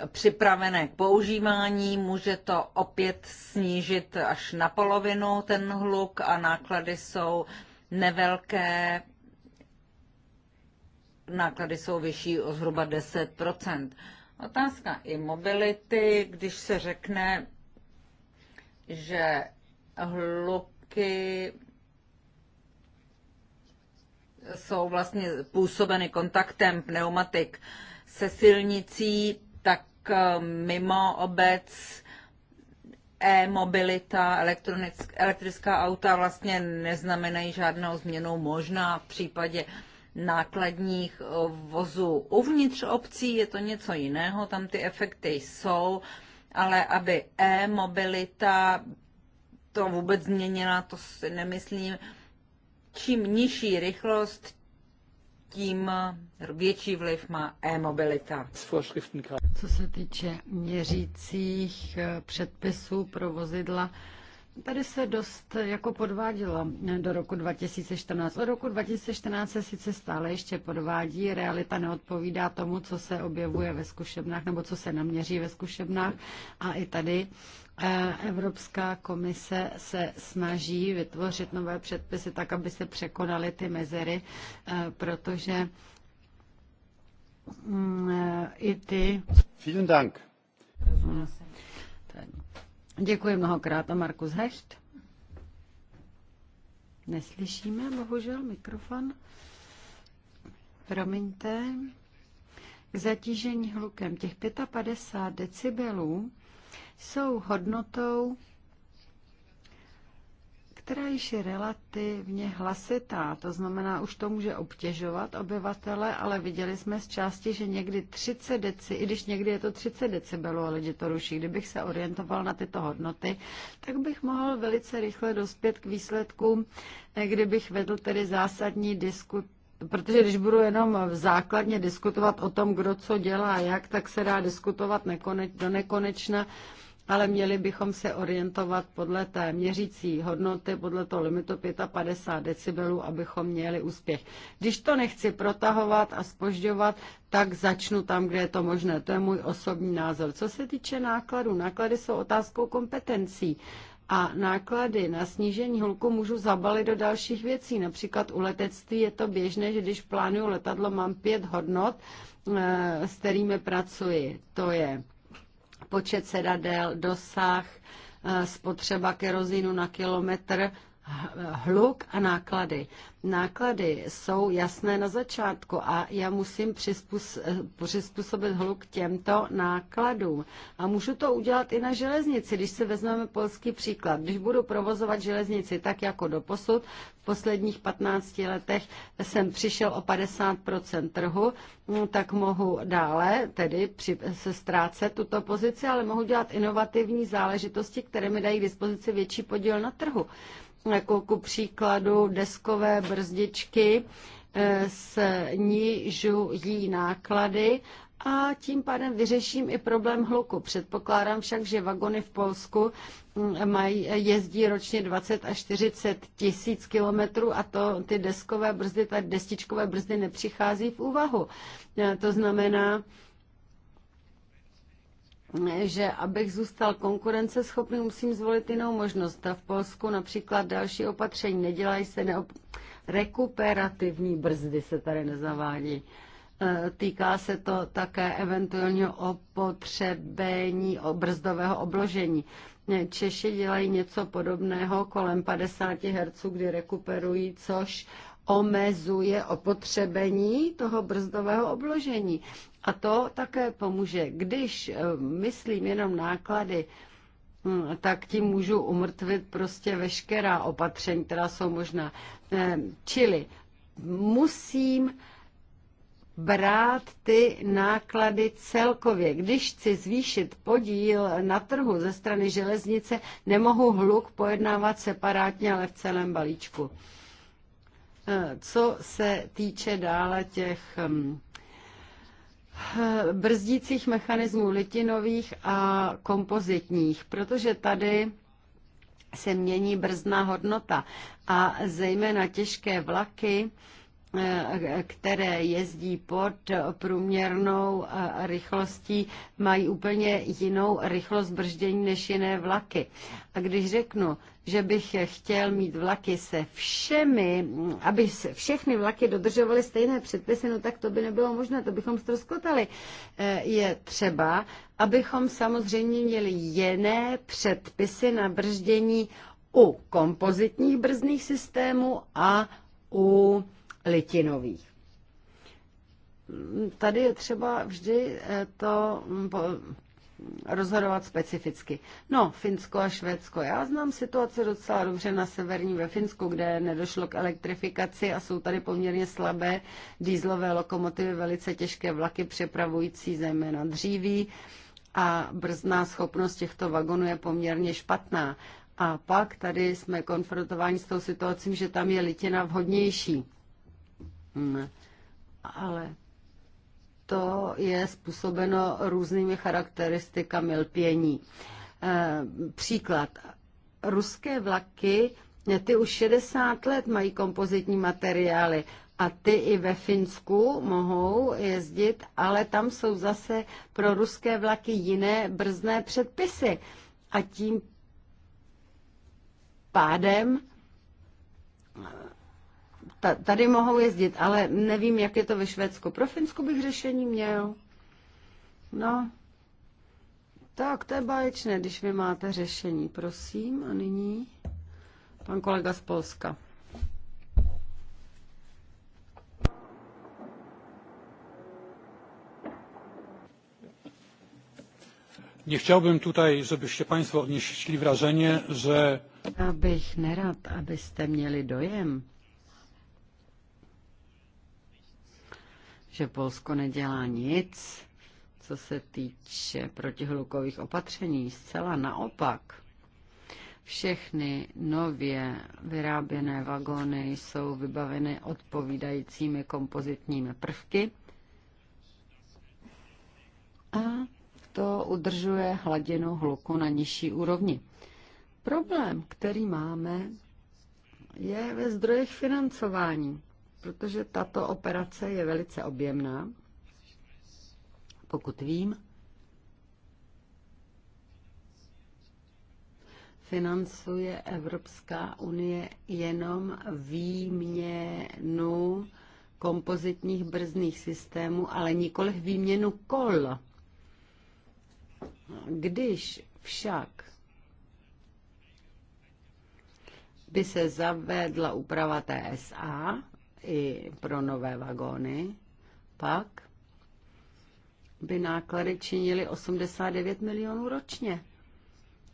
připravené k používání, může to opět snížit až na polovinu ten hluk a náklady jsou nevelké, náklady jsou vyšší o zhruba 10 Otázka i mobility, když se řekne, že hluky jsou vlastně působeny kontaktem pneumatik se silnicí, tak eh, mimo obec e-mobilita, elektrická auta vlastně neznamenají žádnou změnu, možná v případě nákladních eh, vozů uvnitř obcí je to něco jiného, tam ty efekty jsou, ale aby e-mobilita to vůbec změnila, to si nemyslím. Čím nižší rychlost, tím větší vliv má e-mobilita. Co se týče měřících eh, předpisů pro vozidla, Tady se dost eh, jako podvádělo eh, do roku 2014. Od roku 2014 se sice stále ještě podvádí, realita neodpovídá tomu, co se objevuje ve zkušebnách nebo co se naměří ve zkušebnách a i tady Evropská komise se snaží vytvořit nové předpisy tak, aby se překonaly ty mezery, e, protože mm, e, i ty... Vielen Dank. Děkuji mnohokrát a Markus Hecht. Neslyšíme, bohužel, mikrofon. Promiňte. K zatížení hlukem těch 55 decibelů jsou hodnotou, která již je relativně hlasitá, to znamená, už to může obtěžovat obyvatele, ale viděli jsme z části, že někdy 30 deci, i když někdy je to 30 decibelů ale lidi to ruší, kdybych se orientoval na tyto hodnoty, tak bych mohl velice rychle dospět k výsledkům, eh, kdybych vedl tedy zásadní diskut, protože když budu jenom v základně diskutovat o tom, kdo co dělá, jak, tak se dá diskutovat nekoneč, do nekonečna, ale měli bychom se orientovat podle té měřící hodnoty, podle toho limitu 55 decibelů, abychom měli úspěch. Když to nechci protahovat a spožďovat, tak začnu tam, kde je to možné. To je můj osobní názor. Co se týče nákladů, náklady jsou otázkou kompetencí. A náklady na snížení hluku můžu zabalit do dalších věcí. Například u letectví je to běžné, že když plánuju letadlo, mám pět hodnot, eh, s kterými pracuji. To je počet sedadel, dosah, eh, spotřeba kerozínu na kilometr hluk a náklady. Náklady jsou jasné na začátku a já musím přizpůsobit hluk těmto nákladům. A můžu to udělat i na železnici, když si vezmeme polský příklad. Když budu provozovat železnici tak jako doposud, v posledních 15 letech jsem přišel o 50 trhu, no, tak mohu dále tedy při, se ztrácet tuto pozici, ale mohu dělat inovativní záležitosti, které mi dají k dispozici větší podíl na trhu jako ku příkladu deskové brzdičky, eh, snižují náklady a tím pádem vyřeším i problém hluku. Předpokládám však, že vagony v Polsku mm, mají, jezdí ročně 20 až 40 tisíc kilometrů a to ty deskové brzdy, ta destičkové brzdy nepřichází v úvahu. Eh, to znamená, že abych zůstal konkurenceschopný, musím zvolit jinou možnost. A v Polsku například další opatření nedělají se neop... rekuperativní brzdy se tady nezavádí. E, týká se to také eventuálního opotřebení brzdového obložení. E, Češi dělají něco podobného kolem 50 Hz, kdy rekuperují, což omezuje opotřebení toho brzdového obložení. A to také pomůže. Když eh, myslím jenom náklady, hm, tak tím můžu umrtvit prostě veškerá opatření, která jsou možná. Eh, čili musím brát ty náklady celkově. Když chci zvýšit podíl na trhu ze strany železnice, nemohu hluk pojednávat separátně, ale v celém balíčku. Eh, co se týče dále těch hm, brzdících mechanismů litinových a kompozitních, protože tady se mění brzdná hodnota a zejména těžké vlaky Eh, které jezdí pod průměrnou eh, rychlostí, mají úplně jinou rychlost brždění než jiné vlaky. A když řeknu, že bych chtěl mít vlaky se všemi, aby se všechny vlaky dodržovaly stejné předpisy, no tak to by nebylo možné, to bychom ztroskotali. Eh, je třeba, abychom samozřejmě měli jiné předpisy na brždění u kompozitních brzdných systémů a u litinových. Tady je třeba vždy eh, to mm, rozhodovat specificky. No, Finsko a Švédsko. Já znám situaci docela dobře na severní ve Finsku, kde nedošlo k elektrifikaci a jsou tady poměrně slabé dýzlové lokomotivy, velice těžké vlaky přepravující zejména dříví a brzná schopnost těchto vagonů je poměrně špatná. A pak tady jsme konfrontováni s tou situací, že tam je litina vhodnější Hmm. ale to je způsobeno různými charakteristikami lpění. Eh, příklad. Ruské vlaky, eh, ty už 60 let mají kompozitní materiály a ty i ve Finsku mohou jezdit, ale tam jsou zase pro ruské vlaky jiné brzné předpisy. A tím pádem tady mohou jezdit, ale nevím, jak je to ve Švédsku. Pro Finsku bych řešení měl. No, tak to je báječné, když vy máte řešení. Prosím, a nyní pan kolega z Polska. Nie chciałbym tutaj, żebyście Państwo odnieśli wrażenie, że... Abych nerad, abyste měli dojem, že Polsko nedělá nic, co se týče protihlukových opatření. Zcela naopak. Všechny nově vyráběné vagóny jsou vybaveny odpovídajícími kompozitními prvky a to udržuje hladinu hluku na nižší úrovni. Problém, který máme, je ve zdrojech financování protože tato operace je velice objemná. Pokud vím, financuje Evropská unie jenom výměnu kompozitních brzdných systémů, ale nikoliv výměnu kol. Když však by se zavedla úprava TSA, i pro nové vagóny, pak by náklady činily 89 milionů ročně.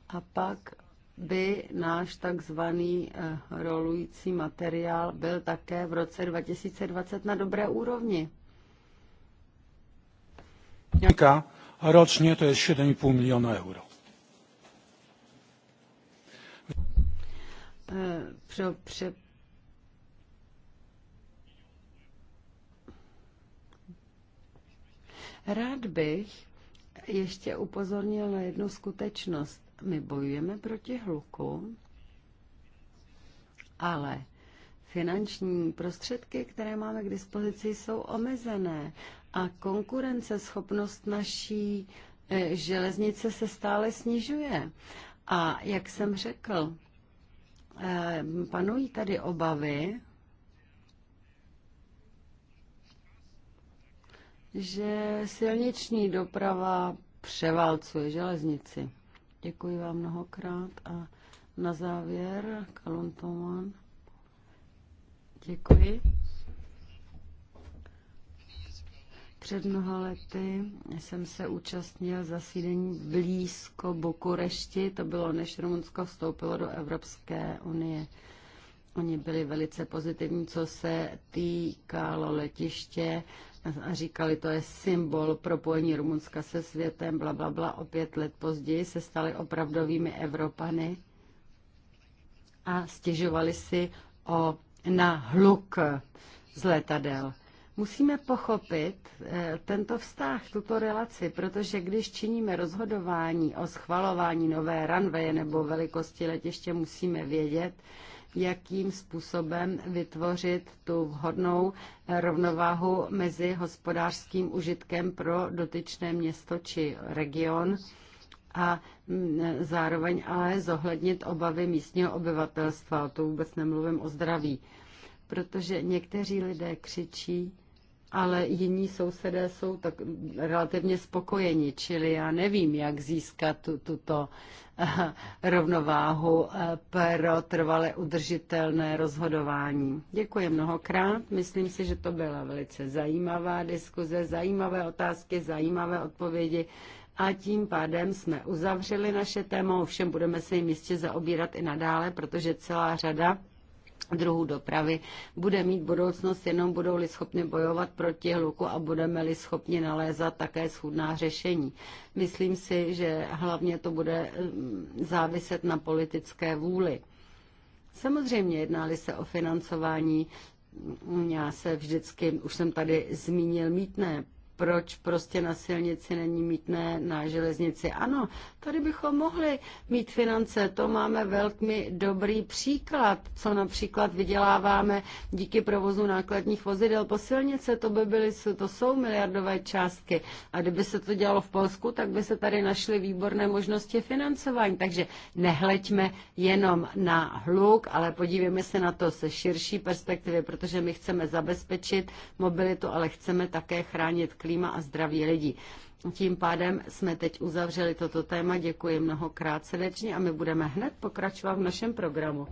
A pak by náš takzvaný eh, rolující materiál byl také v roce 2020 na dobré úrovni. A ročně to je 7,5 milionu euro. Eh, pro, pře, Rád bych ještě upozornil na jednu skutečnost. My bojujeme proti hluku, ale finanční prostředky, které máme k dispozici, jsou omezené a konkurenceschopnost naší eh, železnice se stále snižuje. A jak jsem řekl, eh, panují tady obavy, že silniční doprava převálcuje železnici. Děkuji vám mnohokrát a na závěr Kalon Toman. Děkuji. Před mnoha lety jsem se účastnil zasídení blízko Bukurešti, to bylo než Rumunsko vstoupilo do Evropské unie. Oni byli velice pozitivní, co se týkalo letiště a říkali, to je symbol propojení Rumunska se světem, bla, bla, bla. O pět let později se stali opravdovými Evropany a stěžovali si o, na hluk z letadel. Musíme pochopit eh, tento vztah, tuto relaci, protože když činíme rozhodování o schvalování nové ranveje nebo velikosti letiště, musíme vědět, jakým způsobem vytvořit tu vhodnou rovnováhu mezi hospodářským užitkem pro dotyčné město či region a zároveň ale zohlednit obavy místního obyvatelstva. To vůbec nemluvím o zdraví, protože někteří lidé křičí, ale jiní sousedé jsou tak relativně spokojeni, čili já nevím, jak získat tu, tuto eh, rovnováhu eh, pro trvale udržitelné rozhodování. Děkuji mnohokrát. Myslím si, že to byla velice zajímavá diskuze, zajímavé otázky, zajímavé odpovědi. A tím pádem jsme uzavřeli naše téma, ovšem budeme se jim jistě zaobírat i nadále, protože celá řada druhů dopravy bude mít budoucnost, jenom budou-li schopni bojovat proti hluku a budeme-li schopni nalézat také schudná řešení. Myslím si, že hlavně to bude mm, záviset na politické vůli. Samozřejmě jednáli se o financování, mm, já se vždycky, už jsem tady zmínil mítné, proč prostě na silnici není mítné na železnici. Ano, tady bychom mohli mít finance, to máme velmi dobrý příklad, co například vyděláváme díky provozu nákladních vozidel po silnice, to by byly, to jsou miliardové částky. A kdyby se to dělalo v Polsku, tak by se tady našly výborné možnosti financování. Takže nehleďme jenom na hluk, ale podívejme se na to se širší perspektivy, protože my chceme zabezpečit mobilitu, ale chceme také chránit klid klima a zdraví lidí. Tím pádem jsme teď uzavřeli toto téma. Děkuji mnohokrát srdečně a my budeme hned pokračovat v našem programu.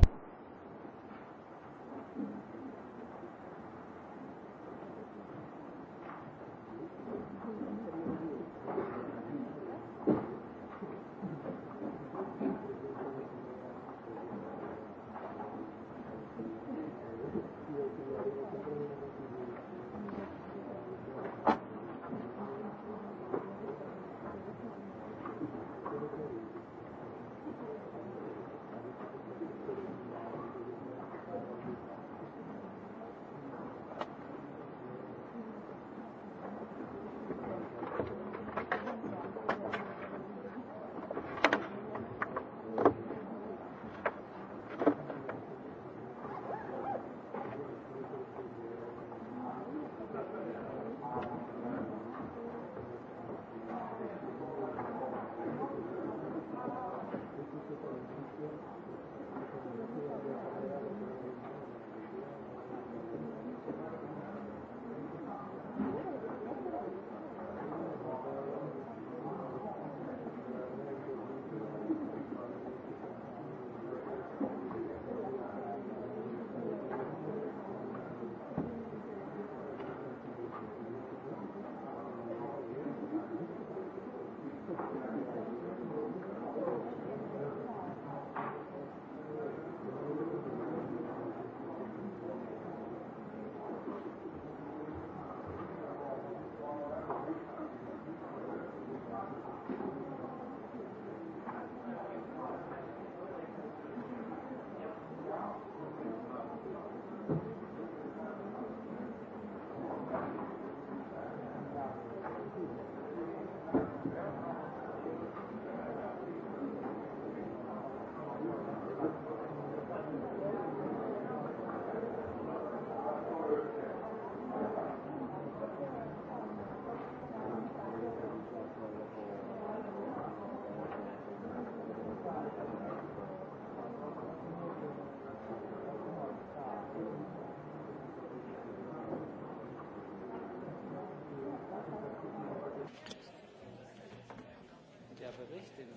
Bericht, den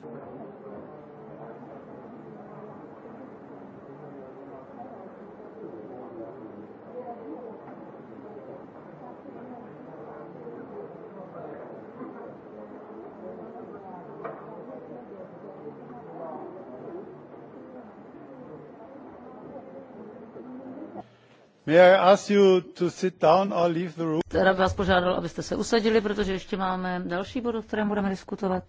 Rád vás požádal, abyste se usadili, protože ještě máme další bod, o kterém budeme diskutovat.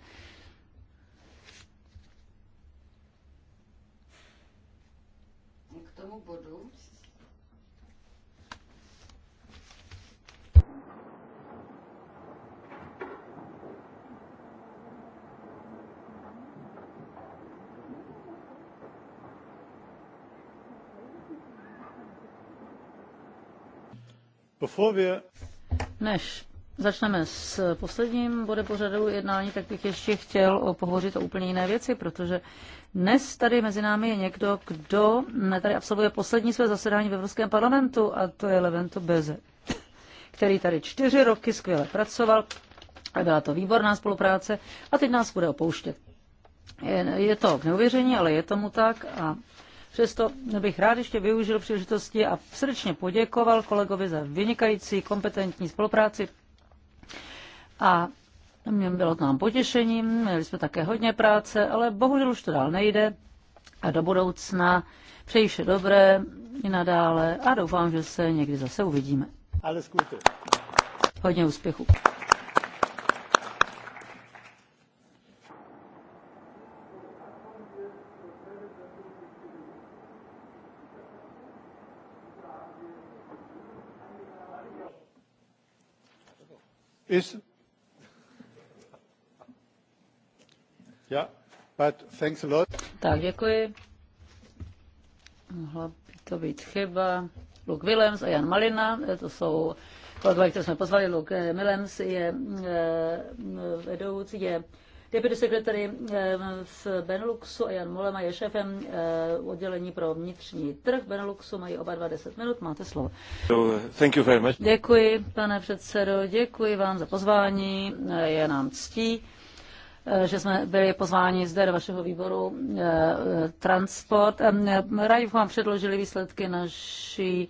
Než začneme s posledním bodem pořadu jednání, tak bych ještě chtěl pohovořit o úplně jiné věci, protože dnes tady mezi námi je někdo, kdo tady absolvuje poslední své zasedání v Evropském parlamentu a to je Levento Beze, který tady čtyři roky skvěle pracoval a byla to výborná spolupráce a teď nás bude opouštět. Je, to k neuvěření, ale je tomu tak a Přesto bych rád ještě využil příležitosti a srdečně poděkoval kolegovi za vynikající kompetentní spolupráci. A bylo to nám potěšením, měli jsme také hodně práce, ale bohužel už to dál nejde. A do budoucna přeji vše dobré i nadále a doufám, že se někdy zase uvidíme. Hodně úspěchu. is yeah, but thanks a lot. Tak, děkuji. Mohla by to být chyba. Luke Willems a Jan Malina, eh, to jsou kolegové, které jsme pozvali. Luke Willems je eh, eh, vedoucí, je Deputy Secretary eh, v Beneluxu a Jan Molema je šéfem eh, oddělení pro vnitřní trh Beneluxu. Mají oba 20 minut, máte slovo. Thank you very much. Děkuji, pane předsedo, děkuji vám za pozvání, eh, je nám ctí že jsme byli pozváni zde do vašeho výboru transport. Rádi vám předložili výsledky naší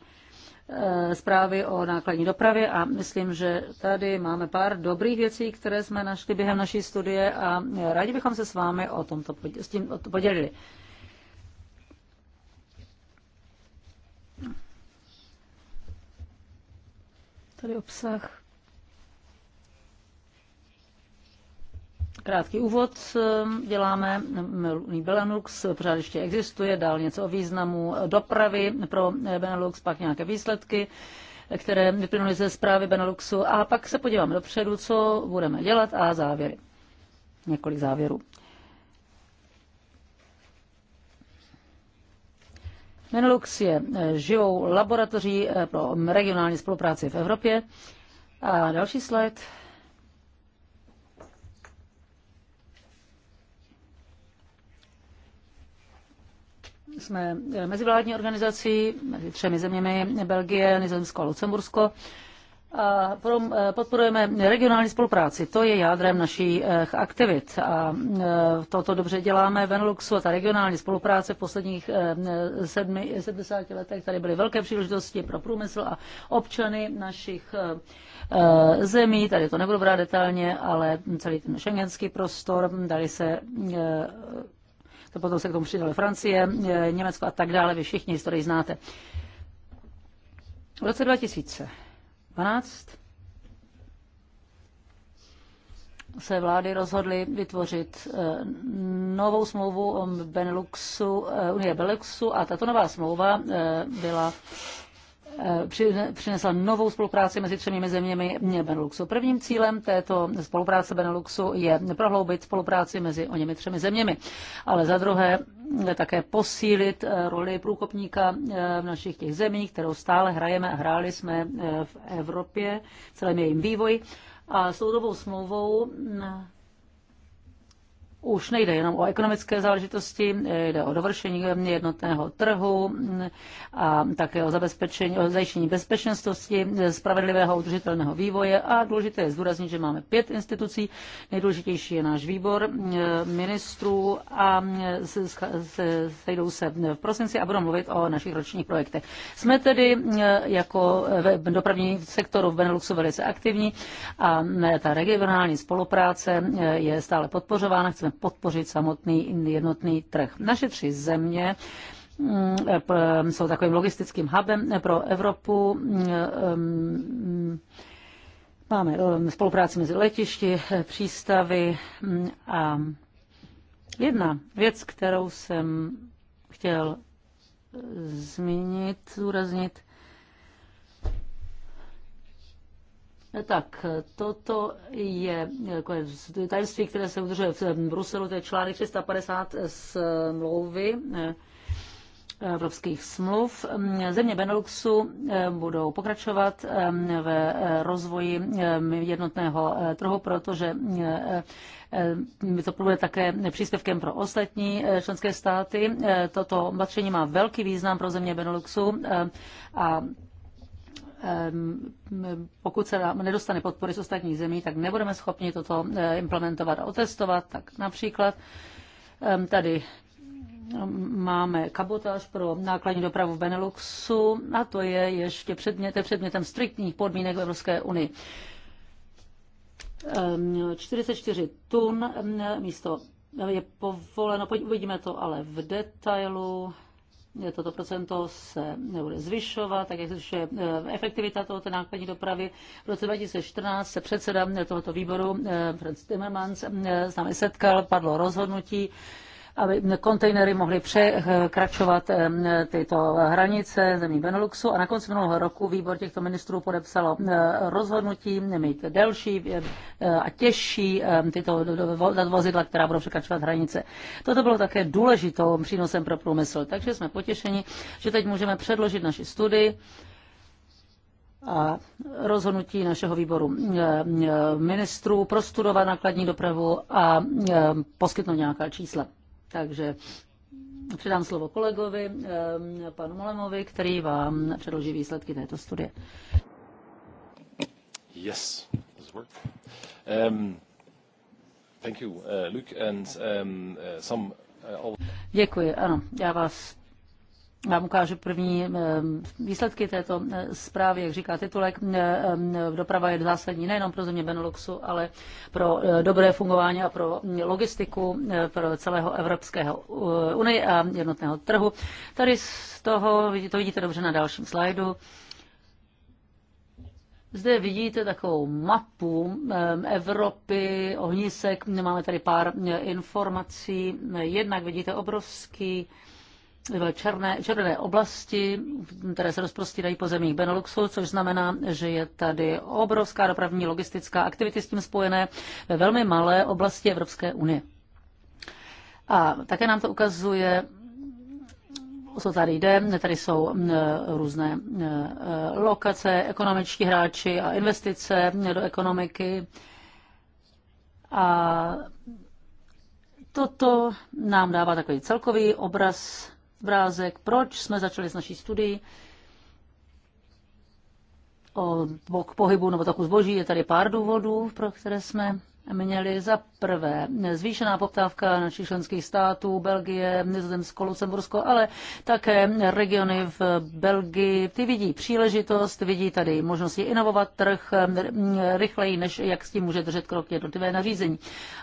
Eh, zprávy o nákladní dopravě a myslím, že tady máme pár dobrých věcí, které jsme našli během naší studie a rádi bychom se s vámi o tomto s tím, o to podělili. Tady obsah. Krátký úvod ehm, děláme. Ehm, Benelux pořád ještě existuje, dál něco o významu dopravy pro eh, Benelux, pak nějaké výsledky které vyplynuly ze zprávy Beneluxu a pak se podíváme dopředu, co budeme dělat a závěry. Několik závěrů. Benelux je eh, živou laboratoří eh, pro regionální spolupráci v Evropě. A další slide. jsme eh, mezivládní organizací mezi třemi zeměmi Belgie, Nizozemsko a Lucembursko. A eh, podporujeme regionální spolupráci. To je jádrem našich eh, aktivit a toto dobře děláme v enluxu a ta regionální spolupráce v posledních 70 letech tady byly velké příležitosti pro průmysl a občany našich zemí. Tady to nebudu brát detailně, ale celý ten šengenský prostor, Dali se to potom se k tomu přidalo Francie, eh, Německo a tak dále, vy všichni historii znáte. V roce 2012 se vlády rozhodly vytvořit eh, novou smlouvu o Beneluxu, eh, Unie Beneluxu a tato nová smlouva byla přinesla novou spolupráci mezi třemi zeměmi Beneluxu. Prvním cílem této spolupráce Beneluxu je prohloubit spolupráci mezi o němi třemi zeměmi, ale za druhé také posílit eh, roli průkopníka eh, v našich těch zemích, kterou stále hrajeme a hráli jsme eh, v Evropě, v celém jejím vývoji. A s tou smlouvou už nejde jenom o ekonomické záležitosti, jde o dovršení jednotného trhu a také o zabezpečení, o zajištění bezpečnosti, spravedlivého udržitelného vývoje a důležité je zdůraznit, že máme pět institucí, nejdůležitější je náš výbor ministrů a sejdou se v prosinci a budou mluvit o našich ročních projektech. Jsme tedy eh, jako eh, v dopravní sektoru v Beneluxu velice aktivní a ta regionální spolupráce eh, je stále podpořována. Chceme musíme podpořit samotný jednotný trh. Naše tři země mm, eh, jsou takovým logistickým hubem pro Evropu. Mm, eh, mm, máme eh, spolupráci mezi letišti, přístavy a jedna věc, kterou jsem chtěl zmínit, zúraznit, Tak, toto je tajemství, které se udržuje v Bruselu, to je článek 350 smlouvy eh, evropských smluv. Země Beneluxu eh, budou pokračovat eh, v rozvoji jednotného trhu, protože to bude také příspěvkem pro ostatní členské státy. Toto opatření má velký význam pro země Beneluxu a Ehm, pokud se nám nedostane podpory z ostatních zemí, tak nebudeme schopni toto eh, implementovat a otestovat. Tak například ehm, tady ehm, máme kabotáž pro nákladní dopravu v Beneluxu a to je ještě předmětem, předmětem striktních podmínek v Evropské unii. 44 tun místo je povoleno, Uvidíme to ale v detailu toto procento se nebude zvyšovat, tak jak se zvyšuje eh, efektivita tohoto nákladní dopravy. V roce 2014 se předseda tohoto výboru, eh, Franz Timmermans, eh, s námi setkal, padlo rozhodnutí, aby kontejnery mohly překračovat tyto hranice zemí Beneluxu. A na konci minulého roku výbor těchto ministrů podepsalo rozhodnutí mít delší a těžší tyto vozidla, která budou překračovat hranice. Toto bylo také důležitou přínosem pro průmysl. Takže jsme potěšeni, že teď můžeme předložit naši studii a rozhodnutí našeho výboru ministrů prostudovat nákladní dopravu a poskytnout nějaká čísla. Takže předám slovo kolegovi, panu Molemovi, který vám předloží výsledky této studie. Yes, this work. Um, thank you, uh, Luke, and um, uh, some uh, Děkuji, ano, já vás vám ukážu první eh, výsledky této eh, zprávy, jak říká titulek. Eh, doprava je zásadní nejenom pro země Beneluxu, ale pro dobré fungování a pro logistiku pro celého Evropského unie a jednotného trhu. Tady z toho, to vidíte dobře na dalším slajdu, zde vidíte takovou mapu Evropy, ohnisek, máme tady pár informací. Jednak vidíte obrovský v černé, černé oblasti, které se rozprostírají po zemích Beneluxu, což znamená, že je tady obrovská dopravní logistická aktivity s tím spojené ve velmi malé oblasti Evropské unie. A také nám to ukazuje, o co tady jde. Tady jsou e, různé e, lokace, ekonomičtí hráči a investice do ekonomiky. A toto nám dává takový celkový obraz obrázek, proč jsme začali s naší studií o bok pohybu nebo toku zboží. Je tady pár důvodů, pro které jsme měli za prvé zvýšená poptávka našich členských států, Belgie, Nizozemsko, Lucembursko, ale také regiony v Belgii. Ty vidí příležitost, vidí tady možnosti inovovat trh rychleji, než jak s tím může držet krok jednotlivé nařízení,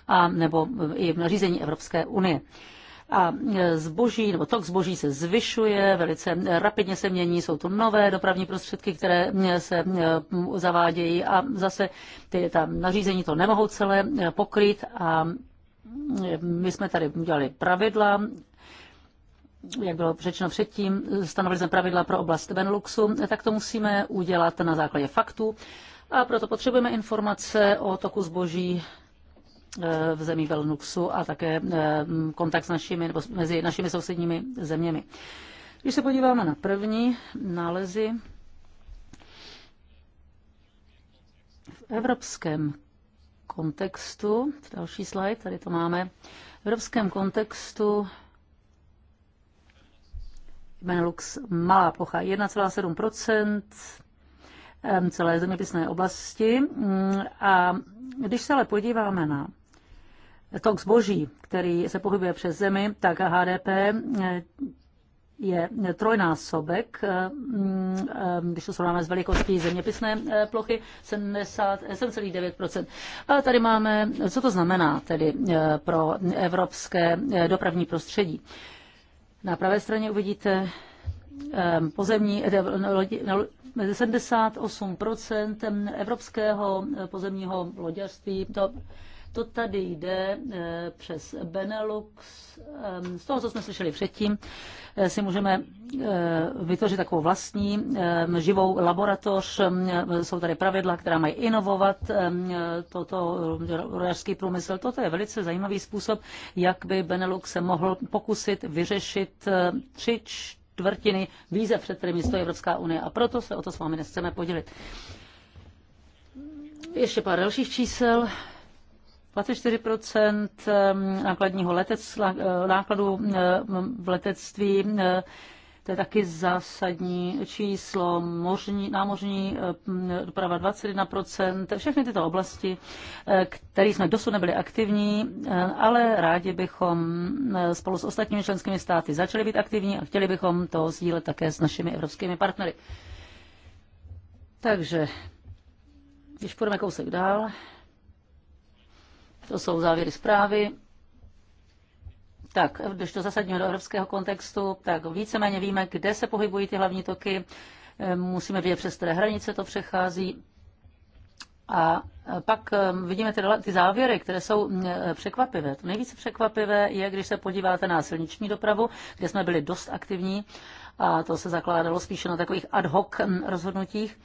a nebo i v nařízení Evropské unie a e, zboží nebo tok zboží se zvyšuje, velice rapidně se mění, jsou to nové dopravní prostředky, které e, se e, zavádějí a zase ty tam nařízení to nemohou celé pokryt a my jsme tady udělali pravidla, jak bylo řečeno předtím, stanovili jsme pravidla pro oblast Beneluxu, tak to musíme udělat na základě faktů. A proto potřebujeme informace o toku zboží v zemí Velnuxu a také eh, kontakt s našimi, nebo mezi našimi sousedními zeměmi. Když se podíváme na první nálezy, v evropském kontextu, další slide, tady to máme, v evropském kontextu Benelux malá plocha 1,7 celé zeměpisné oblasti. Mm, a když se ale podíváme na tok zboží, který se pohybuje přes zemi, tak HDP eh, je trojnásobek, eh, mm, eh, když to srovnáme s velikostí zeměpisné plochy, 7,9%. A tady máme, co to znamená tedy pro evropské dopravní prostředí. Na pravé straně uvidíte pozemní, 78% no, no, evropského pozemního loďařství, to to tady jde eh, přes Benelux. Z toho, co jsme slyšeli předtím, eh, si můžeme eh, vytvořit takovou vlastní živou laboratoř. Jsou tady pravidla, která mají inovovat toto rodařský průmysl. Toto je velice zajímavý způsob, jak by Benelux se mohl pokusit vyřešit tři, čtvrtiny výzev, před kterými stojí Evropská unie. A proto se o to s vámi nechceme podělit. Ještě pár dalších čísel. 24% ehm, nákladního letectva, eh, nákladu eh, v letectví, eh, to je taky zásadní číslo, mořní, námořní doprava 21%, všechny tyto oblasti, které jsme dosud nebyli aktivní, ale rádi bychom spolu s ostatními členskými státy začali být aktivní a chtěli bychom to sdílet také s našimi evropskými partnery. Takže, když půjdeme kousek dál, to jsou závěry zprávy. Tak, když to zasadíme do evropského kontextu, tak víceméně víme, kde se pohybují ty hlavní toky. Musíme vědět, přes které hranice to přechází. A pak eh, vidíme ty, ty závěry, které jsou eh, překvapivé. To nejvíce překvapivé je, když se podíváte na silniční dopravu, kde jsme byli dost aktivní a to se zakládalo spíše na takových ad hoc hm, rozhodnutích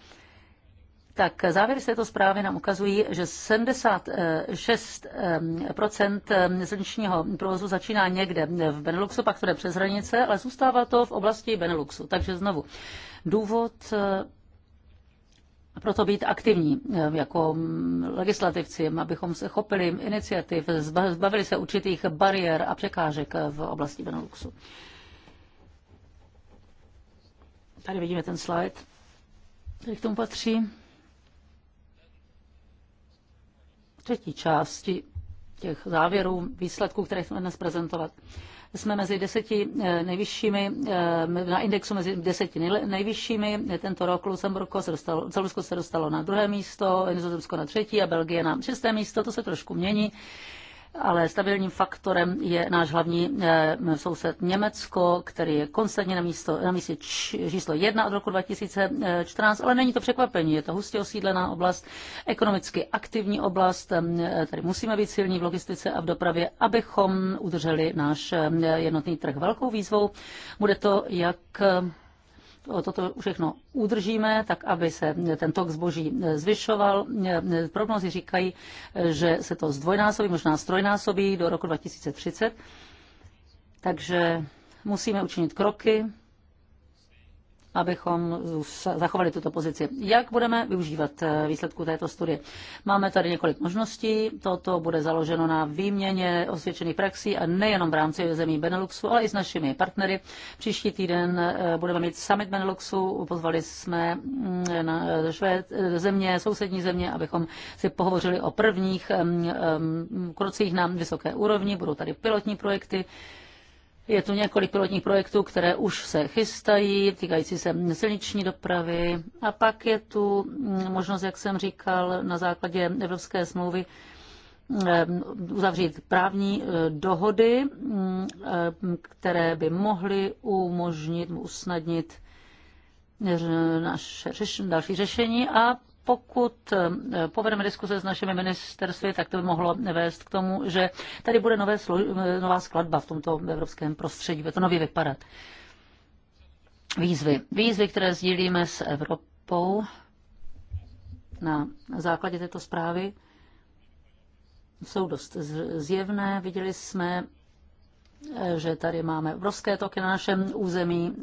tak závěry z této zprávy nám ukazují, že 76 ehm, silničního provozu začíná někde v Beneluxu, pak to jde přes hranice, ale zůstává to v oblasti Beneluxu. Takže znovu, důvod eh, proto být aktivní eh, jako mm, legislativci, abychom se chopili iniciativ, zbavili se určitých bariér a překážek eh, v oblasti Beneluxu. Tady vidíme ten slide, který k tomu patří. třetí části těch závěrů, výsledků, které chceme dnes prezentovat. Jsme mezi deseti eh, nejvyššími, eh, na indexu mezi deseti nejvyššími. Tento rok Lucembursko se dostalo, Celusko se dostalo na druhé místo, Nizozemsko na třetí a Belgie na šesté místo. To se trošku mění ale stabilním faktorem je náš hlavní eh, soused Německo, který je konstantně na, místo, na místě číslo jedna od roku 2014, ale není to překvapení, je to hustě osídlená oblast, ekonomicky aktivní oblast, eh, tady musíme být silní v logistice a v dopravě, abychom udrželi náš eh, jednotný trh. Velkou výzvou bude to, jak toto všechno udržíme, tak aby se ten tok zboží zvyšoval. Prognozy říkají, že se to zdvojnásobí, možná strojnásobí do roku 2030. Takže musíme učinit kroky, abychom zachovali tuto pozici. Jak budeme využívat eh, výsledku této studie? Máme tady několik možností. Toto bude založeno na výměně osvědčených praxí a nejenom v rámci zemí Beneluxu, ale i s našimi partnery. Příští týden eh, budeme mít summit Beneluxu. Pozvali jsme mm, na eh, Švéd, země, sousední země, abychom si pohovořili o prvních krocích na vysoké úrovni. Budou tady pilotní projekty. Je tu několik pilotních projektů, které už se chystají, týkající se silniční dopravy. A pak je tu mm, možnost, jak jsem říkal, na základě Evropské smlouvy mm, uzavřít právní e, dohody, mm, e, které by mohly umožnit, usnadnit e, naše řeš, další řešení a pokud eh, povedeme diskuze s našimi ministerství, tak to by mohlo vést k tomu, že tady bude nové slu- eh, nová skladba v tomto evropském prostředí. Bude to nově vypadat. Výzvy. Výzvy, které sdílíme s Evropou na základě této zprávy, jsou dost zjevné. Viděli jsme, eh, že tady máme obrovské toky na našem území.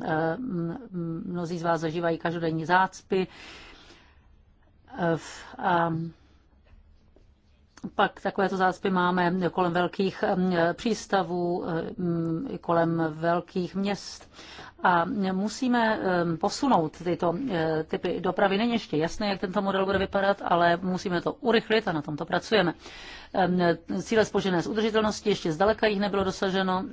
Mnozí z vás zažívají každodenní zácpy um, pak takovéto zácpy máme kolem velkých přístavů, kolem velkých měst. A musíme posunout tyto e, typy dopravy. Není ještě jasné, jak tento model bude vypadat, ale musíme to urychlit a na tomto pracujeme. Cíle spožené s udržitelností ještě zdaleka jich nebylo dosaženo.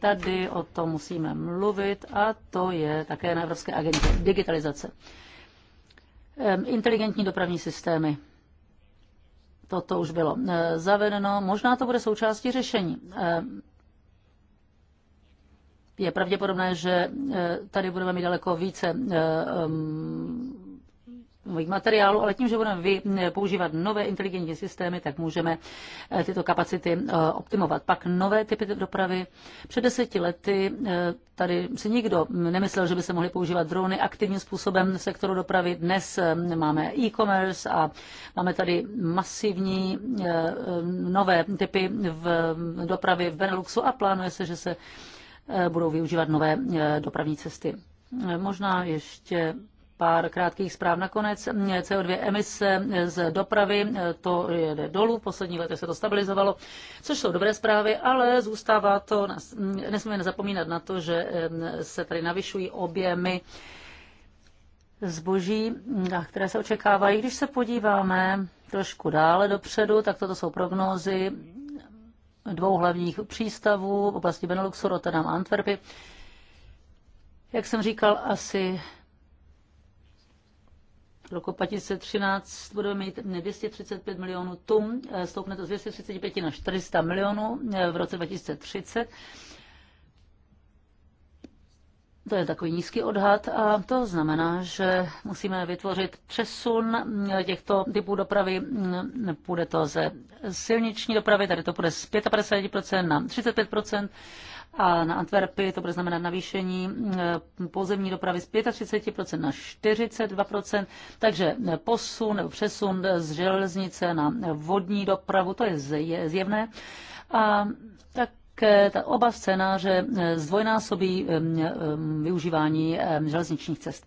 Tady o tom musíme mluvit a to je také na Evropské agentě digitalizace. Inteligentní dopravní systémy. Toto už bylo eh, zavedeno. Možná to bude součástí řešení. Je pravděpodobné, že eh, tady budeme mít daleko více eh, nových materiálů, ale tím, že budeme vy, eh, používat nové inteligentní systémy, tak můžeme eh, tyto kapacity eh, optimovat. Pak nové typy dopravy. Před deseti lety tady si nikdo nemyslel, že by se mohly používat drony aktivním způsobem v sektoru dopravy. Dnes máme e-commerce a máme tady masivní nové typy v dopravy v Beneluxu a plánuje se, že se budou využívat nové dopravní cesty. Možná ještě pár krátkých zpráv nakonec. Eh, CO2 emise eh, z dopravy, eh, to jede dolů, v posledních letech se to stabilizovalo, což jsou dobré zprávy, ale zůstává to, mm, nesmíme zapomínat na to, že se tady navyšují objemy zboží, mm, které se očekávají. Když se podíváme trošku dále dopředu, tak toto jsou prognózy dvou hlavních přístavů v oblasti Beneluxu, Rotterdam a Antwerpy. Jak jsem říkal, asi roku 2013 budeme mít 235 milionů tun, eh, stoupne to z 235 na 400 milionů eh, v roce 2030 to je takový nízký odhad a to znamená, že musíme vytvořit přesun těchto typů dopravy. Půjde to ze silniční dopravy, tady to půjde z 55% na 35% a na Antwerpy to bude znamenat navýšení eh, pozemní dopravy z 35% na 42%, takže posun nebo přesun z železnice na vodní dopravu, to je zjevné. A tak Eh, ta oba scénáře eh, zdvojnásobí eh, využívání železničních cest.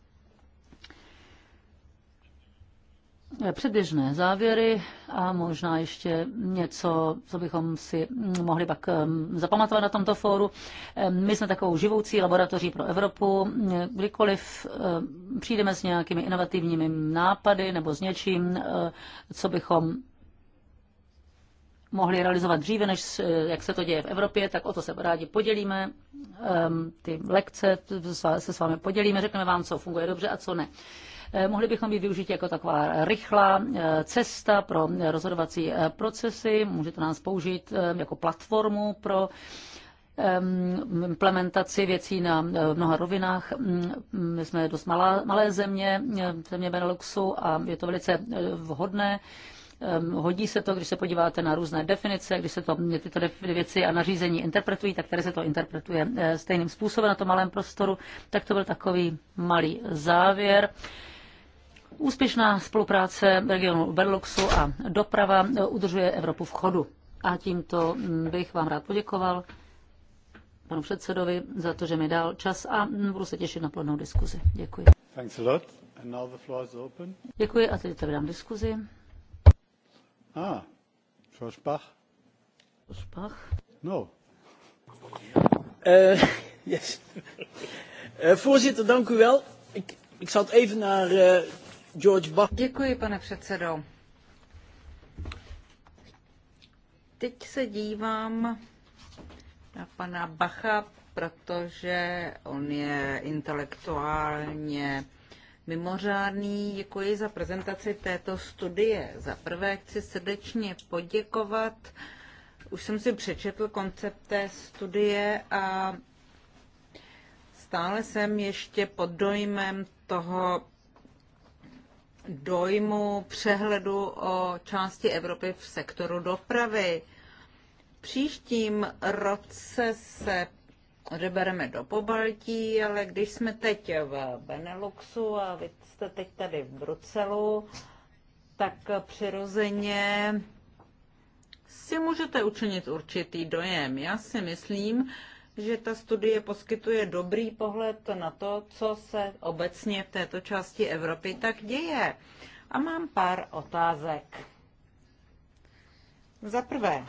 Předběžné závěry a možná ještě něco, co bychom si mm, mohli pak zapamatovat na tomto fóru. My jsme takovou živoucí laboratoří pro Evropu. Kdykoliv přijdeme s nějakými inovativními nápady nebo s něčím, co bychom mohli realizovat dříve, než eh, jak se to děje v Evropě, tak o to se rádi podělíme. Ehm, ty lekce se s vámi podělíme, řekneme vám, co funguje dobře a co ne. Eh, mohli bychom být využít jako taková rychlá eh, cesta pro rozhodovací procesy. Můžete nás použít jako platformu pro ehm, implementaci věcí na mnoha rovinách. Mm, mm, my jsme dost malá, malé země, země Beneluxu a je to velice vhodné. Ehm, hodí se to, když se podíváte na různé definice, když se to, tyto věci a nařízení interpretují, tak tady se to interpretuje eh, stejným způsobem na tom malém prostoru. Tak to byl takový malý závěr. Úspěšná spolupráce regionu Berluxu a doprava eh, udržuje Evropu v chodu. A tímto hm, bych vám rád poděkoval panu předsedovi za to, že mi dal čas a hm, budu se těšit na plnou diskuzi. Děkuji. Děkuji a teď otevírám diskuzi. No. yes. voorzitter, Ik, zat even naar eh, George Bach. Děkuji, pane předsedo. Teď se dívám na pana Bacha, protože on je intelektuálně mimořádný. Děkuji za prezentaci této studie. Za prvé chci srdečně poděkovat. Už jsem si přečetl koncept té studie a stále jsem ještě pod dojmem toho dojmu přehledu o části Evropy v sektoru dopravy. příštím roce se odebereme do Pobaltí, ale když jsme teď v Beneluxu a vy jste teď tady v Bruselu, tak přirozeně si můžete učinit určitý dojem. Já si myslím, že ta studie poskytuje dobrý pohled na to, co se obecně v této části Evropy tak děje. A mám pár otázek. Za prvé,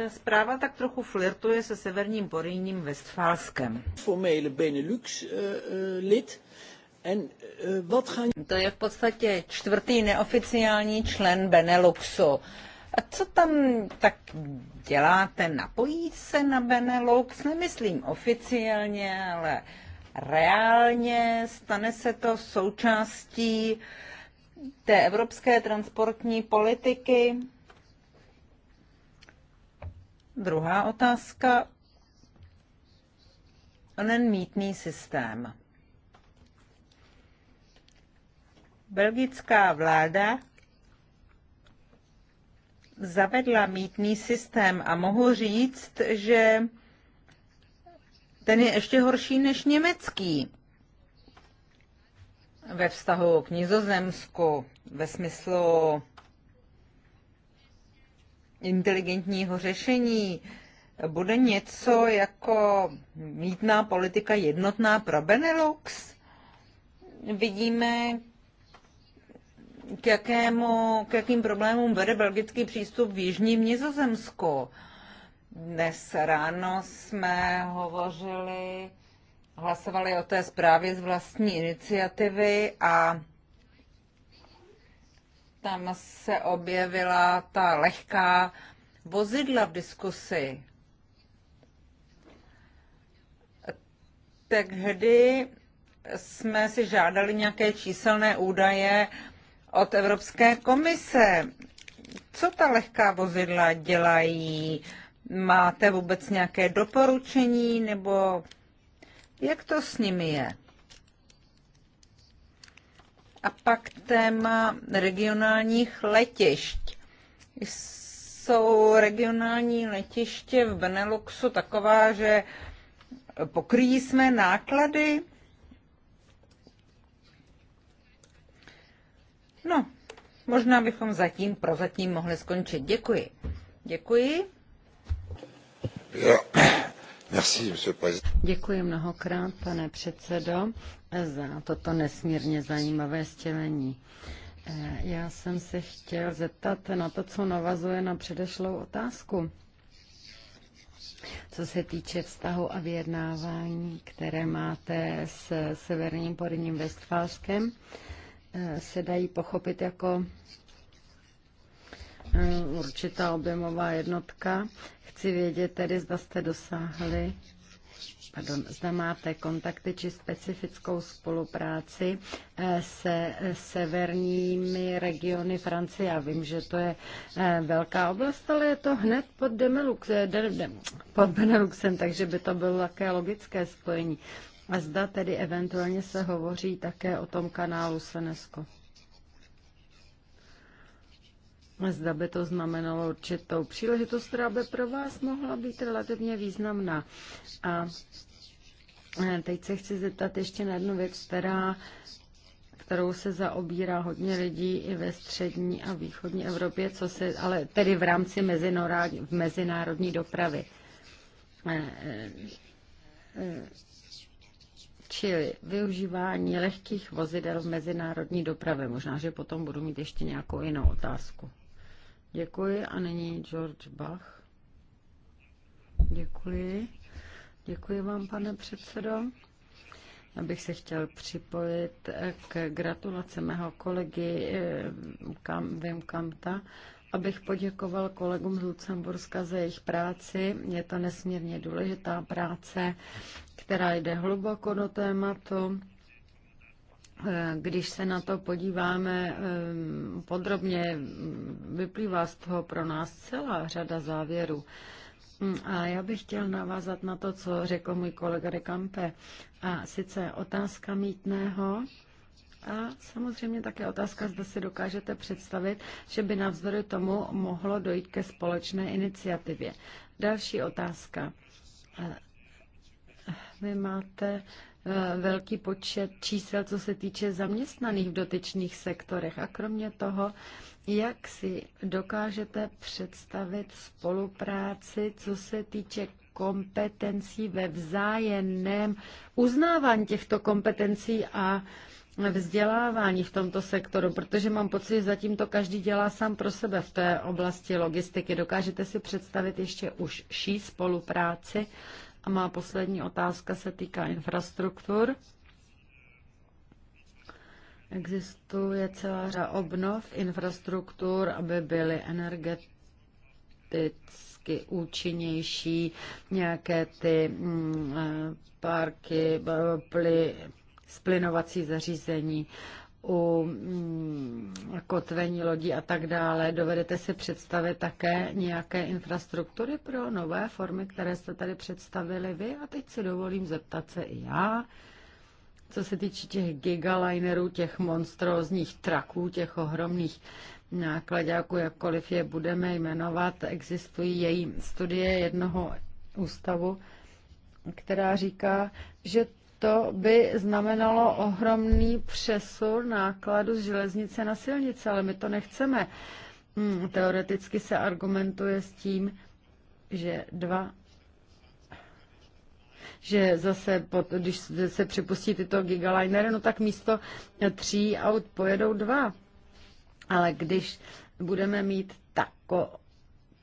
ta zpráva tak trochu flirtuje se severním porýním Westfálskem. Formele Benelux uh, eh, eh, lid. En, uh, gaan... To je v podstatě čtvrtý neoficiální člen Beneluxu. A co tam tak děláte? Napojí se na Benelux? Nemyslím oficiálně, ale reálně stane se to součástí té evropské transportní politiky? Druhá otázka. Onen mítný systém. Belgická vláda zavedla mítný systém a mohu říct, že ten je ještě horší než německý ve vztahu k Nizozemsku ve smyslu inteligentního řešení. Bude něco jako mítná politika jednotná pro Benelux? Vidíme, k, jakému, k jakým problémům vede belgický přístup v Jižním Nizozemsku. Dnes ráno jsme hovořili, hlasovali o té zprávě z vlastní iniciativy a tam se objevila ta lehká vozidla v diskusi. Tehdy jsme si žádali nějaké číselné údaje od Evropské komise. Co ta lehká vozidla dělají? Máte vůbec nějaké doporučení nebo jak to s nimi je? A pak téma regionálních letišť. Jsou regionální letiště v Beneluxu taková, že pokryjí jsme náklady? No, možná bychom zatím prozatím mohli skončit. Děkuji. Děkuji. Děkuji mnohokrát, pane předsedo, za toto nesmírně zajímavé stělení. Eh, já jsem se chtěl zeptat na to, co navazuje na předešlou otázku. Co se týče vztahu a vyjednávání, které máte s Severním Porním Vestfálskem, eh, se dají pochopit jako Mm, určitá objemová jednotka. Chci vědět tedy, zda jste dosáhli pardon, zda máte kontakty či specifickou spolupráci eh, se severními regiony Francie. Já vím, že to je eh, velká oblast, ale je to hned pod, Demelux, eh, pod Beneluxem, takže by to bylo také logické spojení. A zda tedy eventuálně se hovoří také o tom kanálu Senesko zda by to znamenalo určitou příležitost, která by pro vás mohla být relativně významná. A eh, teď se chci zeptat ještě na jednu věc, která kterou se zaobírá hodně lidí i ve střední a východní Evropě, co se, ale tedy v rámci v mezinárodní dopravy. Eh, eh, čili využívání lehkých vozidel v mezinárodní dopravy. Možná, že potom budu mít ještě nějakou jinou otázku. Děkuji a nyní George Bach. Děkuji. Děkuji vám, pane předsedo. Já bych se chtěl připojit k gratulace mého kolegy eh, Kam, Vim Kamta, abych poděkoval kolegům z Lucemburska za jejich práci. Je to nesmírně důležitá práce, která jde hluboko do tématu když se na to podíváme podrobně, vyplývá z toho pro nás celá řada závěrů. A já bych chtěl navázat na to, co řekl můj kolega Rekampe. A sice otázka mítného a samozřejmě také otázka, zda si dokážete představit, že by navzdory tomu mohlo dojít ke společné iniciativě. Další otázka. E, vy máte Eh, velký počet čísel, co se týče zaměstnaných v dotyčných sektorech. A kromě toho, jak si dokážete představit spolupráci, co se týče kompetencí ve vzájemném uznávání těchto kompetencí a vzdělávání v tomto sektoru, protože mám pocit, že zatím to každý dělá sám pro sebe v té oblasti logistiky. Dokážete si představit ještě užší spolupráci a má poslední otázka se týká infrastruktur. Existuje celá řada obnov infrastruktur, aby byly energeticky účinnější, nějaké ty mm, eh, parky, eh, ply, splinovací zařízení u mm, kotvení lodí a tak dále. Dovedete si představit také nějaké infrastruktury pro nové formy, které jste tady představili vy? A teď si dovolím zeptat se i já, co se týče těch gigalinerů, těch monstrózních traků, těch ohromných nákladňáků, jakkoliv je budeme jmenovat, existují její studie jednoho ústavu, která říká, že to by znamenalo ohromný přesun nákladu z železnice na silnice, ale my to nechceme. Hmm, teoreticky se argumentuje s tím, že dva že zase, pod, když se připustí tyto gigalinery, no tak místo tří aut pojedou dva. Ale když budeme mít tako,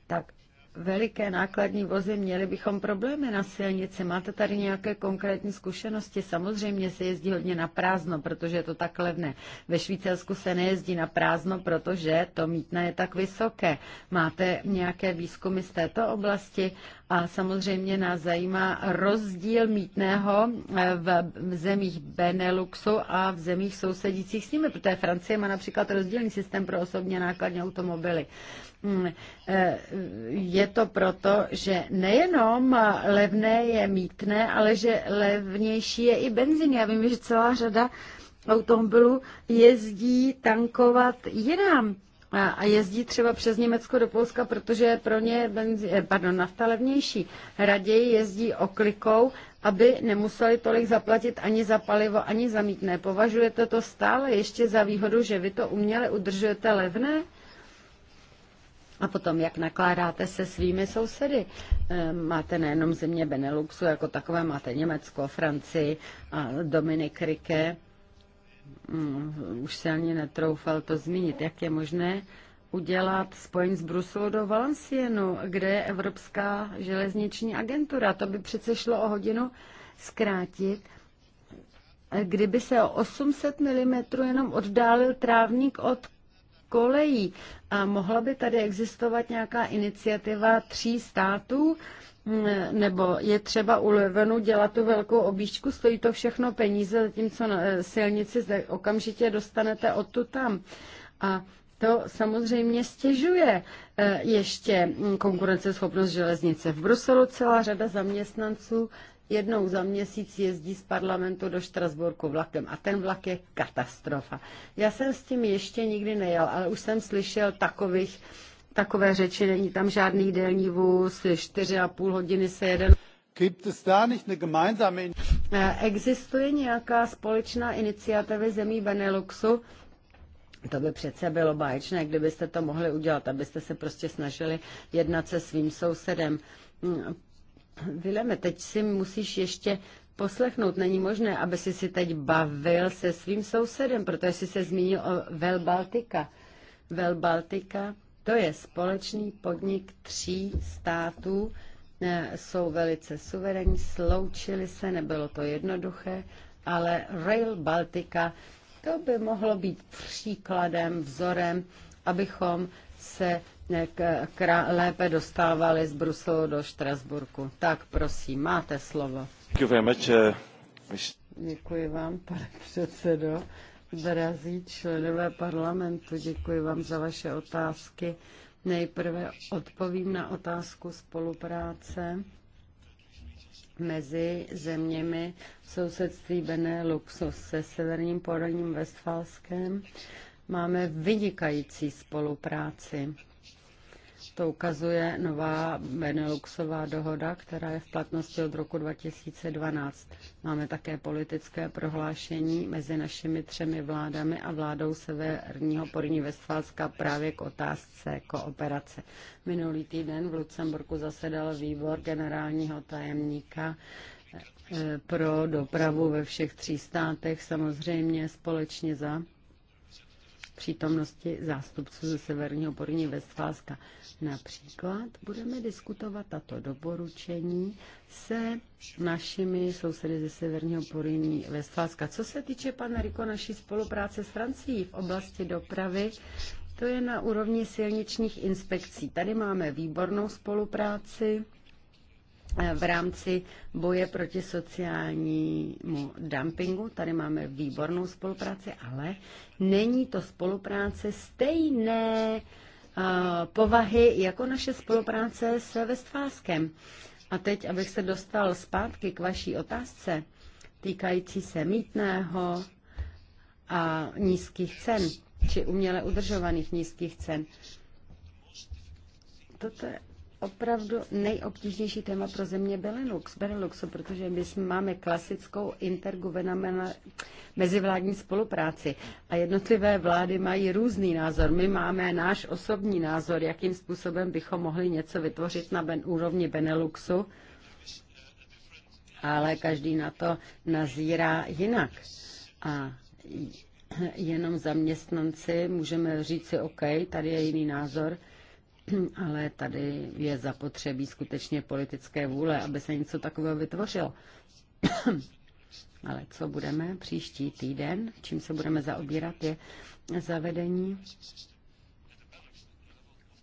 tak veliké nákladní vozy, měli bychom problémy na silnici. Máte tady nějaké konkrétní zkušenosti? Samozřejmě se jezdí hodně na prázdno, protože je to tak levné. Ve Švýcarsku se nejezdí na prázdno, protože to mítné je tak vysoké. Máte nějaké výzkumy z této oblasti? A samozřejmě nás zajímá rozdíl mítného eh, v zemích Beneluxu a v zemích sousedících s nimi, protože Francie má například rozdílný systém pro osobně nákladní automobily. Hmm, eh, je to proto, že nejenom levné je mítné, ale že levnější je i benzín. Já vím, že celá řada automobilů jezdí tankovat jinam a jezdí třeba přes Německo do Polska, protože je pro ně benzi, eh, pardon, nafta levnější. Raději jezdí oklikou, aby nemuseli tolik zaplatit ani za palivo, ani za mítné. Považujete to stále ještě za výhodu, že vy to uměle udržujete levné? A potom, jak nakládáte se svými sousedy? Ehm, máte nejenom země Beneluxu jako takové, máte Německo, Francii a Dominik Rike mm, už se ani netroufal to zmínit, jak je možné udělat spojení z Bruselu do Valencienu, kde je Evropská železniční agentura. To by přece šlo o hodinu zkrátit. Kdyby se o 800 mm jenom oddálil trávník od kolejí. A mohla by tady existovat nějaká iniciativa tří států, nebo je třeba u Levenu dělat tu velkou objížďku, stojí to všechno peníze, zatímco na eh, silnici zde okamžitě dostanete od tu tam. A to samozřejmě stěžuje eh, ještě hm, konkurenceschopnost železnice. V Bruselu celá řada zaměstnanců jednou za měsíc jezdí z parlamentu do Štrasburku vlakem a ten vlak je katastrofa. Já jsem s tím ještě nikdy nejel, ale už jsem slyšel takových takové řeči, není tam žádný délní vůz, čtyři a půl hodiny se jeden. Gibt es da nicht eine gemeinsame... Eh, existuje nějaká společná iniciativa zemí Beneluxu? To by přece bylo báječné, kdybyste to mohli udělat, abyste se prostě snažili jednat se svým sousedem. Mm, Vileme, teď si musíš ještě poslechnout. Není možné, aby si si teď bavil se svým sousedem, protože jsi se zmínil o Vel Baltica. Vel Baltica to je společný podnik tří států, eh, jsou velice suverénní, sloučili se, nebylo to jednoduché, ale Rail Baltica, to by mohlo být příkladem, vzorem, abychom se eh, lépe dostávali z Bruselu do Štrasburku. Tak prosím, máte slovo. Eh, Děkuji vám, pane předsedo. Drazí členové parlamentu, děkuji vám za vaše otázky. Nejprve odpovím na otázku spolupráce mezi zeměmi v sousedství Beneluxu se Severním Porodním Westfalskem. Máme vynikající spolupráci to ukazuje nová Beneluxová dohoda, která je v platnosti od roku 2012. Máme také politické prohlášení mezi našimi třemi vládami a vládou Severního Porní Vestfalska právě k otázce kooperace. Minulý týden v Lucemburku zasedal výbor generálního tajemníka eh, pro dopravu ve všech tří státech, samozřejmě společně za přítomnosti zástupců ze Severního Porní Vestfálska. Například budeme diskutovat tato doporučení se našimi sousedy ze Severního Porní Vestfálska. Co se týče, pana Riko, naší spolupráce s Francií v oblasti dopravy, to je na úrovni silničních inspekcí. Tady máme výbornou spolupráci v rámci boje proti sociálnímu dumpingu. Tady máme výbornou spolupráci, ale není to spolupráce stejné eh, povahy jako naše spolupráce s Vestfálskem. A teď, abych se dostal zpátky k vaší otázce týkající se mítného a nízkých cen, či uměle udržovaných nízkých cen. Toto je opravdu nejobtížnější téma pro země Benelux, Beneluxu, protože my máme klasickou mezivládní spolupráci a jednotlivé vlády mají různý názor. My máme náš osobní názor, jakým způsobem bychom mohli něco vytvořit na ben, úrovni Beneluxu, ale každý na to nazírá jinak. A jenom zaměstnanci můžeme říct si, OK, tady je jiný názor, (clears throat) ale tady je zapotřebí skutečně politické vůle, aby se něco takového vytvořilo. (clears throat) ale co budeme příští týden, čím se budeme zaobírat, je zavedení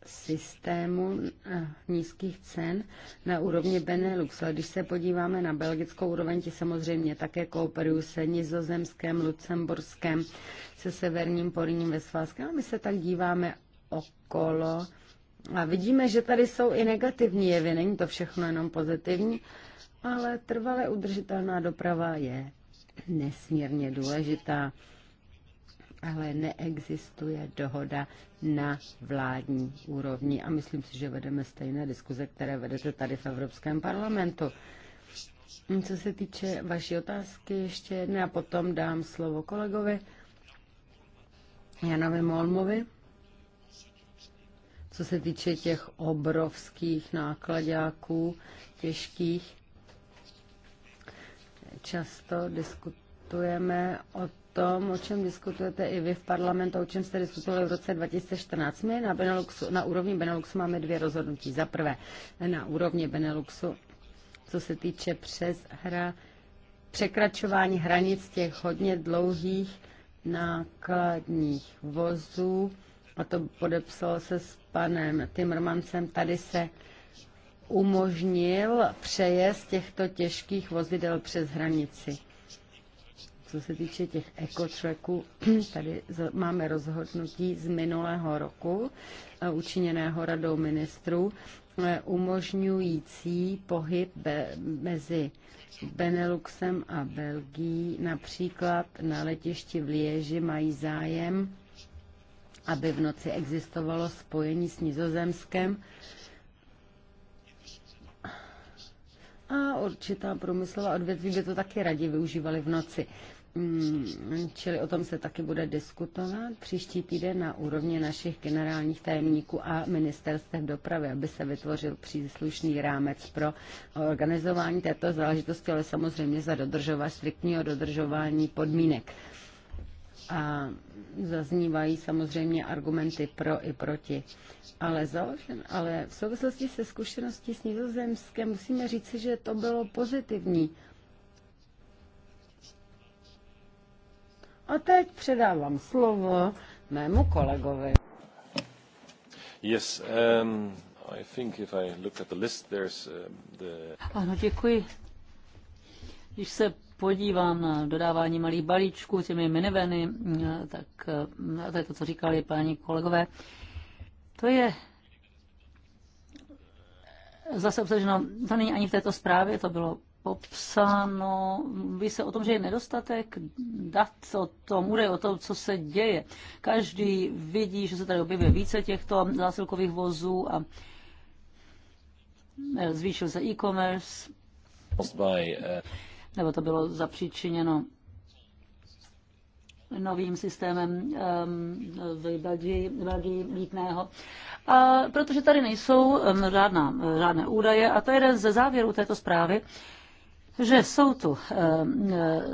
systému eh, nízkých cen na úrovni Benelux. Ale když se podíváme na belgickou úroveň, ti samozřejmě také kooperují se nizozemském, lucemburském, se severním porním vesváskem. A my se tak díváme okolo a vidíme, že tady jsou i negativní jevy, není to všechno jenom pozitivní, ale trvale udržitelná doprava je nesmírně důležitá, ale neexistuje dohoda na vládní úrovni a myslím si, že vedeme stejné diskuze, které vedete tady v Evropském parlamentu. Co se týče vaší otázky ještě jedné a potom dám slovo kolegovi Janovi Molmovi co se týče těch obrovských nákladáků, těžkých. Často diskutujeme o tom, o čem diskutujete i vy v parlamentu, o čem jste diskutovali v roce 2014. My na, Beneluxu, na úrovni Beneluxu máme dvě rozhodnutí. Za prvé, na úrovni Beneluxu, co se týče přes hra, překračování hranic těch hodně dlouhých nákladních vozů, a to podepsalo se s panem Timmermansem, tady se umožnil přejezd těchto těžkých vozidel přes hranici. Co se týče těch ekotracků, (clears throat) tady máme rozhodnutí z minulého roku, eh, učiněného radou ministrů, eh, umožňující pohyb mezi Beneluxem a Belgií. Například na letišti v Lieži mají zájem aby v noci existovalo spojení s Nizozemskem a určitá průmyslová odvětví by to taky raději využívali v noci. Mm, čili o tom se taky bude diskutovat příští týden na úrovni našich generálních tajemníků a ministerstev dopravy, aby se vytvořil příslušný rámec pro organizování této záležitosti, ale samozřejmě za dodržování, striktního dodržování podmínek a zaznívají samozřejmě argumenty pro i proti. Ale, založen, ale v souvislosti se zkušeností s Nizozemskem musíme říci, že to bylo pozitivní. A teď předávám slovo mému kolegovi. Yes, um, I think if I look at the list, there's uh, the... Ano, děkuji. Když se podívám na dodávání malých balíčků těmi miniveny, tak a to je to, co říkali páni kolegové, to je zase obsaženo, to není ani v této zprávě, to bylo popsáno, ví se o tom, že je nedostatek dat o tom, údaj o tom, co se děje. Každý vidí, že se tady objevuje více těchto zásilkových vozů a eh, zvýšil se e-commerce. Eh, nebo to bylo zapříčiněno novým systémem v Belgii, mítného. A protože tady nejsou žádná, žádné údaje, a to je jeden ze závěrů této zprávy, že jsou tu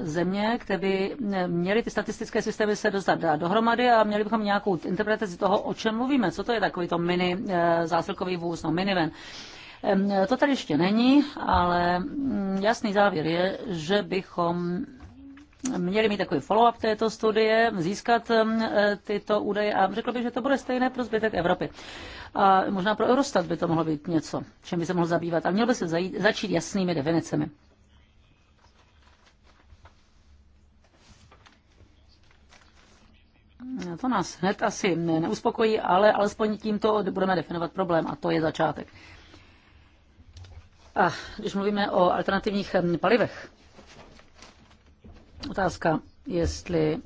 země, které by měly ty statistické systémy se dostat dohromady a měli bychom nějakou interpretaci toho, o čem mluvíme, co to je takový to mini eh, zásilkový vůz, no minivan. To tady ještě není, ale mm, jasný závěr je, že bychom měli mít takový follow-up této studie, získat e, tyto údaje a řekl bych, že to bude stejné pro zbytek Evropy. A možná pro Eurostat by to mohlo být něco, čím by se mohl zabývat. A měl by se začít jasnými definicemi. No, to nás hned asi neuspokojí, ale alespoň tímto budeme definovat problém a to je začátek. A když mluvíme o alternativních palivech, otázka, jestli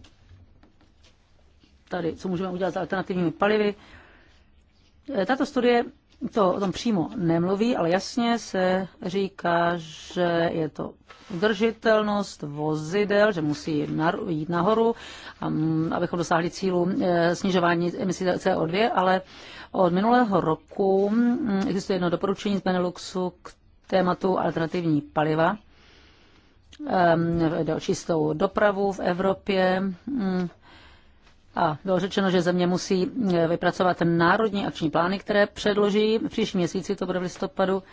tady, co můžeme udělat s alternativními palivy. E, tato studie to o tom přímo nemluví, ale jasně se říká, že je to udržitelnost vozidel, že musí jít nahoru, abychom dosáhli cílu e, snižování emisí CO2, ale od minulého roku mm, existuje jedno doporučení z Beneluxu, které tématu alternativní paliva. Jde o čistou dopravu v Evropě. Mm. A bylo řečeno, že země musí eh, vypracovat národní akční plány, které předloží v příští měsíci, to bude v listopadu,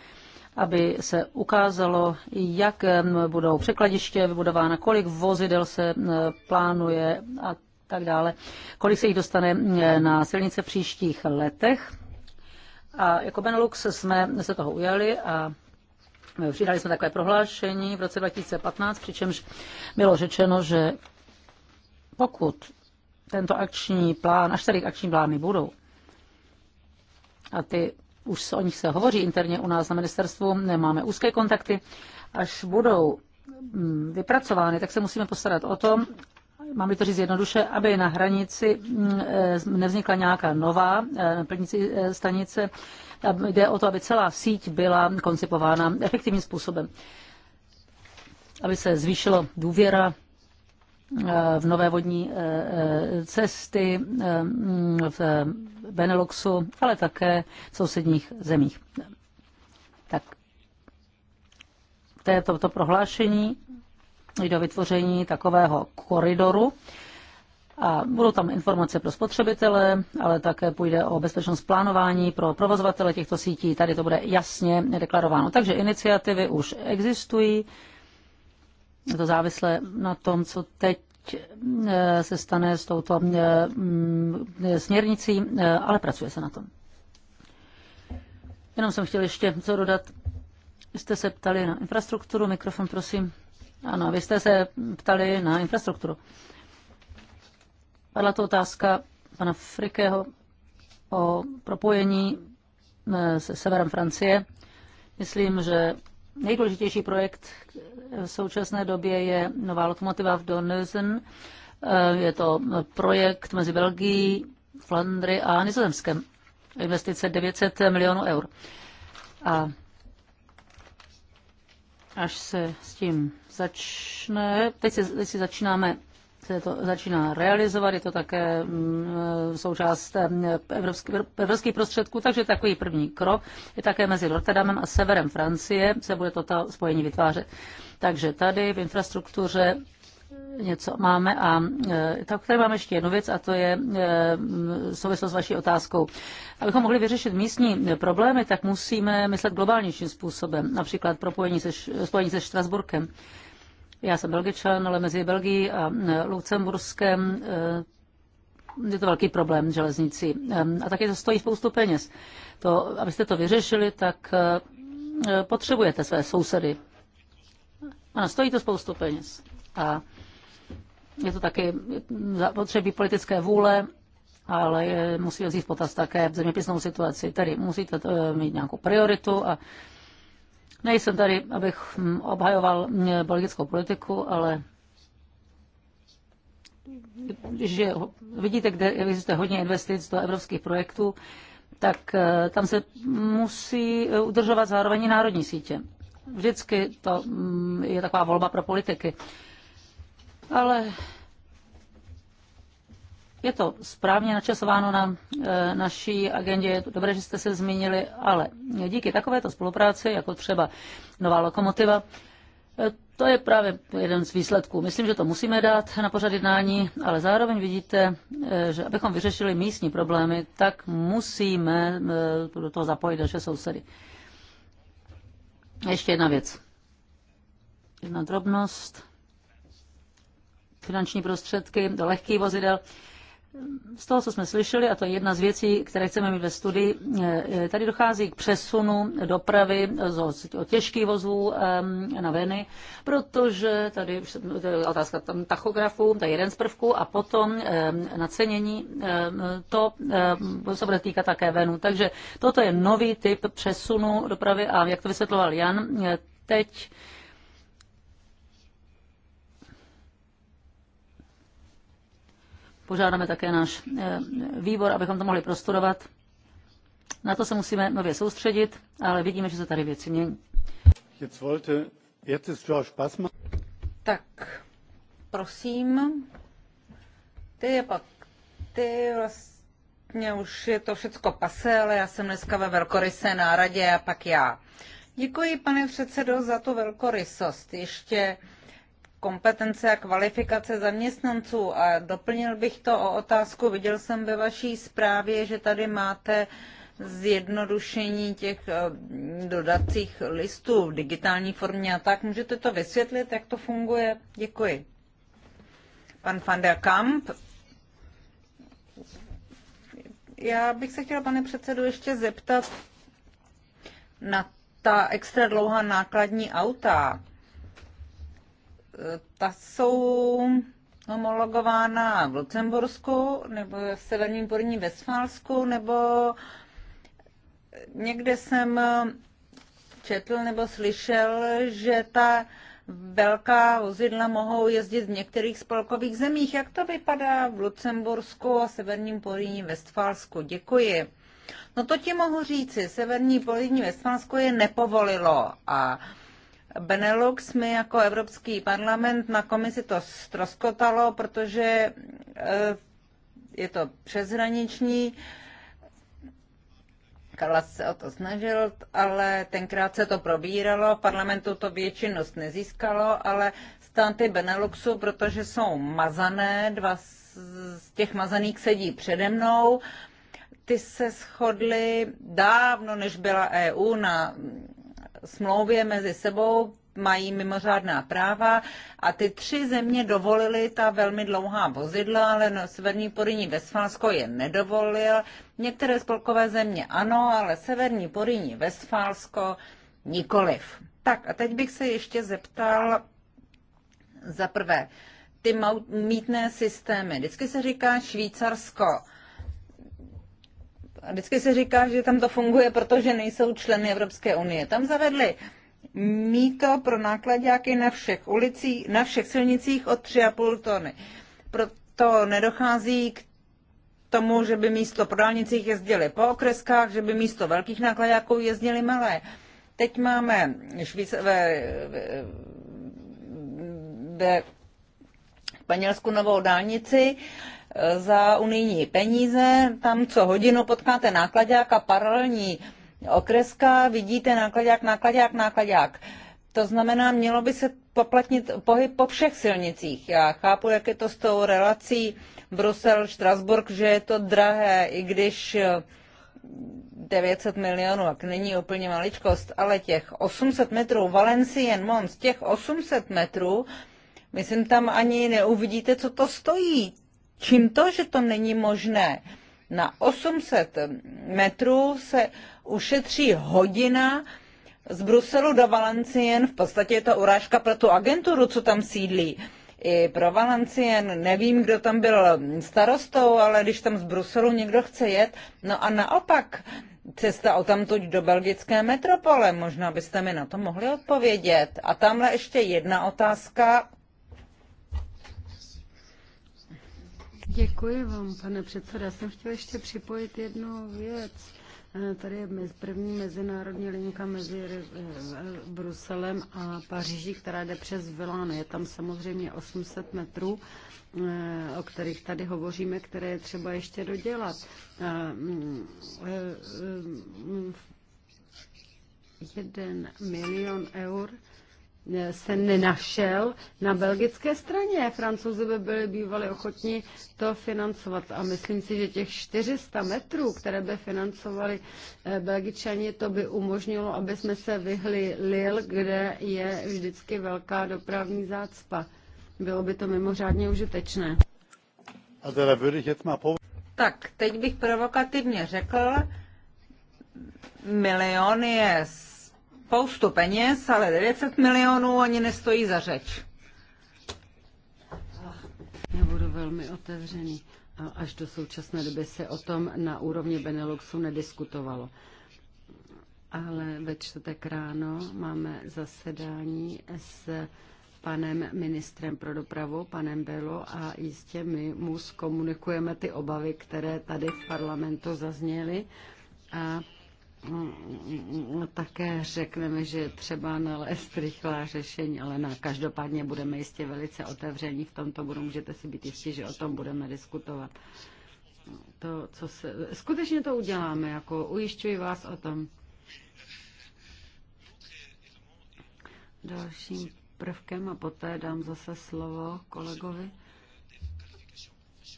aby se ukázalo, jak budou překladiště vybudována, kolik vozidel se eh, plánuje a tak dále, kolik se jich dostane eh, na silnice v příštích letech. A jako Benelux jsme se toho ujali a Přidali jsme takové prohlášení v roce 2015, přičemž bylo řečeno, že pokud tento akční plán, až tady akční plány budou, a ty už o nich se hovoří interně u nás na ministerstvu, nemáme úzké kontakty, až budou mm, vypracovány, tak se musíme postarat o to, mám to říct jednoduše, aby na hranici mm, e, nevznikla nějaká nová e, plnící e, stanice, Jde o to, aby celá síť byla koncipována efektivním způsobem, aby se zvýšilo důvěra eh, v nové vodní eh, eh, cesty mm, v Beneluxu, ale také v sousedních zemích. Tak je to prohlášení do vytvoření takového koridoru a budou tam informace pro spotřebitele, ale také půjde o bezpečnost plánování pro provozovatele těchto sítí. Tady to bude jasně deklarováno. Takže iniciativy už existují. Je to závislé na tom, co teď e, se stane s touto e, e, směrnicí, ale pracuje se na tom. Jenom jsem chtěl ještě co dodat. Jste se ptali na infrastrukturu, mikrofon prosím. Ano, vy jste se ptali na infrastrukturu. Padla to otázka pana Frikého o propojení eh, se severem Francie. Myslím, že nejdůležitější projekt v současné době je nová lokomotiva v Donnesen. Eh, je to projekt mezi Belgií, Flandry a Nizozemskem. Investice 900 milionů eur. A až se s tím začne, teď, se, teď si začínáme se to začíná realizovat, je to také mm, součást mm, evropských, evropských prostředků, takže takový první krok je také mezi Rotterdamem a severem Francie se bude toto spojení vytvářet. Takže tady v infrastruktuře něco máme a e, tak tady máme ještě jednu věc a to je e, mm, souvislost s vaší otázkou. Abychom mohli vyřešit místní problémy, tak musíme myslet globálnějším způsobem, například propojení se, spojení se Štrasburkem. Já jsem belgičan, ale mezi Belgií a e, Lucemburskem e, je to velký problém železnici. E, a taky to stojí spoustu peněz. To, abyste to vyřešili, tak potřebujete své sousedy. Ano, stojí to spoustu peněz. A je to taky potřeby politické vůle, ale je, musí vzít v potaz také zeměpisnou situaci. Tedy musíte mít nějakou prioritu a Nejsem tady, abych hm, obhajoval belgickou hm, politiku, ale když je, vidíte, kde existuje hodně investic do evropských projektů, tak eh, tam se musí eh, udržovat zároveň i národní sítě. Vždycky to hm, je taková volba pro politiky. Ale je to správně načasováno na e, naší agendě, je to dobré, že jste se zmínili, ale díky takovéto spolupráci, jako třeba nová lokomotiva, e, to je právě jeden z výsledků. Myslím, že to musíme dát na pořad jednání, ale zároveň vidíte, e, že abychom vyřešili místní problémy, tak musíme do toho zapojit naše sousedy. Ještě jedna věc. Jedna drobnost. Finanční prostředky do lehkých vozidel z toho, co jsme slyšeli, a to je jedna z věcí, které chceme mít ve studii, eh, eh, tady dochází k přesunu dopravy z těžkých vozů na veny, protože tady to je otázka tam tachografu, to je jeden z prvků, a potom nacenění, to se bude týkat také venu. Takže toto je nový typ přesunu dopravy a jak to vysvětloval Jan, eh, teď Požádáme také náš eh, výbor, abychom to mohli prostudovat. Na to se musíme nově soustředit, ale vidíme, že se tady věci mění. Tak, prosím. Ty je pak, ty vlastně už je to všecko pase, ale já jsem dneska ve velkorysé náradě a pak já. Děkuji, pane předsedo, za tu velkorysost. Ještě kompetence a kvalifikace zaměstnanců. A doplnil bych to o otázku, viděl jsem ve vaší zprávě, že tady máte zjednodušení těch eh, dodacích listů v digitální formě a tak. Můžete to vysvětlit, jak to funguje? Děkuji. Pan van der Kamp. Já bych se chtěla, pane předsedu, ještě zeptat na ta extra dlouhá nákladní auta. Eh, ta jsou homologována v Lucembursku nebo v Severním Porní Vesfálsku nebo někde jsem četl nebo slyšel, že ta velká vozidla mohou jezdit v některých spolkových zemích. Jak to vypadá v Lucembursku a Severním porní Vestfálsku? Děkuji. No to ti mohu říci. Severní porní Vestfálsko je nepovolilo a Benelux, my jako Evropský parlament na komisi to stroskotalo, protože eh, je to přeshraniční. Kalas se o to snažil, ale tenkrát se to probíralo, parlamentu to většinost nezískalo, ale státy Beneluxu, protože jsou mazané, dva z těch mazaných sedí přede mnou, ty se shodly dávno, než byla EU na smlouvě mezi sebou, mají mimořádná práva a ty tři země dovolily ta velmi dlouhá vozidla, ale no, Severní Poryní Vesfálsko je nedovolil. Některé spolkové země ano, ale Severní Poryní Vesfálsko nikoliv. Tak a teď bych se ještě zeptal za prvé, ty mítné systémy. Vždycky se říká Švýcarsko vždycky se říká, že tam to funguje, protože nejsou členy Evropské unie. Tam zavedli míto pro nákladňáky na všech ulicích, na všech silnicích od 3,5 tony. Proto nedochází k tomu, že by místo pro dálnicích jezdili po okreskách, že by místo velkých nákladňáků jezdili malé. Teď máme švíc, ve, ve, ve Španělsku novou dálnici, za unijní peníze. Tam co hodinu potkáte nákladák a paralelní okreska, vidíte nákladák, nákladák, nákladák. To znamená, mělo by se poplatnit pohyb po všech silnicích. Já chápu, jak je to s tou relací Brusel-Štrasburg, že je to drahé, i když 900 eh, milionů, jak není úplně maličkost, ale těch 800 metrů Valencien Mons, těch 800 metrů, myslím, tam ani neuvidíte, co to stojí čím to, že to není možné? Na 800 metrů se ušetří hodina z Bruselu do Valencien. V podstatě je to urážka pro tu agenturu, co tam sídlí. I pro Valencien, nevím, kdo tam byl starostou, ale když tam z Bruselu někdo chce jet, no a naopak, cesta o tamtuť do belgické metropole, možná byste mi na to mohli odpovědět. A tamhle ještě jedna otázka, Děkuji vám, pane předsedo. Já jsem chtěla ještě připojit jednu věc. Eh, tady je první mezinárodní linka mezi eh, eh, Bruselem a Paříží, která jde přes Vilán. Je tam samozřejmě 800 metrů, o kterých tady hovoříme, které je třeba ještě dodělat. Mm, mm, jeden milion eur se nenašel na belgické straně. Francouzi by byli bývali ochotni to financovat. A myslím si, že těch 400 metrů, které by financovali eh, belgičani, to by umožnilo, aby jsme se vyhli Lille, kde je vždycky velká dopravní zácpa. Bylo by to mimořádně užitečné. Tak, teď bych provokativně řekl, milion je spoustu peněz, ale 900 milionů ani nestojí za řeč. Já budu velmi otevřený. Až do současné doby se o tom na úrovni Beneluxu nediskutovalo. Ale ve čtvrtek ráno máme zasedání s panem ministrem pro dopravu, panem Belo, a jistě my mu zkomunikujeme ty obavy, které tady v parlamentu zazněly. A Mm, no také řekneme, že třeba nalézt rychlá řešení, ale na každopádně budeme jistě velice otevření v tomto budu, můžete si být jistí, že o tom budeme diskutovat. To, co se, skutečně to uděláme, jako ujišťuji vás o tom. Dalším prvkem a poté dám zase slovo kolegovi.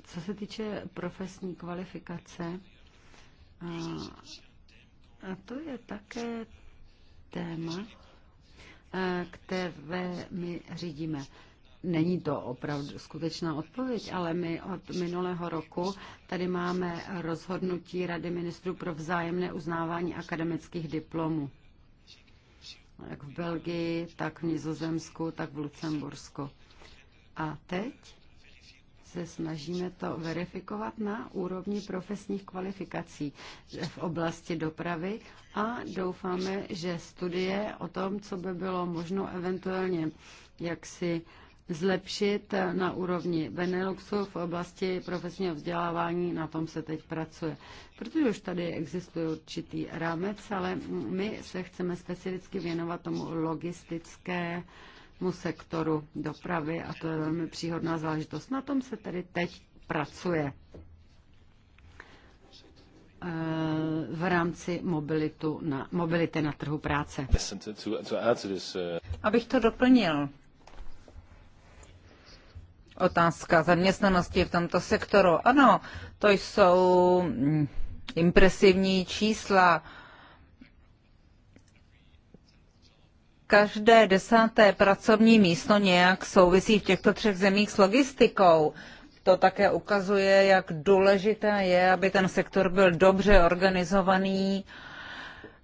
Co se týče profesní kvalifikace, a to je také téma, eh, které my řídíme. Není to opravdu skutečná odpověď, ale my od minulého roku tady máme rozhodnutí Rady ministrů pro vzájemné uznávání akademických diplomů. Jak v Belgii, tak v Nizozemsku, tak v Lucembursku. A teď se snažíme to verifikovat na úrovni profesních kvalifikací v oblasti dopravy a doufáme, že studie o tom, co by bylo možno eventuálně jaksi zlepšit na úrovni Beneluxu v oblasti profesního vzdělávání, na tom se teď pracuje. Protože už tady existuje určitý rámec, ale my se chceme specificky věnovat tomu logistické mu sektoru dopravy a to je velmi příhodná záležitost. Na tom se tedy teď pracuje eh, v rámci mobilitu na, mobility na trhu práce. Abych to doplnil. Otázka zaměstnanosti v tomto sektoru. Ano, to jsou mm, impresivní čísla. každé desáté pracovní místo nějak souvisí v těchto třech zemích s logistikou. To také ukazuje, jak důležité je, aby ten sektor byl dobře organizovaný,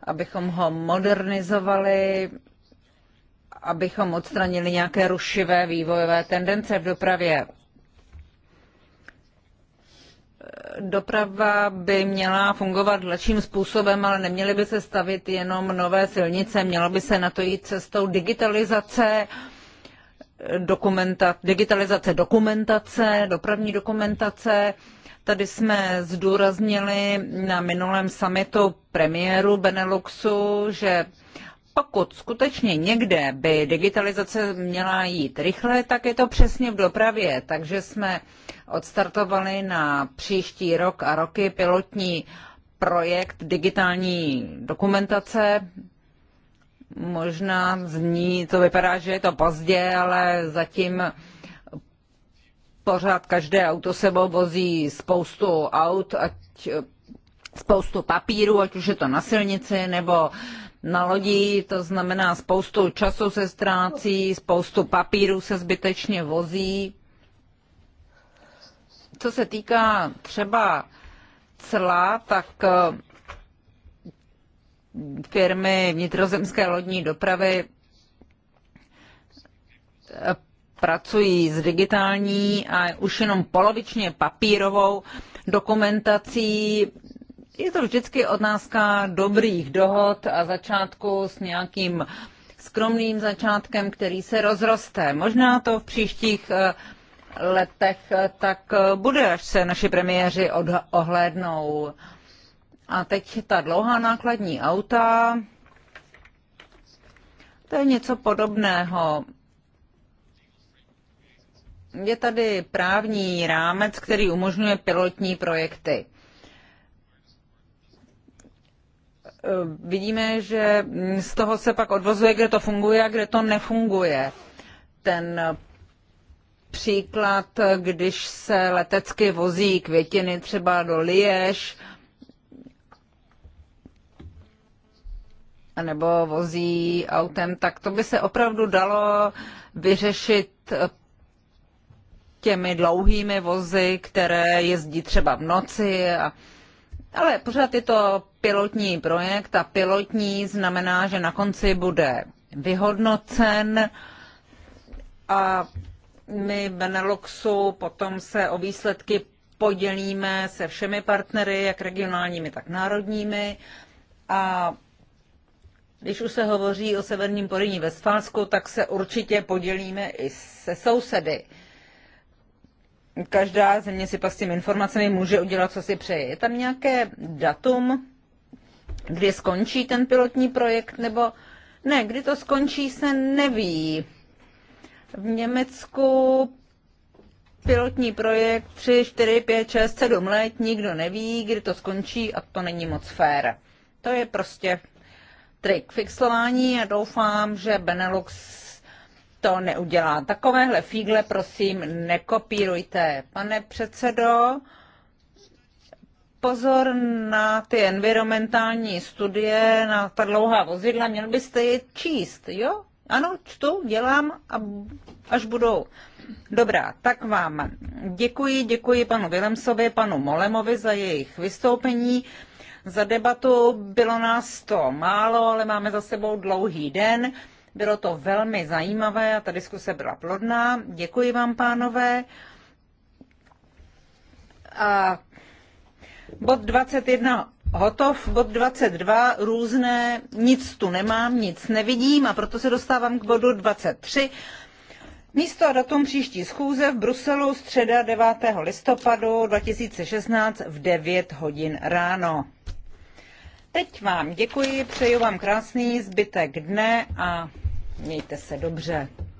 abychom ho modernizovali, abychom odstranili nějaké rušivé vývojové tendence v dopravě doprava by měla fungovat lepším způsobem, ale neměly by se stavit jenom nové silnice, mělo by se na to jít cestou digitalizace, dokumenta, digitalizace dokumentace, dopravní dokumentace. Tady jsme zdůraznili na minulém summitu premiéru Beneluxu, že pokud skutečně někde by digitalizace měla jít rychle, tak je to přesně v dopravě. Takže jsme odstartovali na příští rok a roky pilotní projekt digitální dokumentace. Možná zní, to vypadá, že je to pozdě, ale zatím pořád každé auto sebou vozí spoustu aut, ať spoustu papíru, ať už je to na silnici nebo na lodi, to znamená spoustu času se ztrácí, spoustu papíru se zbytečně vozí. Co se týká třeba cla, tak eh, firmy vnitrozemské lodní dopravy eh, pracují s digitální a už jenom polovičně papírovou dokumentací je to vždycky otázka dobrých dohod a začátku s nějakým skromným začátkem, který se rozroste. Možná to v příštích eh, letech eh, tak eh, bude, až se naši premiéři ohlédnou. A teď ta dlouhá nákladní auta, to je něco podobného. Je tady právní rámec, který umožňuje pilotní projekty. Eh, vidíme, že mm, z toho se pak odvozuje, kde to funguje a kde to nefunguje. Ten příklad, když se letecky vozí květiny třeba do Liež, nebo vozí autem, tak to by se opravdu dalo vyřešit eh, těmi dlouhými vozy, které jezdí třeba v noci. A... Ale pořád je to pilotní projekt a pilotní znamená, že na konci bude vyhodnocen a my Beneluxu potom se o výsledky podělíme se všemi partnery, jak regionálními, tak národními. A když už se hovoří o severním Poryní ve Sfalsku, tak se určitě podělíme i se sousedy. Každá země si pak s těmi informacemi může udělat, co si přeje. Je tam nějaké datum, kdy skončí ten pilotní projekt, nebo ne, kdy to skončí, se neví. V Německu pilotní projekt 3, 4, 5, 6, 7 let, nikdo neví, kdy to skončí a to není moc fér. To je prostě trik fixování a doufám, že Benelux to neudělá. Takovéhle fígle prosím nekopírujte. Pane předsedo, pozor na ty environmentální studie, na ta dlouhá vozidla, měl byste je číst, jo? Ano, čtu, dělám a až budou. Dobrá, tak vám děkuji, děkuji panu Vilemsovi, panu Molemovi za jejich vystoupení, za debatu. Bylo nás to málo, ale máme za sebou dlouhý den. Bylo to velmi zajímavé a ta diskuse byla plodná. Děkuji vám, pánové. A Bod 21 hotov, bod 22 různé, nic tu nemám, nic nevidím a proto se dostávám k bodu 23. Místo a datum příští schůze v Bruselu středa 9. listopadu 2016 v 9 hodin ráno. Teď vám děkuji, přeju vám krásný zbytek dne a mějte se dobře.